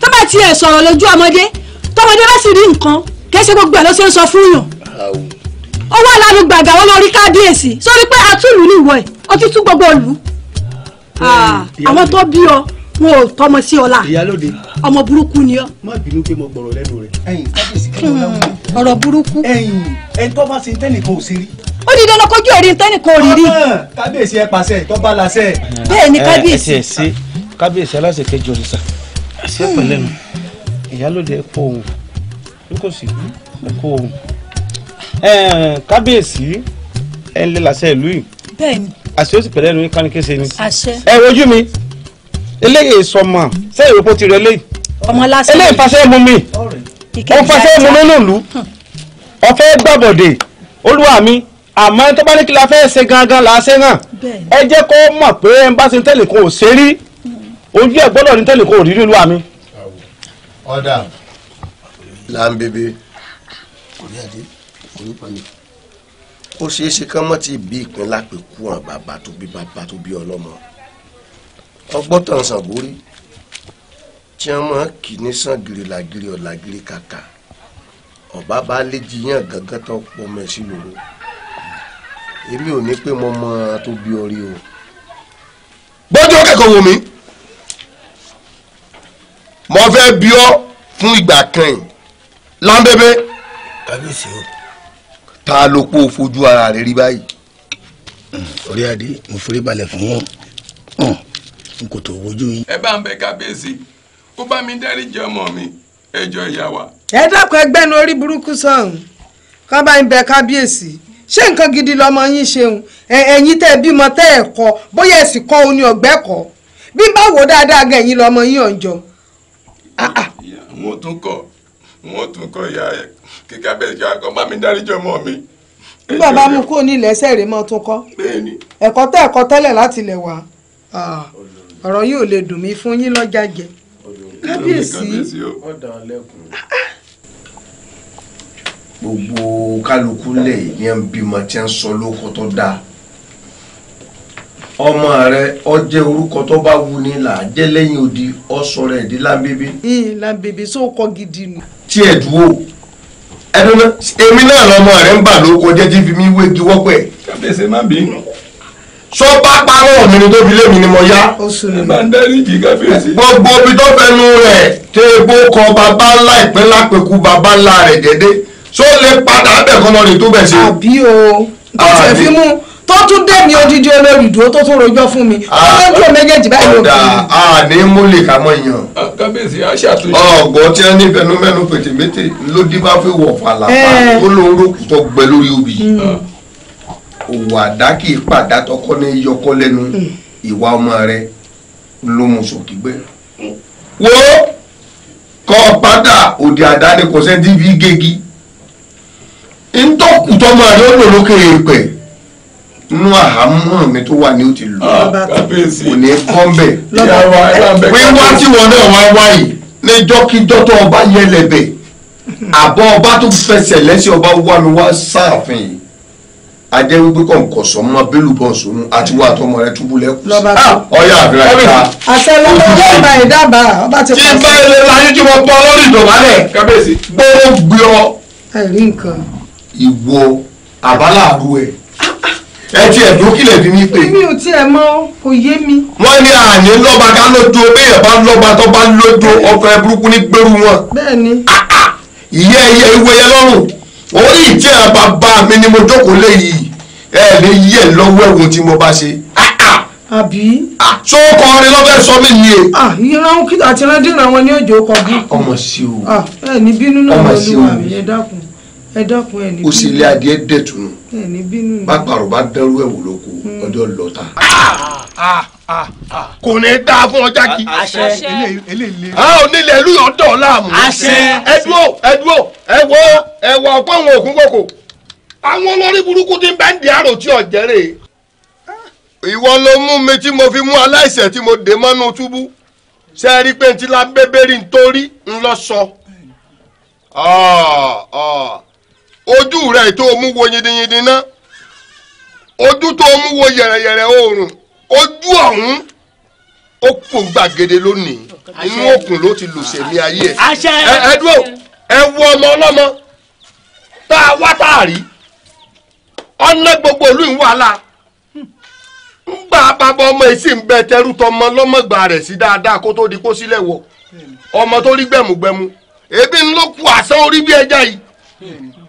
tó bá tiẹ̀ sọ̀rọ̀ lójú ọmọdé tọmọdé bá sì rí nǹkan kẹsí gbogbo ẹ ló ṣe ń sọ fún yàn ó wà lánàá gbàgà wọn lọ rí kábíyèsí sórí pé àtúlù ní ìwọ ẹ ó ti tú gbogbo ìlú ah, àwọn tó bí ọ wọn ò tọmọ sí ọ la ọmọ burúkú ni ọ. má bínú pé mo gbọ̀rọ̀ lẹ́nu rẹ̀ ẹ̀yìn kábíyèsí kí wọ́n dáhùn. Hmm, ọ̀rọ̀ burúkú. ẹ̀yìn ẹni tó bá ṣe tẹ́nìkan ò ṣe rí ó di dandan kojú ẹ̀rí tẹ́nìkan ò rí rí. kábíyèsí ẹ pàṣẹ tó bá láṣẹ. bẹ́ẹ̀ ni kábíyèsí. kábíyèsí aláṣẹ kejì òrìṣà àṣẹ pẹ̀lẹ́nu ìyálòde ẹ̀ pọ̀ òun n kò sí ẹ kó o kábíyèsí ẹ ń lé làṣẹ ìlú yìí. bẹ́ẹ̀ni. àṣẹ ó sì pẹ̀lẹ́ ẹnu kan kése ni. àṣẹ. ẹ wojú mi eléyìí sọmọ sẹ́yìn òpó ti rẹ léyìí. ọmọ lásán. eléyìí fàṣẹ mú mi ó fàṣẹ mú mi nílùú ọ̀fẹ́ gbàbọ̀dẹ̀ olúwa mi àmọ́ tó bá ní kí la fẹ́ ṣe gangan là á ṣe hàn ẹ jẹ́ kó mọ̀ pé ẹ ń bá ṣe ń tẹ̀lé kó o ṣe rí hmm. ojú ẹ̀ gbọ́dọ̀ ní tẹ̀lé kó o rí nílùú àmì. ọ̀dà láńbébé orí adé orí pàlẹ́ ó ṣeé ṣe kán mọ́ ti bí ìpín lápè kú àwọn bàbá tó bí bàbá tó bí ọlọ́mọ ọgbọ́n tàn sàn borí tí wọ́n máa kì ní sàn gírí làgírí ọ̀làgírí kàkà ọ̀bá bá léjì yàn gángan tó pọ̀ mẹ́sì lòrò èmi ò ní pé mo mọ tó bí orí o. gbọ́dọ̀ kẹ́kọ̀ọ́ wò mí mo fẹ́ bí ọ fún ìgbà kan yìí lámbébé. kábíyèsí o. ta ló pọ̀ fojú ara rẹ rí báyìí. orí hmm, adé mo forí balẹ̀ fún wọn hmm, n kò tó wojú yín. ẹ bá ń bẹ kábíyèsí ó bá mi dáríjì ọmọ mi ẹjọ ìyá wa. ẹ dákun ẹgbẹ́ nu orí burúkú sọ̀hún ká bá ń bẹ kábíyèsí ṣé nǹkan gidi lọmọ yín ṣeun ẹ̀yin tẹ́ bímọ tẹ́ ẹ̀ kọ́ bóyá ẹ̀ sì kọ́ ọ ní ọgbẹ́ kọ́ bí bá wò dáadáa gan ẹ̀yin lọmọ yín ọ̀njọ́. àwọn tó kọ wọ́n tún kọ́ ìyá kíkà bẹ́ẹ̀ kí akọ bá mi dáríjọ mọ́ mi. nígbà bá mú kúrò ní ilẹ̀ ẹsẹ̀ rẹ̀ mọ́ tún kọ́ ẹ̀kọ́ tẹ́ ẹ̀kọ́ tẹ́lẹ̀ láti lẹ̀ wá ọ̀rọ̀ yìí ò lè dùn mí fún yín lọ́jà jẹ kábíyèsí. gbogbo kálukú lẹ̀ ní ẹ̀ ń bímọ tí ẹ̀ ń sọ lóko tó dáa ọmọ rẹ ọjẹ orúkọ tó bá wù ní là jẹ lẹ́yìn odi ọsọ rẹ di lábébé. ìyìn lábébé sóò kọ gidi nù tí ẹ dúró ẹdúná èmi náà lọmọ rẹ ń bà lóko jẹ́ tí fi mí wégi wọ́pẹ́. kábíyèsí má bínú. sọ bá parọ́ mi ni tó fi lé mi ni mo yá. ó sùn ní máa ń dáríjì kábíyèsí. gbogbo ibi tó fẹnu rẹ̀ tẹ egbò kọ bàbá ńlá ìpín lápẹ̀kú bàbá ńlá rẹ̀ dédé só lè padà bẹ̀ kọ́ rè tó bẹ̀ sí. àbí o ìtẹ̀fímú tó tún dé mi odidi olórí ìdúró tó tún rojọ́ fún mi ah, olójú méjèèjì báyìí ló bí. ọ̀dà a ní múlẹ̀ ká mọ̀ yàn. Ah, kábíyèsí a ṣàtúnṣe. ọ̀gọ́ tí wọ́n ní fẹnumẹ́nu pètè mété ló dín bá fi wọ̀ fàlàfà eh. ó lóun ló kùtọ́ gbẹ lórí obì. Hmm. Ah. òwò àdá kì í pàdá tọkọ ní yọkọ lẹ́nu hmm. ìwà ọmọ rẹ ló mú sókè gbẹ. Hmm. wo kọ́ padà òdì àdá ni kò sẹ́ ntọ́kùtọ́mọ rẹ ó lò lókè èèpẹ̀ nínú àhámọ́ mi tó wà ní òtí lù ah, kò ní kọ́ mbẹ̀ wíwá tí wọn náà wá wáyé níjọ́kíjọ́ tó ọba yẹlẹ̀bẹ̀ àbọ̀ ọba tó fẹsẹ̀ lẹ́sẹ̀ ọba wà mí wá sáàfin yìí adé wípé kò nkọ sọ mọ bẹlú bọ sọnù àti wọ àtọmọ rẹ túbú lẹkùn sí ọyà àbíra ìta àṣẹlẹlẹ yóò bá ìdábàá ọba ti pàṣẹ. tí báyìí lè láyé tí mo bọ lórí ìdọ̀bálẹ̀ kábíyèsí gbọ́dọ̀ gbé ọ. ẹ̀rí nǹkan. ìwọ àbálàrú ẹ̀ ẹ ti ẹ̀dùn kílẹ̀ bí mi pé. èmi ò tiẹ̀ mọ kò yé mi. wọ́n ní àní lọ́ba ká lódo béèyàn bá lọ́ba tó bá lódo ọkọ̀ ẹ burúkú ní gbèrú wọn. bẹ́ẹ̀ni. Ah, ah! ìyẹ́ ẹyẹ ìwé yẹn orí ìjẹ́ bàbá mi ni mo jókòó lé yìí ẹ lè yí ẹ lọ́wọ́ ẹ̀wọ̀n tí mo bá ṣe. Ah, àbí. tó kọrin lọ́fẹ́ sọ mí ni e. ìran kí àti ìran dínà wọn ní òjò kọ bí. ọmọ sí o. ẹ ní bínú náà ló lù wà mí ẹ dákun ẹ dákun ẹ ní bínú ó adìẹ dẹ̀tùnú ẹ bínú ni bàbàrò bá dánrú ẹ̀ lóko hmm. ọjọ́ lọ́ta. Ah, ah, ah, kò ní dáa fún ọjà kí a ò nílẹ̀ ìlú yọ̀ dọ̀ láàmú ẹ dúró ẹ dúró ẹ wọ ẹ òkú kòkò àwọn olórí burúkú ti ń bá di àrò tí ọ̀jẹ̀rẹ̀ ìwọ ló mú mi tí mo fi mú aláìsẹ̀ tí mo dè mọ́nú túbú ṣe rí pé ntí la bébèrè nítorí ńlọ ojú rẹ tó o mú wo yindiyindi ojú tó o mú wo yẹrẹyẹrẹ oòrùn ojú ọ̀hún ó kò gbàgede lónìí inú òkun ló ti lò ayé ẹ ẹ ẹ wo a wá tá a rí ọ̀nà gbogbo ìlú ń wàhálà ọmọ yìí sì ń bẹ tọmọ ọmọ tó ebi ń kú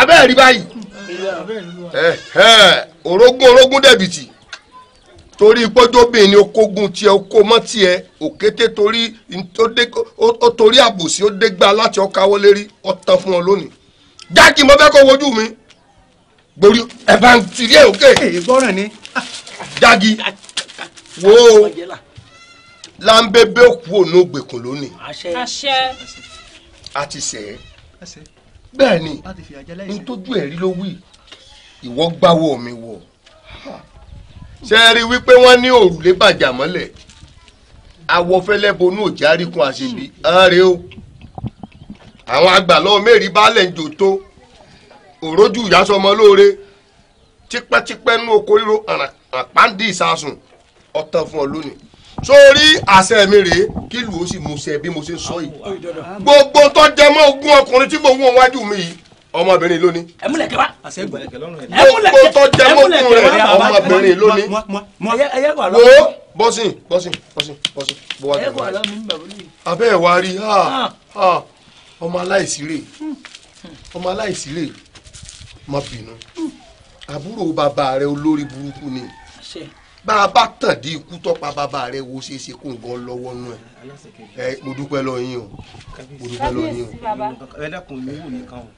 abẹ́ẹ̀ rí báyìí orogún orogún dẹ̀bìtì torí pọ́jọ́bìn ni okógun tiẹ̀ okó mọ́ tiẹ̀ òkété torí ó torí àbòsí ó dégbà láti ọkà wọlé rí ọ̀tàn fún ọ lónìí jákì mo fẹ́ kó wojú mi gborí ẹ̀fà ń tìrí ẹ̀ òkè. ìgbọràn jági wo láńbẹ́bẹ́ òkú ònú gbèkùn lónìí. àṣẹ. àṣẹ. a bẹ́ẹ̀ ni n tójú rí ló wí ìwọ gbáwọ́ mi wọ̀ ṣe rí wípé wọ́n ní òrùlé bàjà mọ́lẹ̀ awọ́fẹ́lẹ́ bonú òjárikun àṣebí ààrẹ o àwọn agbàlọ́ mẹ́rin baálẹ̀ ń jò tó òrójú ìyásọmọ lóore tipẹ́tipẹ́ nú oko àpáǹdì ìsásùn ọ̀tàn fún ọ lónìí sórí àṣẹ mi rèé kí lù ó sì mú ṣe bí mo ṣe ń sọ yìí gbogbo tó jẹ mọ́ ogún ọkùnrin tí mò ń wọ wájú mi yìí ọmọbìnrin lónìí. ẹmúlẹ̀kẹ̀ wá. gbogbo tó jẹ mọ́ ogún rẹ̀ ọmọbìnrin lónìí. wo bọ́sìn bọ́sìn bọ́sìn bọ́sìn bó wá tó wá. abẹ́ ẹ̀ wá rí ah. ọmọ aláìsírè ọmọ aláìsírè má bínú àbúrò bàbá rẹ olórí burúkú ni bá a bá tàn dé ikú tọ́pa bàbá rẹ wo ṣe ṣe kó n gan nù ẹ mo dúpẹ́ lọ yín o mo dúpẹ́ lọ yín o. ẹ dákun mi wò nìkan o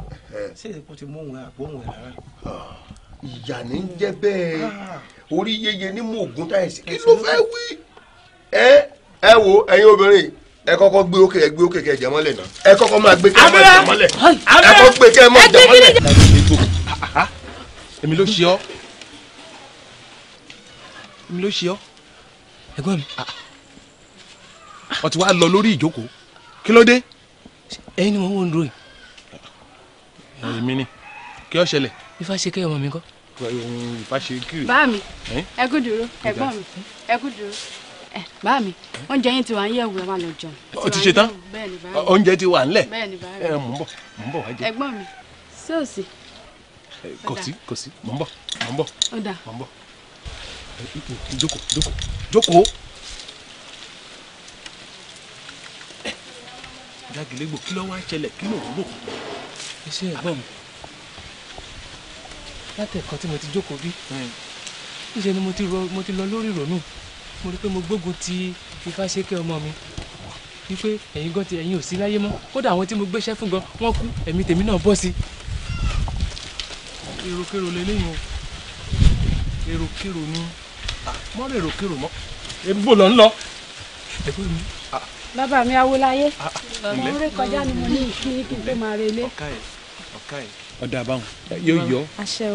ṣé èkó ti mú òun àgbo òun rárá. Ah, ìyá ni ń jẹ bẹ́ẹ̀ ah. orí yeye ní mú ògùn táyẹsì kí ló fẹ́ wí. ẹ ẹ wo ẹ̀yin obìnrin ẹ kọ́kọ́ gbé òkè ẹ gbé òkè kẹ jẹ mọ́lẹ̀ náà ẹ kọ́kọ́ máa gbé kẹ mọ jẹ ẹ kọ́kọ́ gbé kẹ mọ jẹ èmi ló ṣe ọ́ mi ló ṣe ọ́ ẹ̀gbọ́n mi ọ ti wá lọ lórí ìjókòó kí ló dé. ẹ̀yin ni mo ń wo ń dúró yìí. èmi ni kí ó ṣẹlẹ̀. ifá ṣe kẹ́yọ̀ ọmọ mi kọ́. ifá ṣe kiri. bá mi ẹ kú dúró ẹ̀gbọ́n mi ẹ kú dúró bá mi oúnjẹ yín ti wà ń yẹ̀wò ẹ wà lọ jọ. ó ti ṣe tán oúnjẹ ti wà ńlẹ̀ ẹ mò ń bọ̀ mò ń bọ̀ wá jẹ. mi sí òsì. kò sí kò sí mò ń bọ̀ mò ń bọ̀ mò ń bọ̀. Joko, Joko, Joko. jagilégbò kí kilo wá ń kilo kí ló ń rò. iṣẹ́ ẹ̀gbọ́n mi látẹ̀kọ́ tí mo ti jókòó bí hmm. níṣẹ́ ni mo ti lọ lórí ìrònú mo rí i pé mo gbógun ti Ifáṣẹ́kẹ́ ọmọ mi wípé ẹ̀yin gan ti ẹ̀yin ò sí láyé mọ́ kódà àwọn tí mo gbéṣẹ́ fún gan wọ́n kú ẹ̀mí tèmi náà bọ́ sí. èròkérò lélẹ́yìn o èròkérò ni mọ́ rè ròkèrò mọ́ ebó lọ ń lọ. Ah. bàbá mi awolaye mo ń rí kọjá ni mo ní kí kí n tó máa relé. ọ̀dà àbáwọn yóò yọ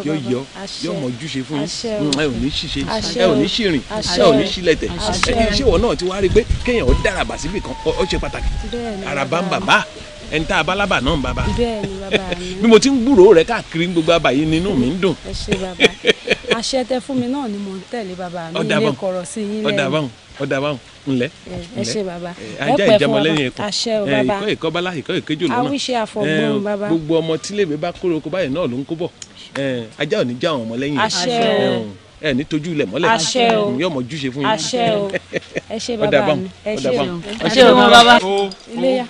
yóò yọ yóò mọ ojúṣe fún yín mm, ẹ ò ní ṣìṣe ẹ ò ní ṣìrìn ẹ ò ní ṣìlẹ̀tẹ̀ ẹ ṣé ìwọ náà ti wá rí i pé kéèyàn ó dáraba síbì kan ó ṣe pàtàkì àràbà ń bàbá ẹni tá a bá lábà náà bàbá bẹ́ẹ̀ni bàbá mi bí mo ti ń gbúròó rẹ káàkiri gbogbo àbá yìí nínú mi ń dùn. àṣẹ tẹ fún mi náà ni mo ń tẹ̀lé bàbá mi ilé kọ̀rọ̀ sí yín lẹ́yìn. ọ̀dà báwọn ọ̀dà báwọn ńlẹ. ẹ ṣé bàbá ẹ pẹ́ fún bàbá àṣẹ o bàbá ikọ́ ikọ́ bala ikọ́ ìkejì olùmọ̀ àwíṣe àfọ̀gbọ́n bàbá gbogbo ọmọ tíléèbé bá kóró oko báyìí náà ló ń kó bọ̀ ajá ò ní já àwọn ọmọ lẹ́yìn àṣẹ o ẹ ní tójú ilẹ̀ mọ́lẹ̀ àṣẹ o yóò mọ ojúṣe fún yín àṣẹ o ẹ ṣé bàbá mi bàbá.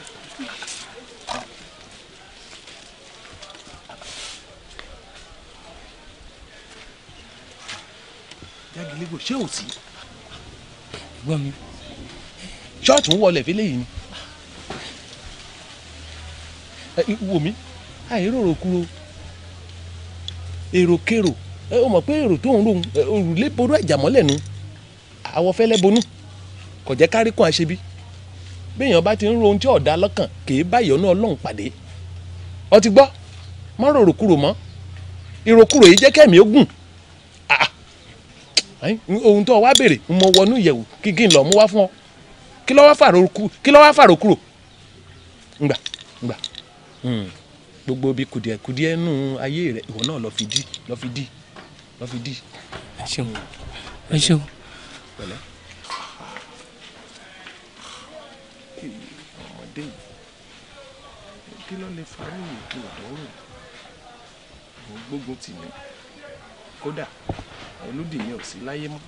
ládùúgbò ṣé ò sí. ẹ̀gbọ́n mi ṣọ́ọ̀tù ń wọlé fẹ́lẹ́ yìí ni. wò mí àìrórò kúrò èrò kérò ó mọ̀ pé èrò tó ń rohun òrùlé ború ẹ̀jà mọ́lẹ̀ nu àwọ̀ fẹ́lẹ́ bonú kò jẹ́ kárí kan àṣebí béèyàn bá ti ń rohun tí ọ̀dà lọ́kàn kì í bá ìyọ́nú ọlọ́run pàdé ọtí gbọ́ mọ́ rorò mọ́ ìròkúrò yìí jẹ́ kẹ́mi ó gùn ohun tó wá béèrè mo wọnú ìyẹ̀wò kíkín lọ mo wá fún ọ kí ló wá fàrò kú kí ló wá fàrò kúrò ngbà ngbà hmm. gbogbo bí kùdìẹ̀ kùdìẹ̀ nù ayé rẹ ìwọ náà lọ fi dí lọ fi dí lọ fi dí. ẹ ṣeun ẹ ṣeun. pẹ̀lẹ́. ọmọdé yìí kí ló lè fa ìwé ìdánwò gbogbo tì mí kódà olùdí mi ò sí láyé mọ́.